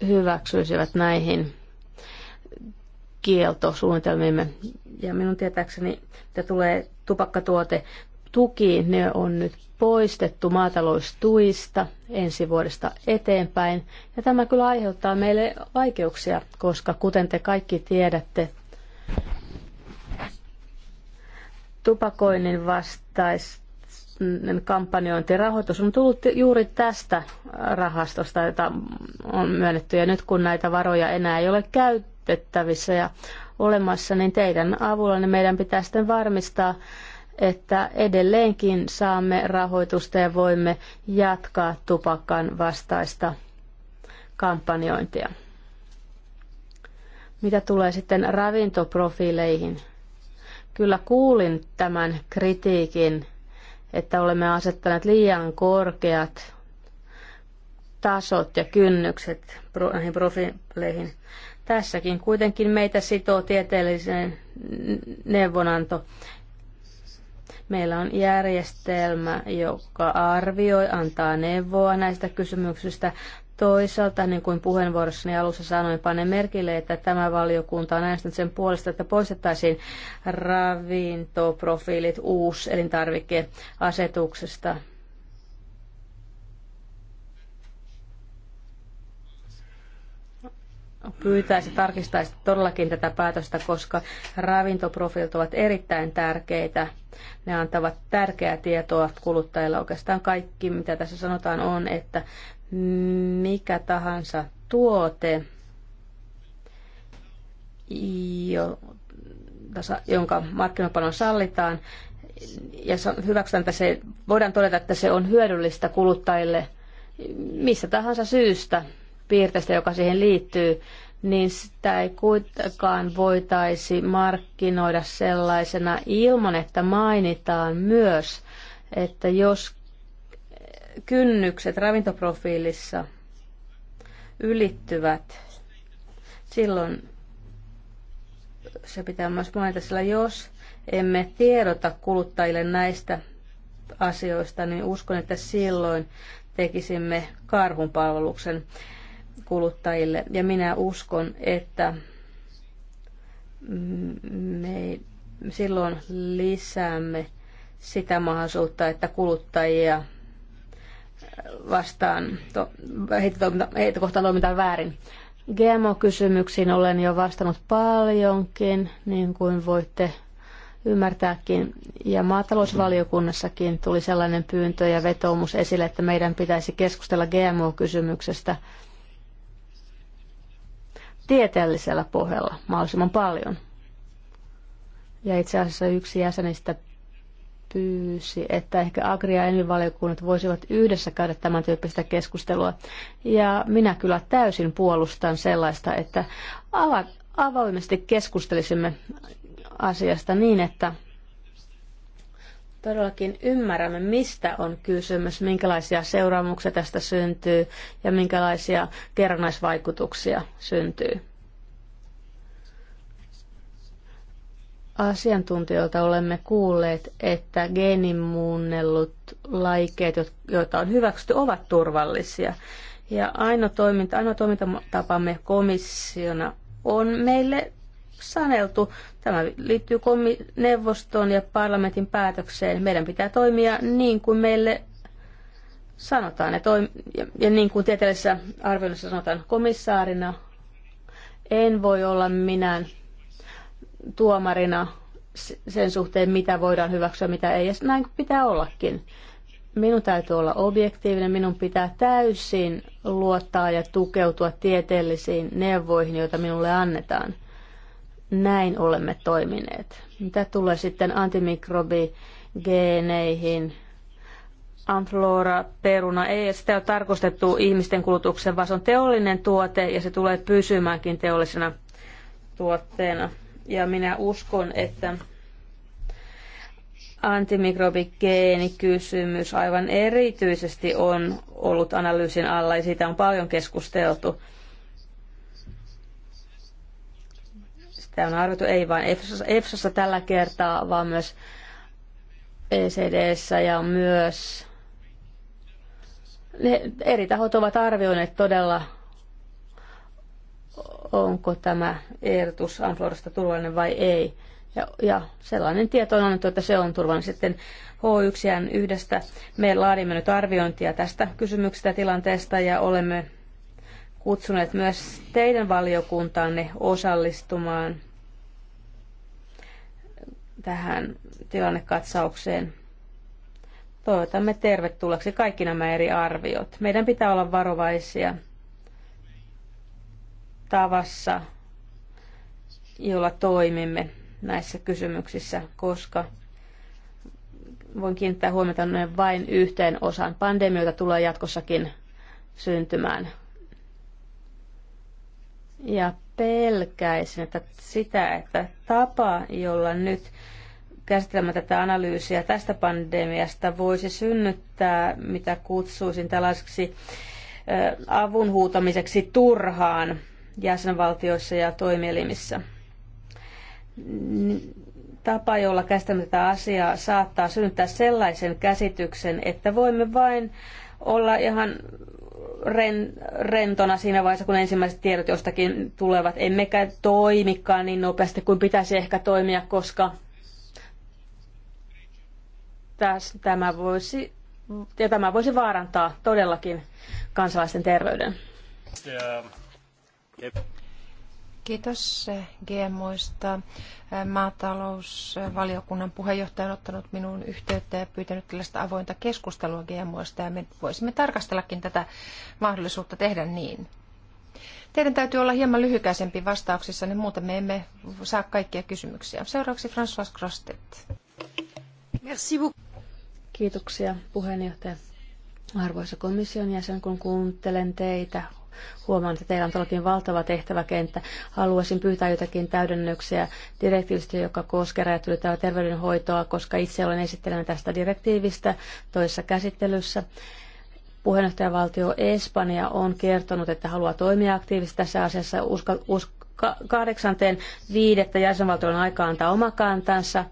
Speaker 3: hyväksyisivät näihin kieltosuunnitelmiimme. Ja minun tietääkseni, että tulee tupakkatuote tuki, ne on nyt poistettu maataloustuista ensi vuodesta eteenpäin. Ja tämä kyllä aiheuttaa meille vaikeuksia, koska kuten te kaikki tiedätte, tupakoinnin vastaisen kampanjointirahoitus on tullut juuri tästä rahastosta, jota on myönnetty. Ja nyt kun näitä varoja enää ei ole käytettävissä ja olemassa, niin teidän avulla meidän pitää sitten varmistaa, että edelleenkin saamme rahoitusta ja voimme jatkaa tupakan vastaista kampanjointia. Mitä tulee sitten ravintoprofiileihin? Kyllä kuulin tämän kritiikin, että olemme asettaneet liian korkeat tasot ja kynnykset näihin profiileihin. Tässäkin kuitenkin meitä sitoo tieteellinen neuvonanto Meillä on järjestelmä, joka arvioi, antaa neuvoa näistä kysymyksistä. Toisaalta, niin kuin puheenvuorossani alussa sanoin, panen merkille, että tämä valiokunta on äänestänyt sen puolesta, että poistettaisiin ravintoprofiilit uus elintarvikeasetuksesta. pyytäisi tarkistaisi todellakin tätä päätöstä, koska ravintoprofiilit ovat erittäin tärkeitä. Ne antavat tärkeää tietoa kuluttajille. Oikeastaan kaikki, mitä tässä sanotaan, on, että mikä tahansa tuote, jonka markkinapano sallitaan, ja hyväksytään, että se, voidaan todeta, että se on hyödyllistä kuluttajille missä tahansa syystä, piirteistä, joka siihen liittyy, niin sitä ei kuitenkaan voitaisi markkinoida sellaisena ilman, että mainitaan myös, että jos kynnykset ravintoprofiilissa ylittyvät, silloin se pitää myös mainita, sillä jos emme tiedota kuluttajille näistä asioista, niin uskon, että silloin tekisimme karhunpalveluksen. palveluksen kuluttajille. Ja minä uskon, että me silloin lisäämme sitä mahdollisuutta, että kuluttajia vastaan, to, heitä, toiminta, heitä kohtaan toimitaan väärin. GMO-kysymyksiin olen jo vastannut paljonkin, niin kuin voitte ymmärtääkin. Ja maatalousvaliokunnassakin tuli sellainen pyyntö ja vetoomus esille, että meidän pitäisi keskustella GMO-kysymyksestä – tieteellisellä pohjalla mahdollisimman paljon. Ja itse asiassa yksi jäsenistä pyysi, että ehkä Agri- ja Envivaliokunnat voisivat yhdessä käydä tämän tyyppistä keskustelua. Ja minä kyllä täysin puolustan sellaista, että avoimesti keskustelisimme asiasta niin, että todellakin ymmärrämme, mistä on kysymys, minkälaisia seuraamuksia tästä syntyy ja minkälaisia kerrannaisvaikutuksia syntyy. Asiantuntijoilta olemme kuulleet, että geenimuunnellut laikeet, joita on hyväksytty, ovat turvallisia. Ja ainoa, toiminta, ainoa toimintatapamme komissiona on meille saneltu. Tämä liittyy neuvostoon ja parlamentin päätökseen. Meidän pitää toimia niin kuin meille sanotaan ja, toim- ja niin kuin tieteellisessä arvioinnissa sanotaan komissaarina, en voi olla minä tuomarina sen suhteen, mitä voidaan hyväksyä, mitä ei. Ja näin pitää ollakin. Minun täytyy olla objektiivinen, minun pitää täysin luottaa ja tukeutua tieteellisiin neuvoihin, joita minulle annetaan – näin olemme toimineet. Mitä tulee sitten antimikrobigeeneihin, Amflora peruna ei sitä ole tarkoitettu ihmisten kulutukseen, vaan se on teollinen tuote ja se tulee pysymäänkin teollisena tuotteena. Ja minä uskon, että antimikrobigeenikysymys aivan erityisesti on ollut analyysin alla ja siitä on paljon keskusteltu. Tämä on arvioitu ei vain EFSassa, tällä kertaa, vaan myös ECDssä ja myös ne eri tahot ovat arvioineet todella, onko tämä ehdotus Amflorasta turvallinen vai ei. Ja, ja sellainen tieto on annettu, että se on turvallinen. Sitten H1 yhdestä me laadimme nyt arviointia tästä kysymyksestä tilanteesta ja olemme kutsuneet myös teidän valiokuntaanne osallistumaan – tähän tilannekatsaukseen. Toivotamme tervetulleeksi kaikki nämä eri arviot. Meidän pitää olla varovaisia tavassa, jolla toimimme näissä kysymyksissä, koska voin kiinnittää huomiota vain yhteen osaan. Pandemioita tulee jatkossakin syntymään. Ja pelkäisin että sitä, että tapa, jolla nyt käsittelemme tätä analyysiä tästä pandemiasta, voisi synnyttää, mitä kutsuisin tällaiseksi avun huutamiseksi turhaan jäsenvaltioissa ja toimielimissä. Tapa, jolla käsittelemme tätä asiaa, saattaa synnyttää sellaisen käsityksen, että voimme vain olla ihan rentona siinä vaiheessa, kun ensimmäiset tiedot jostakin tulevat. Emmekä toimikaan niin nopeasti kuin pitäisi ehkä toimia, koska täs, tämä, voisi, ja tämä voisi vaarantaa todellakin kansalaisten terveyden.
Speaker 4: Eh, Kiitos GMOista. Maatalousvaliokunnan puheenjohtaja on ottanut minuun yhteyttä ja pyytänyt tällaista avointa keskustelua GMOista ja me voisimme tarkastellakin tätä mahdollisuutta tehdä niin. Teidän täytyy olla hieman lyhykäisempi vastauksissa, niin muuten me emme saa kaikkia kysymyksiä. Seuraavaksi François Crostet.
Speaker 3: Merci puhemies Kiitoksia puheenjohtaja. Arvoisa komission jäsen, kun kuuntelen teitä, Huomaan, että teillä on todellakin valtava tehtäväkenttä. Haluaisin pyytää jotakin täydennyksiä direktiivistä, joka koskee rajatylyttävää terveydenhoitoa, koska itse olen esittelemään tästä direktiivistä toisessa käsittelyssä puheenjohtajavaltio Espanja on kertonut, että haluaa toimia aktiivisesti tässä asiassa. Uska, uska, kahdeksanteen viidettä jäsenvaltion aikaa antaa oma kantansa.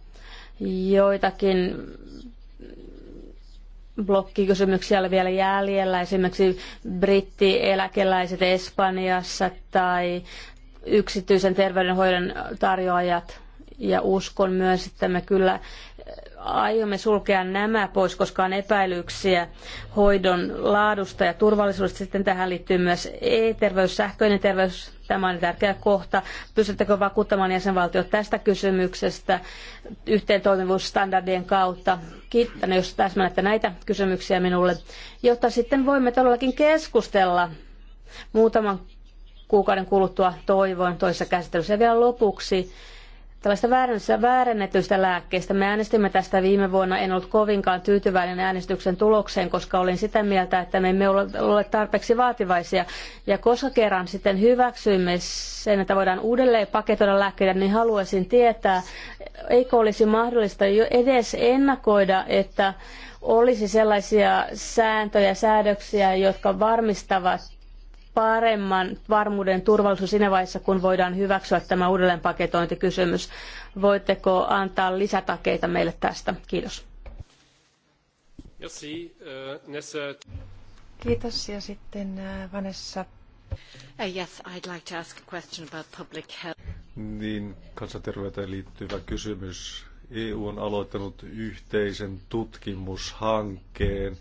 Speaker 3: Joitakin blokkikysymyksiä oli vielä jäljellä, esimerkiksi brittieläkeläiset Espanjassa tai yksityisen terveydenhoidon tarjoajat. Ja uskon myös, että me kyllä aiomme sulkea nämä pois, koska on epäilyksiä hoidon laadusta ja turvallisuudesta. Sitten tähän liittyy myös e-terveys, sähköinen terveys, Tämä on tärkeä kohta. Pystyttekö vakuuttamaan jäsenvaltiot tästä kysymyksestä yhteentoimivuusstandardien kautta? Kiitän, jos täsmännätte näitä kysymyksiä minulle, jotta sitten voimme todellakin keskustella muutaman kuukauden kuluttua toivoin toisessa käsittelyssä. Ja vielä lopuksi tällaista väärennetystä lääkkeestä. Me äänestimme tästä viime vuonna. En ollut kovinkaan tyytyväinen äänestyksen tulokseen, koska olin sitä mieltä, että me emme ole tarpeeksi vaativaisia. Ja koska kerran sitten hyväksyimme sen, että voidaan uudelleen paketoida lääkkeitä, niin haluaisin tietää, eikö olisi mahdollista jo edes ennakoida, että olisi sellaisia sääntöjä, säädöksiä, jotka varmistavat paremman varmuuden turvallisuus siinä vaiheessa, kun voidaan hyväksyä tämä uudelleenpaketointikysymys. Voitteko antaa lisätakeita meille tästä? Kiitos.
Speaker 2: Äh,
Speaker 3: Kiitos. Ja sitten äh, Vanessa. Uh, yes, I'd like to ask a question about public health.
Speaker 1: Niin, kansanterveyteen liittyvä kysymys. EU on aloittanut yhteisen tutkimushankkeen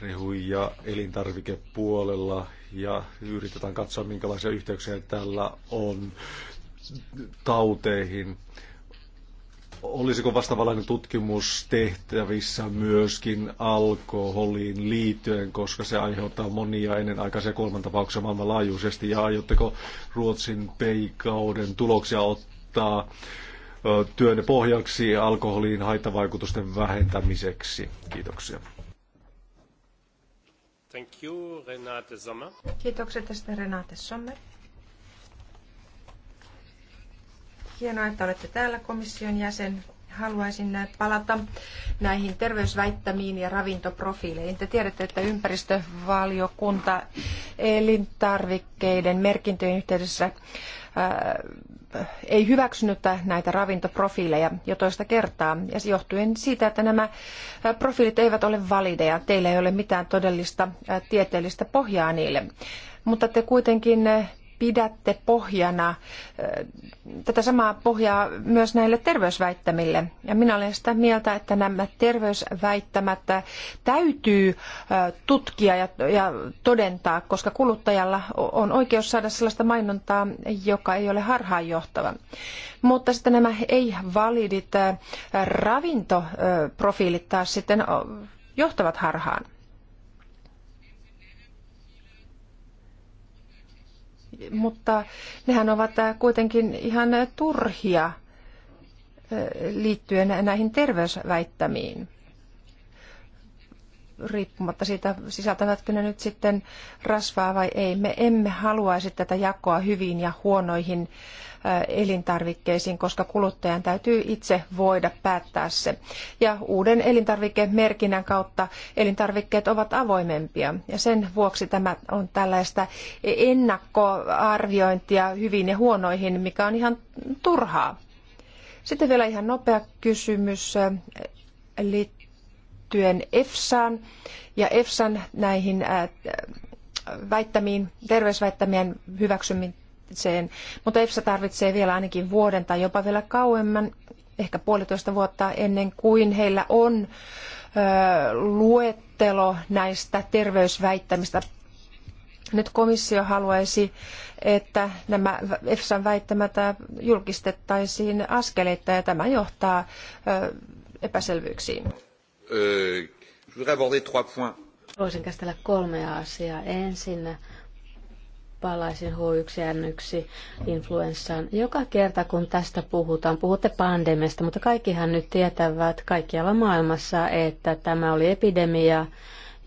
Speaker 1: rehu- ja elintarvikepuolella ja yritetään katsoa, minkälaisia yhteyksiä tällä on tauteihin. Olisiko vastaavallainen tutkimus tehtävissä myöskin alkoholiin liittyen, koska se aiheuttaa monia ennenaikaisia tapauksia maailmanlaajuisesti, ja aiotteko Ruotsin peikauden tuloksia ottaa työnne pohjaksi alkoholiin haittavaikutusten vähentämiseksi? Kiitoksia.
Speaker 2: Thank you, Renate Sommer.
Speaker 4: Kiitokset tästä Renate Sommer. Hienoa, että olette täällä komission jäsen. Haluaisin palata näihin terveysväittämiin ja ravintoprofiileihin. Te tiedätte, että ympäristövaliokunta elintarvikkeiden merkintöjen yhteydessä ei hyväksynyt näitä ravintoprofiileja jo toista kertaa, ja se johtuen siitä, että nämä profiilit eivät ole valideja, teillä ei ole mitään todellista tieteellistä pohjaa niille. Mutta te kuitenkin pidätte pohjana tätä samaa pohjaa myös näille terveysväittämille. Ja minä olen sitä mieltä, että nämä terveysväittämät täytyy tutkia ja, todentaa, koska kuluttajalla on oikeus saada sellaista mainontaa, joka ei ole harhaanjohtava. Mutta sitten nämä ei-validit ravintoprofiilit taas sitten johtavat harhaan. mutta nehän ovat kuitenkin ihan turhia liittyen näihin terveysväittämiin riippumatta siitä, sisältävätkö ne nyt sitten rasvaa vai ei. Me emme haluaisi tätä jakoa hyviin ja huonoihin äh, elintarvikkeisiin, koska kuluttajan täytyy itse voida päättää se. Ja uuden elintarvikemerkinnän kautta elintarvikkeet ovat avoimempia ja sen vuoksi tämä on tällaista ennakkoarviointia hyviin ja huonoihin, mikä on ihan turhaa. Sitten vielä ihan nopea kysymys liittyen äh, liittyen EFSAan ja EFSAn näihin väittämiin, terveysväittämien hyväksymiseen, mutta EFSA tarvitsee vielä ainakin vuoden tai jopa vielä kauemman, ehkä puolitoista vuotta ennen kuin heillä on luettelo näistä terveysväittämistä. Nyt komissio haluaisi, että nämä EFSAn väittämät julkistettaisiin askeleita ja tämä johtaa
Speaker 3: epäselvyyksiin.
Speaker 2: Euh, je voudrais aborder trois points.
Speaker 3: Voisin käsitellä kolmea asiaa. Ensin palaisin H1N1 influenssaan. Joka kerta kun tästä puhutaan, puhutte pandemiasta, mutta kaikkihan nyt tietävät kaikkialla maailmassa, että tämä oli epidemia,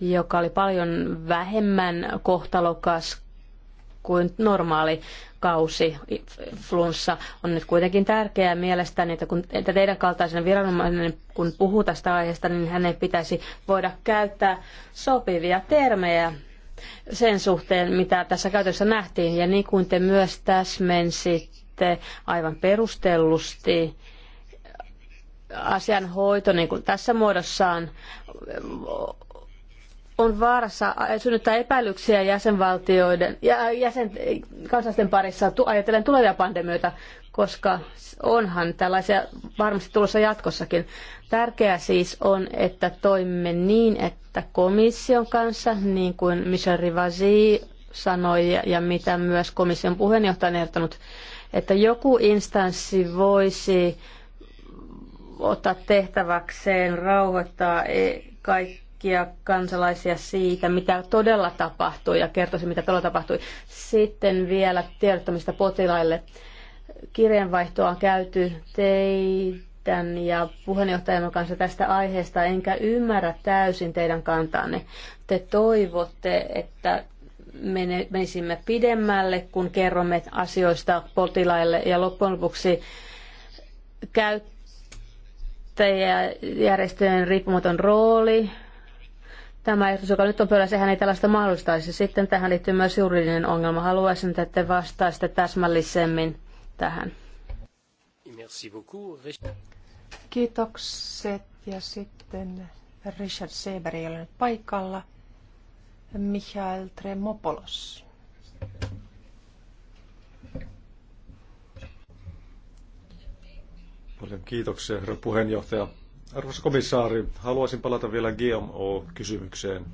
Speaker 3: joka oli paljon vähemmän kohtalokas kuin normaali kausi flunssa on nyt kuitenkin tärkeää mielestäni, että, kun, että teidän kaltaisen viranomainen, kun puhuu tästä aiheesta, niin hänen pitäisi voida käyttää sopivia termejä sen suhteen, mitä tässä käytössä nähtiin. Ja niin kuin te myös täsmensitte aivan perustellusti, asian hoito niin kuin tässä muodossaan on vaarassa synnyttää epäilyksiä jäsenvaltioiden ja äh, jäsen, kansalaisten parissa ajatellen tulevia pandemioita, koska onhan tällaisia varmasti tulossa jatkossakin. Tärkeää siis on, että toimimme niin, että komission kanssa, niin kuin Michel Rivasi sanoi ja, ja mitä myös komission puheenjohtaja on ehdottanut, että joku instanssi voisi ottaa tehtäväkseen rauhoittaa e- kaikki kaikkia kansalaisia siitä, mitä todella tapahtui ja kertoisi, mitä todella tapahtui. Sitten vielä tiedottamista potilaille. Kirjeenvaihtoa on käyty teidän ja puheenjohtajan kanssa tästä aiheesta, enkä ymmärrä täysin teidän kantaanne. Te toivotte, että menisimme pidemmälle, kun kerromme asioista potilaille ja loppujen lopuksi käyttäjäjärjestöjen riippumaton rooli Tämä ehdotus, joka nyt on pöydällä, sehän ei tällaista mahdollistaisi. Sitten tähän liittyy myös juridinen ongelma. Haluaisin, että te vastaisitte täsmällisemmin tähän. Kiitokset. Ja sitten Richard Seber ei ole nyt paikalla.
Speaker 4: Michael Tremopoulos.
Speaker 1: Paljon kiitoksia, herra puheenjohtaja. Arvoisa komissaari, haluaisin palata vielä GMO-kysymykseen.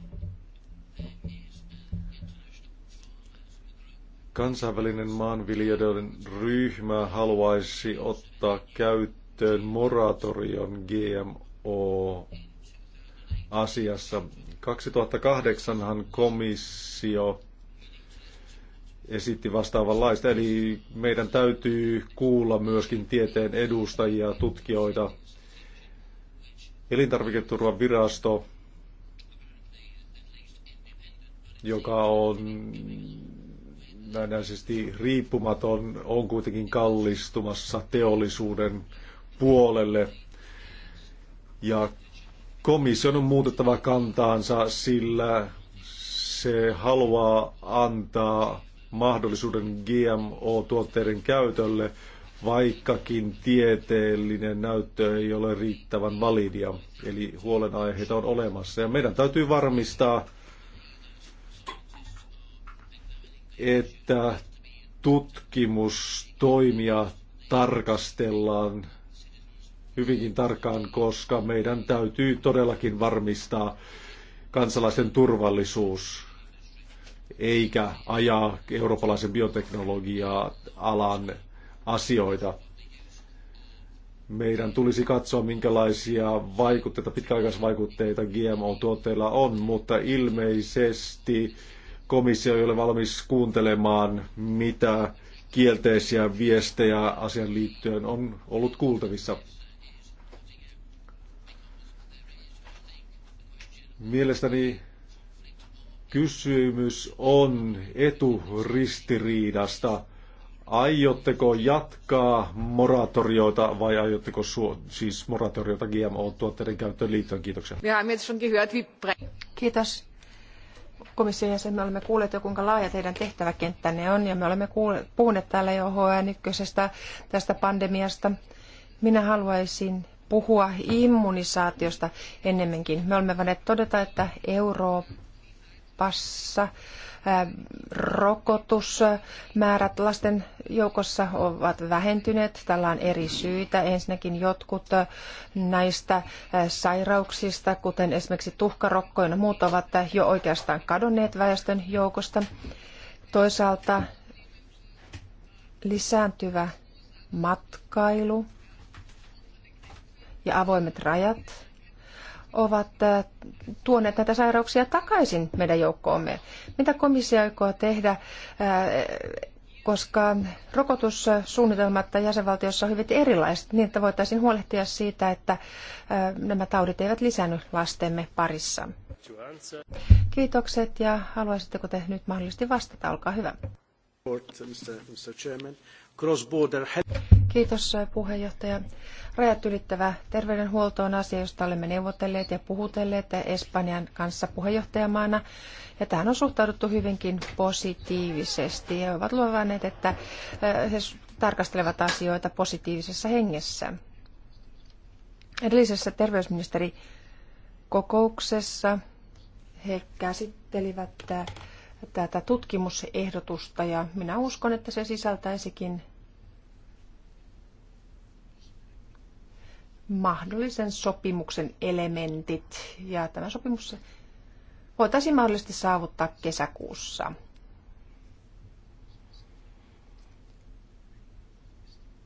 Speaker 1: Kansainvälinen maanviljelijöiden ryhmä haluaisi ottaa käyttöön moratorion GMO-asiassa. 2008han komissio esitti vastaavanlaista, eli meidän täytyy kuulla myöskin tieteen edustajia, tutkijoita, Elintarviketurvan virasto, joka on näennäisesti riippumaton, on kuitenkin kallistumassa teollisuuden puolelle. Ja komission on muutettava kantaansa, sillä se haluaa antaa mahdollisuuden GMO-tuotteiden käytölle, vaikkakin tieteellinen näyttö ei ole riittävän validia. Eli huolenaiheita on olemassa. Ja meidän täytyy varmistaa, että tutkimustoimia tarkastellaan hyvinkin tarkkaan, koska meidän täytyy todellakin varmistaa kansalaisten turvallisuus eikä ajaa eurooppalaisen bioteknologia-alan asioita. Meidän tulisi katsoa, minkälaisia vaikutteita, pitkäaikaisvaikutteita GMO-tuotteilla on, mutta ilmeisesti komissio ei ole valmis kuuntelemaan, mitä kielteisiä viestejä asian liittyen on ollut kuultavissa. Mielestäni kysymys on eturistiriidasta Aiotteko jatkaa moratorioita vai aiotteko suo, siis moratorioita GMO-tuotteiden käyttöön liittyen? Kiitoksia.
Speaker 4: Kiitos. Komission jäsen, me olemme kuulleet jo kuinka laaja teidän tehtäväkenttänne on ja me olemme kuulleet, puhuneet täällä jo HN1 tästä pandemiasta. Minä haluaisin puhua immunisaatiosta ennemminkin. Me olemme voineet todeta, että Euroopassa rokotusmäärät lasten joukossa ovat vähentyneet. Tällä on eri syitä. Ensinnäkin jotkut näistä sairauksista, kuten esimerkiksi ja muut, ovat jo oikeastaan kadonneet väestön joukosta. Toisaalta lisääntyvä matkailu ja avoimet rajat ovat äh, tuoneet näitä sairauksia takaisin meidän joukkoomme. Mitä komissio aikoo tehdä, äh, koska rokotussuunnitelmat jäsenvaltiossa on hyvin erilaiset, niin että voitaisiin huolehtia siitä, että äh, nämä taudit eivät lisänny lastemme parissa. Kiitokset ja haluaisitteko te nyt mahdollisesti vastata? Olkaa hyvä. Kiitos puheenjohtaja. Rajat ylittävä terveydenhuolto on asia, josta olemme neuvotelleet ja puhutelleet Espanjan kanssa puheenjohtajamaana. Ja tähän on suhtauduttu hyvinkin positiivisesti ja ovat luovanneet, että eh, he tarkastelevat asioita positiivisessa hengessä. Edellisessä terveysministerikokouksessa he käsittelivät eh, tätä tutkimusehdotusta ja minä uskon, että se sisältäisikin mahdollisen sopimuksen elementit. Ja tämä sopimus voitaisiin mahdollisesti saavuttaa kesäkuussa.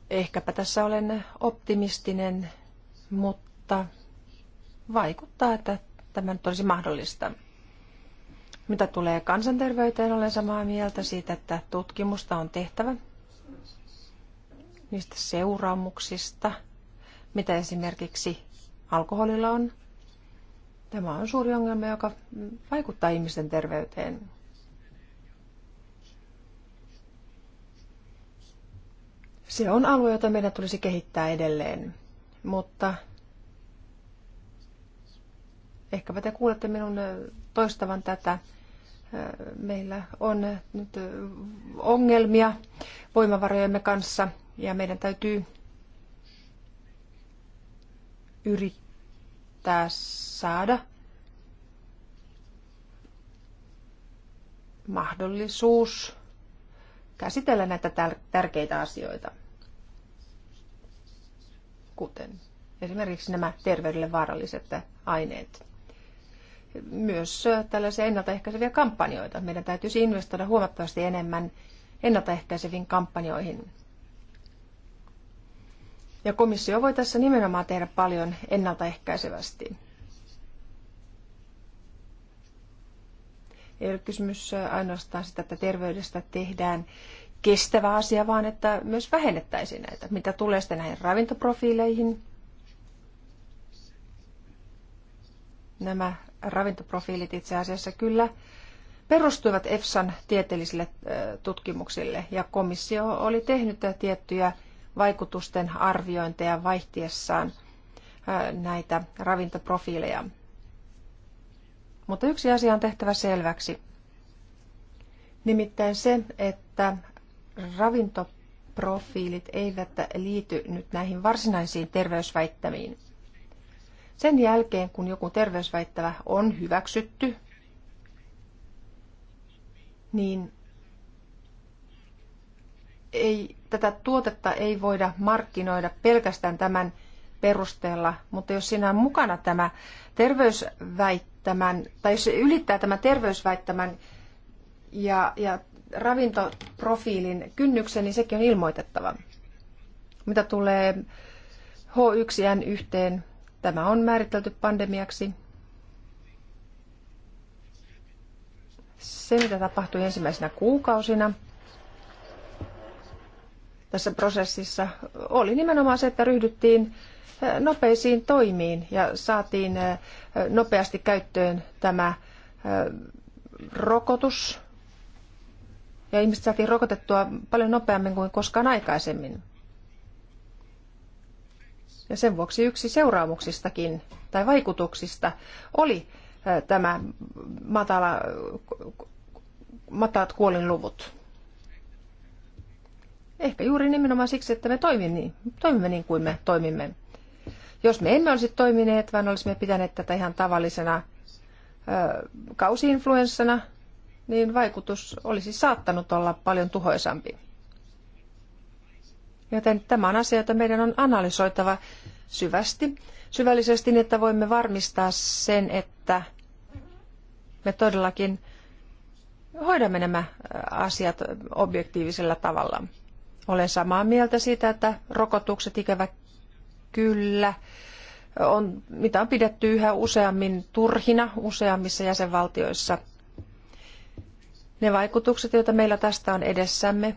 Speaker 4: Ehkäpä tässä olen optimistinen, mutta vaikuttaa, että tämä nyt olisi mahdollista. Mitä tulee kansanterveyteen, olen samaa mieltä siitä, että tutkimusta on tehtävä niistä seuraamuksista – mitä esimerkiksi alkoholilla on. Tämä on suuri ongelma, joka vaikuttaa ihmisten terveyteen. Se on alue, jota meidän tulisi kehittää edelleen, mutta ehkäpä te kuulette minun toistavan tätä. Meillä on nyt ongelmia voimavarojemme kanssa ja meidän täytyy yrittää saada mahdollisuus käsitellä näitä tärkeitä asioita, kuten esimerkiksi nämä terveydelle vaaralliset aineet. Myös tällaisia ennaltaehkäiseviä kampanjoita. Meidän täytyisi investoida huomattavasti enemmän ennaltaehkäiseviin kampanjoihin. Ja komissio voi tässä nimenomaan tehdä paljon ennaltaehkäisevästi. Ei ole kysymys ainoastaan sitä, että terveydestä tehdään kestävä asia, vaan että myös vähennettäisiin näitä. Mitä tulee sitten näihin ravintoprofiileihin, nämä ravintoprofiilit itse asiassa kyllä perustuivat EFSAn tieteellisille tutkimuksille ja komissio oli tehnyt tiettyjä vaikutusten arviointeja vaihtiessaan näitä ravintoprofiileja. Mutta yksi asia on tehtävä selväksi. Nimittäin se, että ravintoprofiilit eivät liity nyt näihin varsinaisiin terveysväittämiin. Sen jälkeen, kun joku terveysväittävä on hyväksytty, niin ei, tätä tuotetta ei voida markkinoida pelkästään tämän perusteella, mutta jos siinä on mukana tämä terveysväittämän, tai jos se ylittää tämä terveysväittämän ja, ja ravintoprofiilin kynnyksen, niin sekin on ilmoitettava. Mitä tulee h 1 n yhteen, tämä on määritelty pandemiaksi. Se, mitä tapahtui ensimmäisenä kuukausina, tässä prosessissa oli nimenomaan se, että ryhdyttiin nopeisiin toimiin ja saatiin nopeasti käyttöön tämä rokotus. Ja ihmiset saatiin rokotettua paljon nopeammin kuin koskaan aikaisemmin. Ja sen vuoksi yksi seuraamuksistakin tai vaikutuksista oli tämä matala, matalat kuolinluvut. Ehkä juuri nimenomaan siksi, että me toimimme niin, toimimme niin kuin me toimimme. Jos me emme olisi toimineet, vaan olisimme pitäneet tätä ihan tavallisena ö, kausiinfluenssana, niin vaikutus olisi saattanut olla paljon tuhoisampi. Joten tämä on asia, jota meidän on analysoitava syvästi, syvällisesti, niin että voimme varmistaa sen, että me todellakin hoidamme nämä asiat objektiivisella tavalla. Olen samaa mieltä siitä, että rokotukset ikävä kyllä on, mitä on pidetty yhä useammin turhina useammissa jäsenvaltioissa. Ne vaikutukset, joita meillä tästä on edessämme,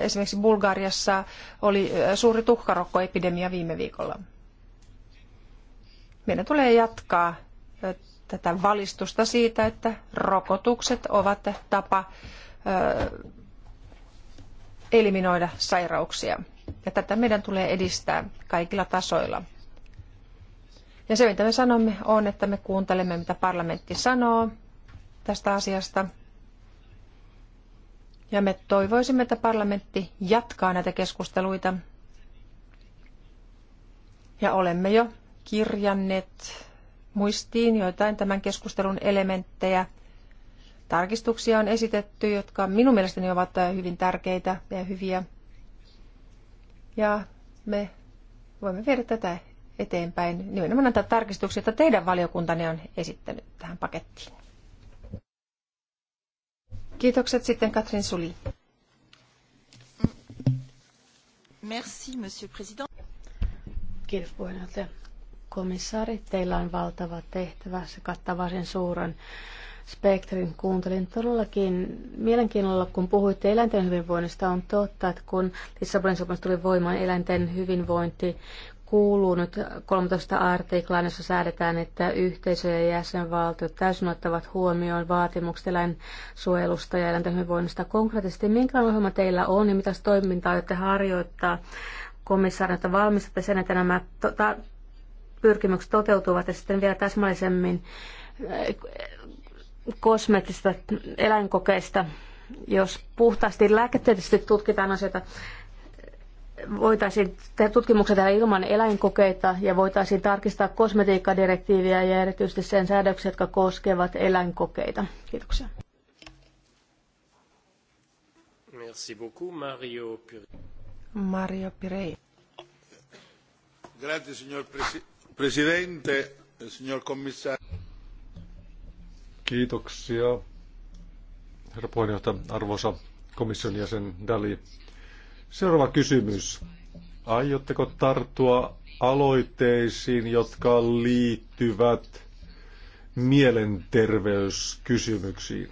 Speaker 4: esimerkiksi Bulgariassa oli äh, suuri tuhkarokkoepidemia viime viikolla. Meidän tulee jatkaa äh, tätä valistusta siitä, että rokotukset ovat tapa äh, eliminoida sairauksia. Ja tätä meidän tulee edistää kaikilla tasoilla. Ja se, mitä me sanomme, on, että me kuuntelemme, mitä parlamentti sanoo tästä asiasta. Ja me toivoisimme, että parlamentti jatkaa näitä keskusteluita. Ja olemme jo kirjanneet muistiin joitain tämän keskustelun elementtejä – tarkistuksia on esitetty, jotka minun mielestäni ovat hyvin tärkeitä ja hyviä. Ja me voimme viedä tätä eteenpäin nimenomaan näitä tarkistuksia, joita teidän valiokuntanne on esittänyt tähän pakettiin. Kiitokset sitten Katrin Suli. Merci, monsieur président.
Speaker 3: Kiitos puheenjohtaja. Komissaari, teillä on valtava tehtävä, se kattaa varsin suuren Spektrin kuuntelin todellakin mielenkiinnolla, kun puhuitte eläinten hyvinvoinnista. On totta, että kun Lissabonin sopimus tuli voimaan, eläinten hyvinvointi kuuluu nyt 13 artiklaan, jossa säädetään, että yhteisö ja jäsenvaltiot täysin ottavat huomioon vaatimukset eläinsuojelusta ja eläinten hyvinvoinnista. Konkreettisesti, minkälainen ohjelma teillä on ja mitä toimintaa olette harjoittaa komissaarin, että valmistatte sen, että nämä pyrkimykset toteutuvat ja sitten vielä täsmällisemmin kosmeettisista eläinkokeista. Jos puhtaasti lääketieteellisesti tutkitaan asioita, voitaisiin tehdä tutkimuksia tehdä ilman eläinkokeita ja voitaisiin tarkistaa kosmetiikkadirektiiviä ja erityisesti sen säädöksiä, jotka koskevat eläinkokeita. Kiitoksia.
Speaker 2: Merci beaucoup, Mario Pirei.
Speaker 4: Mario Pirei.
Speaker 2: Grazie,
Speaker 1: signor Presidente, signor Commissario. Kiitoksia, herra puheenjohtaja, arvoisa komission jäsen Dali. Seuraava kysymys. Aiotteko tarttua aloitteisiin, jotka liittyvät mielenterveyskysymyksiin?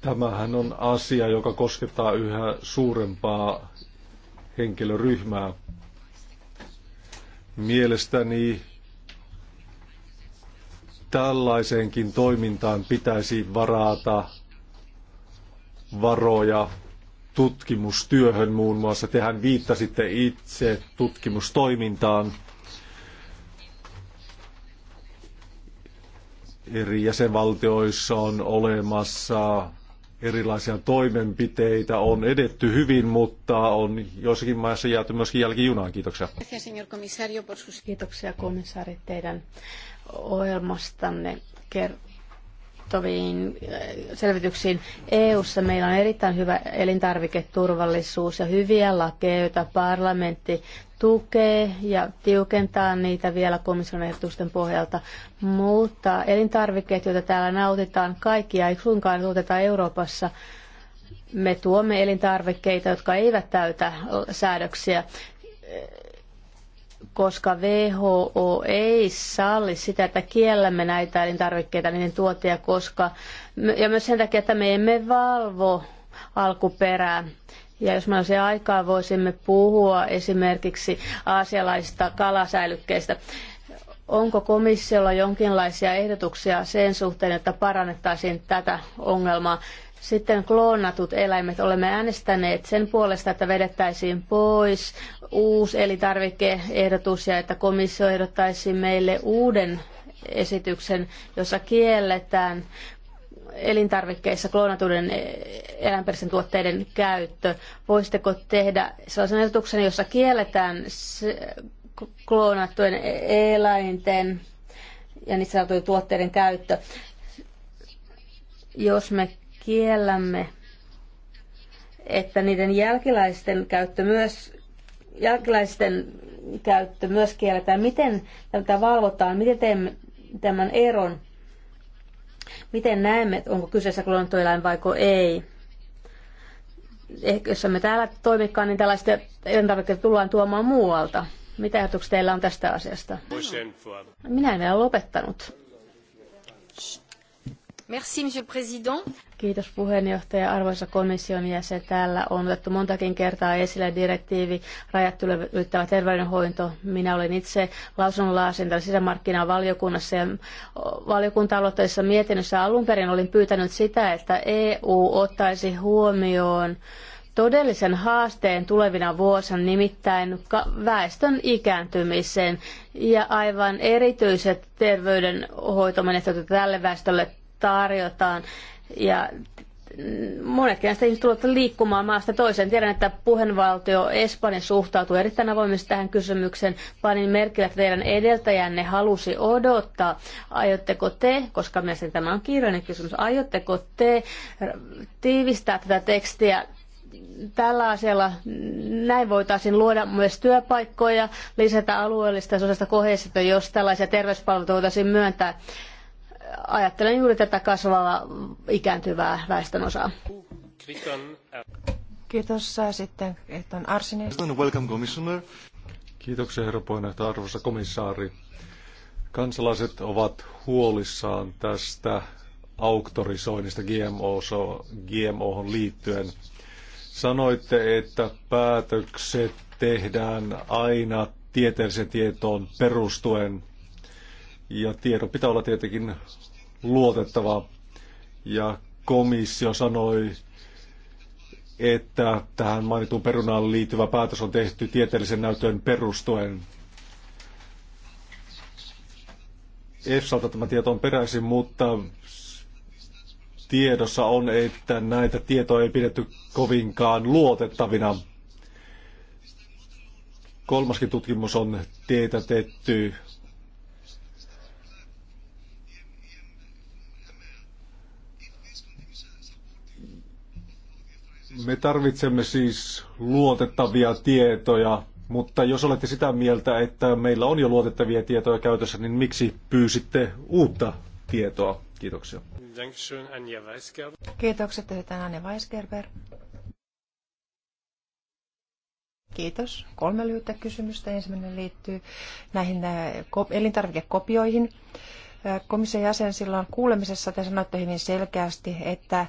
Speaker 1: Tämähän on asia, joka koskettaa yhä suurempaa henkilöryhmää. Mielestäni tällaiseenkin toimintaan pitäisi varata varoja tutkimustyöhön muun muassa. Tehän viittasitte itse tutkimustoimintaan. Eri jäsenvaltioissa on olemassa erilaisia toimenpiteitä. On edetty hyvin, mutta on joissakin maissa jääty myöskin jälkijunaan. Kiitoksia.
Speaker 3: Kiitoksia komissaari teidän ohjelmastanne kertoviin äh, selvityksiin. EU:ssa meillä on erittäin hyvä elintarviketurvallisuus ja hyviä lakeja, joita parlamentti tukee ja tiukentaa niitä vielä komission ehdotusten pohjalta. Mutta elintarvikkeet, joita täällä nautitaan, kaikkia ei suinkaan tuoteta Euroopassa me tuomme elintarvikkeita, jotka eivät täytä säädöksiä koska WHO ei salli sitä, että kiellämme näitä elintarvikkeita, niiden tuotteja, koska, ja myös sen takia, että me emme valvo alkuperää. Ja jos meillä olisi aikaa, voisimme puhua esimerkiksi aasialaisista kalasäilykkeistä. Onko komissiolla jonkinlaisia ehdotuksia sen suhteen, että parannettaisiin tätä ongelmaa? Sitten kloonatut eläimet. Olemme äänestäneet sen puolesta, että vedettäisiin pois uusi elintarvikeehdotus ja että komissio ehdottaisi meille uuden esityksen, jossa kielletään elintarvikkeissa kloonatuiden e- eläinperäisten tuotteiden käyttö. Voisitteko tehdä sellaisen ehdotuksen, jossa kielletään kloonattujen e- eläinten ja niissä tuotteiden käyttö? Jos me kiellämme, että niiden jälkiläisten käyttö myös, jälkiläisten käyttö myös kielletään. Miten tätä valvotaan? Miten teemme tämän eron? Miten näemme, onko kyseessä klonattueläin vai ei? Ehkä jos me täällä toimikaan, niin tällaista elintarvikkeita tullaan tuomaan muualta. Mitä ajatuksia teillä on tästä asiasta? Minä en vielä lopettanut.
Speaker 2: Merci, monsieur président.
Speaker 3: Kiitos puheenjohtaja. Arvoisa komission jäsen, täällä on otettu montakin kertaa esille direktiivi rajat ylittävä terveydenhoito. Minä olin itse lausunnolla täällä sisämarkkinavaliokunnassa ja valiokunta-aloitteessa mietinnössä alun perin olin pyytänyt sitä, että EU ottaisi huomioon todellisen haasteen tulevina vuosina, nimittäin väestön ikääntymisen ja aivan erityiset terveydenhoitomenettelyt tälle väestölle tarjotaan. Ja monet näistä ihmisistä tulevat liikkumaan maasta toiseen. Tiedän, että puheenvaltio Espanja suhtautuu erittäin avoimesti tähän kysymykseen. Panin merkillä, että teidän edeltäjänne halusi odottaa. Aiotteko te, koska mielestäni tämä on kiireinen kysymys, aiotteko te tiivistää tätä tekstiä tällä asialla näin voitaisiin luoda myös työpaikkoja, lisätä alueellista ja sosiaalista kohdista, jos tällaisia terveyspalveluita voitaisiin myöntää ajattelen juuri tätä kasvavaa ikääntyvää väestönosaa. Kiitos. Äh, sitten on Arsinen.
Speaker 4: Welcome,
Speaker 1: Commissioner. Kiitoksia, herra puheenjohtaja, arvoisa komissaari. Kansalaiset ovat huolissaan tästä auktorisoinnista GMO, GMOhon liittyen. Sanoitte, että päätökset tehdään aina tieteelliseen tietoon perustuen ja tiedon pitää olla tietenkin luotettava. Ja komissio sanoi, että tähän mainituun perunaan liittyvä päätös on tehty tieteellisen näytön perustuen. EFSAlta tämä tieto on peräisin, mutta tiedossa on, että näitä tietoja ei pidetty kovinkaan luotettavina. Kolmaskin tutkimus on teetätetty Me tarvitsemme siis luotettavia tietoja, mutta jos olette sitä mieltä, että meillä on jo luotettavia tietoja käytössä, niin miksi pyysitte uutta tietoa? Kiitoksia.
Speaker 4: Kiitokset, esitän Anja Weisgerber. Kiitos. Kolme lyhyttä kysymystä. Ensimmäinen liittyy näihin äh, elintarvikekopioihin. Äh, komission jäsen silloin kuulemisessa te sanoitte hyvin selkeästi, että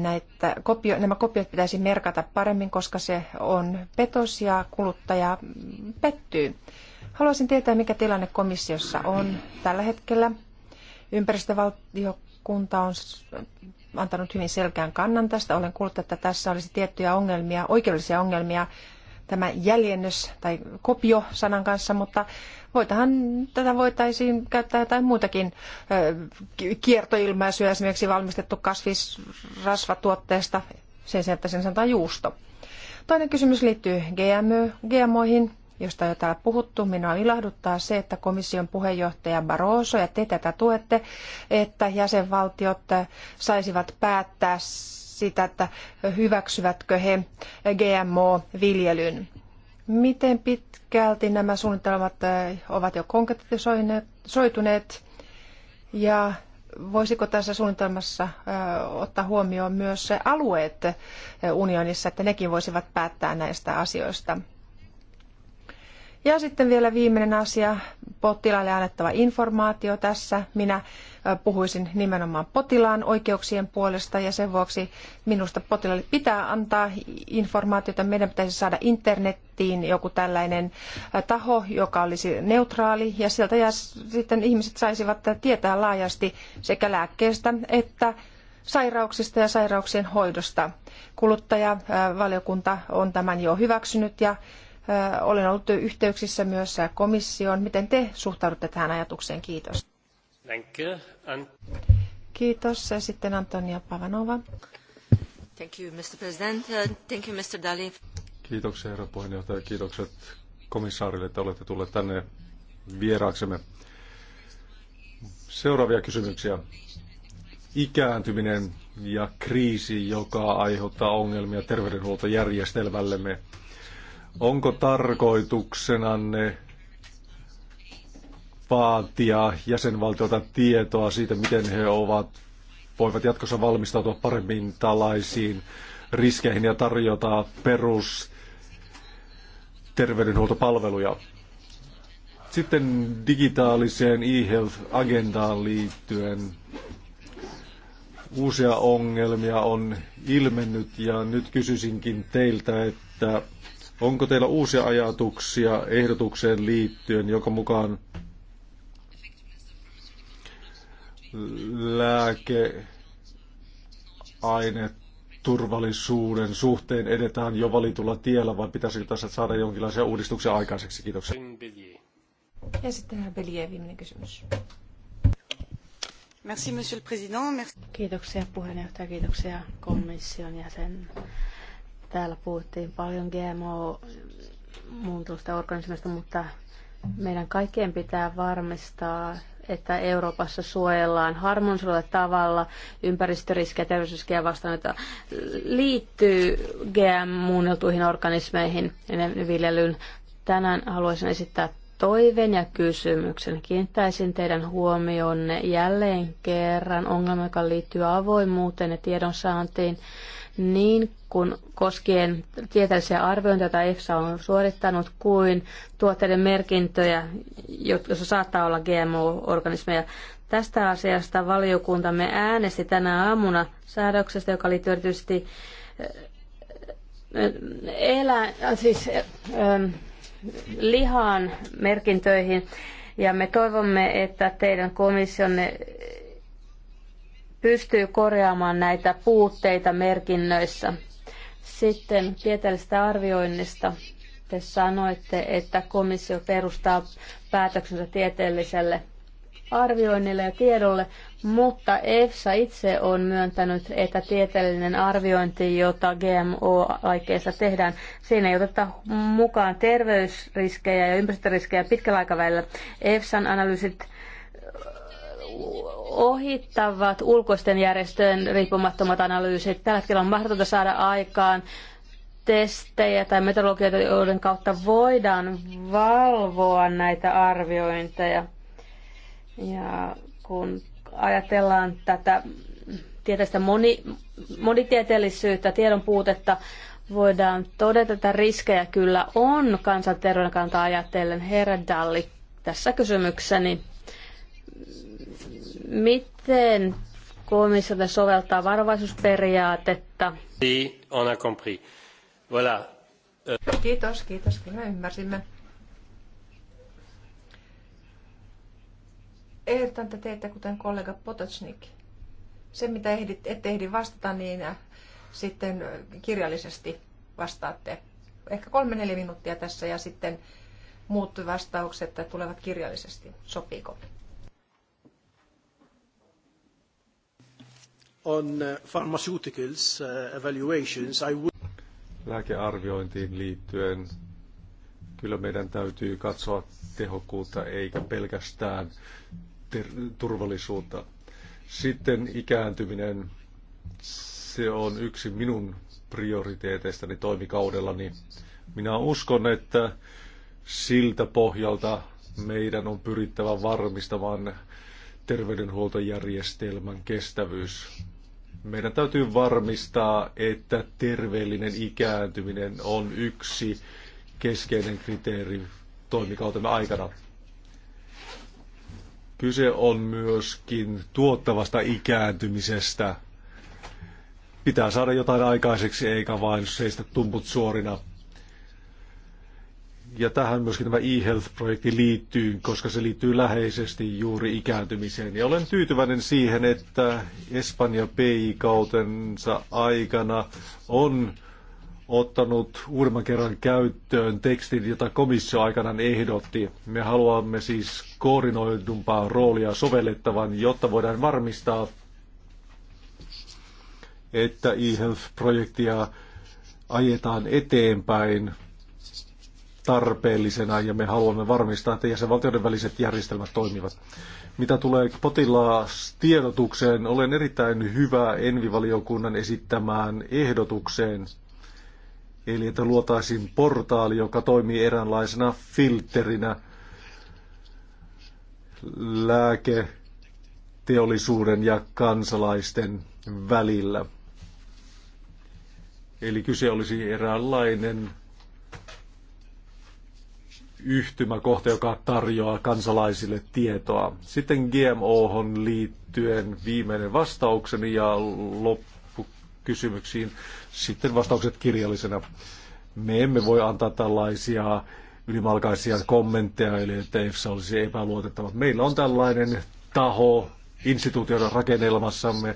Speaker 4: näitä, kopio, nämä kopiot pitäisi merkata paremmin, koska se on petos ja kuluttaja pettyy. Haluaisin tietää, mikä tilanne komissiossa on tällä hetkellä. Ympäristövaltiokunta on antanut hyvin selkeän kannan tästä. Olen kuullut, että tässä olisi tiettyjä ongelmia, oikeudellisia ongelmia tämä jäljennös tai kopio sanan kanssa, mutta voitahan, tätä voitaisiin käyttää jotain muutakin kiertoilmaisuja, esimerkiksi valmistettu kasvisrasvatuotteesta sen sijaan, että sen sanotaan juusto. Toinen kysymys liittyy GMO, GMOihin, josta on jo täällä puhuttu. Minua ilahduttaa se, että komission puheenjohtaja Barroso ja te tätä tuette, että jäsenvaltiot saisivat päättää sitä, että hyväksyvätkö he GMO-viljelyn. Miten pitkälti nämä suunnitelmat eh, ovat jo konkretisoituneet ja voisiko tässä suunnitelmassa eh, ottaa huomioon myös alueet eh, unionissa, että nekin voisivat päättää näistä asioista? Ja sitten vielä viimeinen asia, potilaalle annettava informaatio tässä. Minä puhuisin nimenomaan potilaan oikeuksien puolesta ja sen vuoksi minusta potilaalle pitää antaa informaatiota. Meidän pitäisi saada internettiin joku tällainen taho, joka olisi neutraali ja sieltä ja sitten ihmiset saisivat tietää laajasti sekä lääkkeestä että sairauksista ja sairauksien hoidosta. Kuluttajavaliokunta on tämän jo hyväksynyt ja olen ollut yhteyksissä myös komissioon. Miten te suhtaudutte tähän ajatukseen? Kiitos. Thank you. Kiitos. Sitten Antonia Pavanova.
Speaker 3: Thank you, Mr. President. Uh, thank you, Mr. Dali.
Speaker 2: Kiitoksia, herra puheenjohtaja.
Speaker 1: Kiitokset komissaarille, että olette tulleet tänne vieraaksemme. Seuraavia kysymyksiä. Ikääntyminen ja kriisi, joka aiheuttaa ongelmia terveydenhuoltojärjestelmällemme. Onko tarkoituksenanne vaatia jäsenvaltiota tietoa siitä, miten he ovat, voivat jatkossa valmistautua paremmin tällaisiin riskeihin ja tarjota perus terveydenhuoltopalveluja. Sitten digitaaliseen e-health-agendaan liittyen uusia ongelmia on ilmennyt ja nyt kysyisinkin teiltä, että Onko teillä uusia ajatuksia ehdotukseen liittyen, jonka mukaan lääkeaine turvallisuuden suhteen edetään jo valitulla tiellä, vai pitäisikö tässä saada jonkinlaisia uudistuksia aikaiseksi? Kiitoksia.
Speaker 3: Ja sitten herra Bellier, viimeinen kysymys. Merci, monsieur le président. Merci. Kiitoksia puheenjohtaja, kiitoksia komission jäsen Täällä puhuttiin paljon GMO-muuntelusta organismista, mutta meidän kaikkien pitää varmistaa, että Euroopassa suojellaan harmonisella tavalla ympäristöriskejä ja terveysriskejä vastaan, joita liittyy GM-muunneltuihin organismeihin ja viljelyyn. Tänään haluaisin esittää toiveen ja kysymyksen. Kiinnittäisin teidän huomionne jälleen kerran ongelma, joka liittyy avoimuuteen ja tiedonsaantiin niin kuin koskien tieteellisiä arviointeja, joita EFSA on suorittanut, kuin tuotteiden merkintöjä, joissa saattaa olla GMO-organismeja. Tästä asiasta valiokuntamme äänesti tänä aamuna säädöksestä, joka liittyy erityisesti eh, elä, äh, siis, lihaan eh, ähm, lihan merkintöihin. Ja me toivomme, että teidän komissionne pystyy korjaamaan näitä puutteita merkinnöissä. Sitten tieteellisestä arvioinnista. Te sanoitte, että komissio perustaa päätöksensä tieteelliselle arvioinnille ja tiedolle, mutta EFSA itse on myöntänyt, että tieteellinen arviointi, jota GMO-aikeissa tehdään, siinä ei oteta mukaan terveysriskejä ja ympäristöriskejä pitkällä aikavälillä. EFSAn analyysit ohittavat ulkoisten järjestöjen riippumattomat analyysit. Tällä hetkellä on mahdotonta saada aikaan testejä tai metodologioita, joiden kautta voidaan valvoa näitä arviointeja. Ja kun ajatellaan tätä tieteellistä moni, monitieteellisyyttä, tiedon puutetta, voidaan todeta, että riskejä kyllä on kansanterveyden kannalta ajatellen. Herra Dalli, tässä kysymykseni. Miten komissiota soveltaa varovaisuusperiaatetta?
Speaker 2: Si, on a compris. Voilà. Euh.
Speaker 4: Kiitos, kiitos. Kyllä ymmärsimme. Ehdotan, että teette kuten kollega Potocnik. Se, mitä ehdit, ette ehdi vastata, niin äh, sitten äh, kirjallisesti vastaatte. Ehkä kolme neljä minuuttia tässä ja sitten muut vastaukset tulevat kirjallisesti. Sopiiko?
Speaker 2: on uh, pharmaceuticals uh, evaluations, I would...
Speaker 1: Lääkearviointiin liittyen kyllä meidän täytyy katsoa tehokkuutta eikä pelkästään turvallisuutta. Sitten ikääntyminen, se on yksi minun prioriteeteistani toimikaudellani. Minä uskon, että siltä pohjalta meidän on pyrittävä varmistamaan terveydenhuoltojärjestelmän kestävyys. Meidän täytyy varmistaa, että terveellinen ikääntyminen on yksi keskeinen kriteeri toimikautemme aikana. Kyse on myöskin tuottavasta ikääntymisestä. Pitää saada jotain aikaiseksi eikä vain seistä tumput suorina ja tähän myöskin tämä e-health-projekti liittyy, koska se liittyy läheisesti juuri ikääntymiseen. Ja olen tyytyväinen siihen, että Espanja PI-kautensa aikana on ottanut uudemman kerran käyttöön tekstin, jota komissio aikanaan ehdotti. Me haluamme siis koordinoidumpaa roolia sovellettavan, jotta voidaan varmistaa, että e-health-projektia ajetaan eteenpäin – tarpeellisena ja me haluamme varmistaa, että jäsenvaltioiden väliset järjestelmät toimivat. Mitä tulee potilaastiedotukseen, olen erittäin hyvä Envivaliokunnan esittämään ehdotukseen, eli että luotaisiin portaali, joka toimii eräänlaisena filterinä lääke, teollisuuden ja kansalaisten välillä. Eli kyse olisi eräänlainen yhtymäkohta, joka tarjoaa kansalaisille tietoa. Sitten gmo liittyen viimeinen vastaukseni ja loppukysymyksiin sitten vastaukset kirjallisena. Me emme voi antaa tällaisia ylimalkaisia kommentteja, eli että EFSA olisi epäluotettava. Meillä on tällainen taho instituutioiden rakennelmassamme,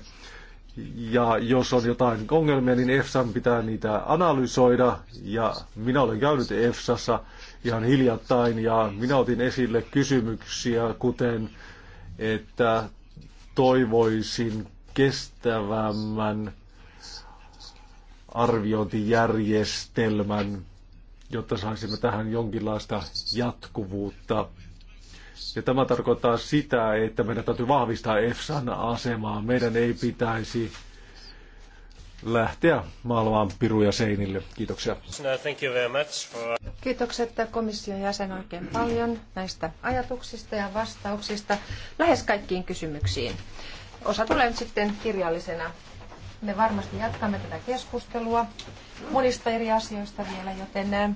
Speaker 1: ja jos on jotain ongelmia, niin EFSAn pitää niitä analysoida, ja minä olen käynyt EFSassa, ihan hiljattain ja minä otin esille kysymyksiä, kuten että toivoisin kestävämmän arviointijärjestelmän, jotta saisimme tähän jonkinlaista jatkuvuutta. Ja tämä tarkoittaa sitä, että meidän täytyy vahvistaa EFSAn asemaa. Meidän ei pitäisi lähteä maailmaan piruja seinille. Kiitoksia.
Speaker 2: No,
Speaker 4: Kiitokset komission jäsen oikein paljon näistä ajatuksista ja vastauksista lähes kaikkiin kysymyksiin. Osa tulee nyt sitten kirjallisena. Me varmasti jatkamme tätä keskustelua monista eri asioista vielä, joten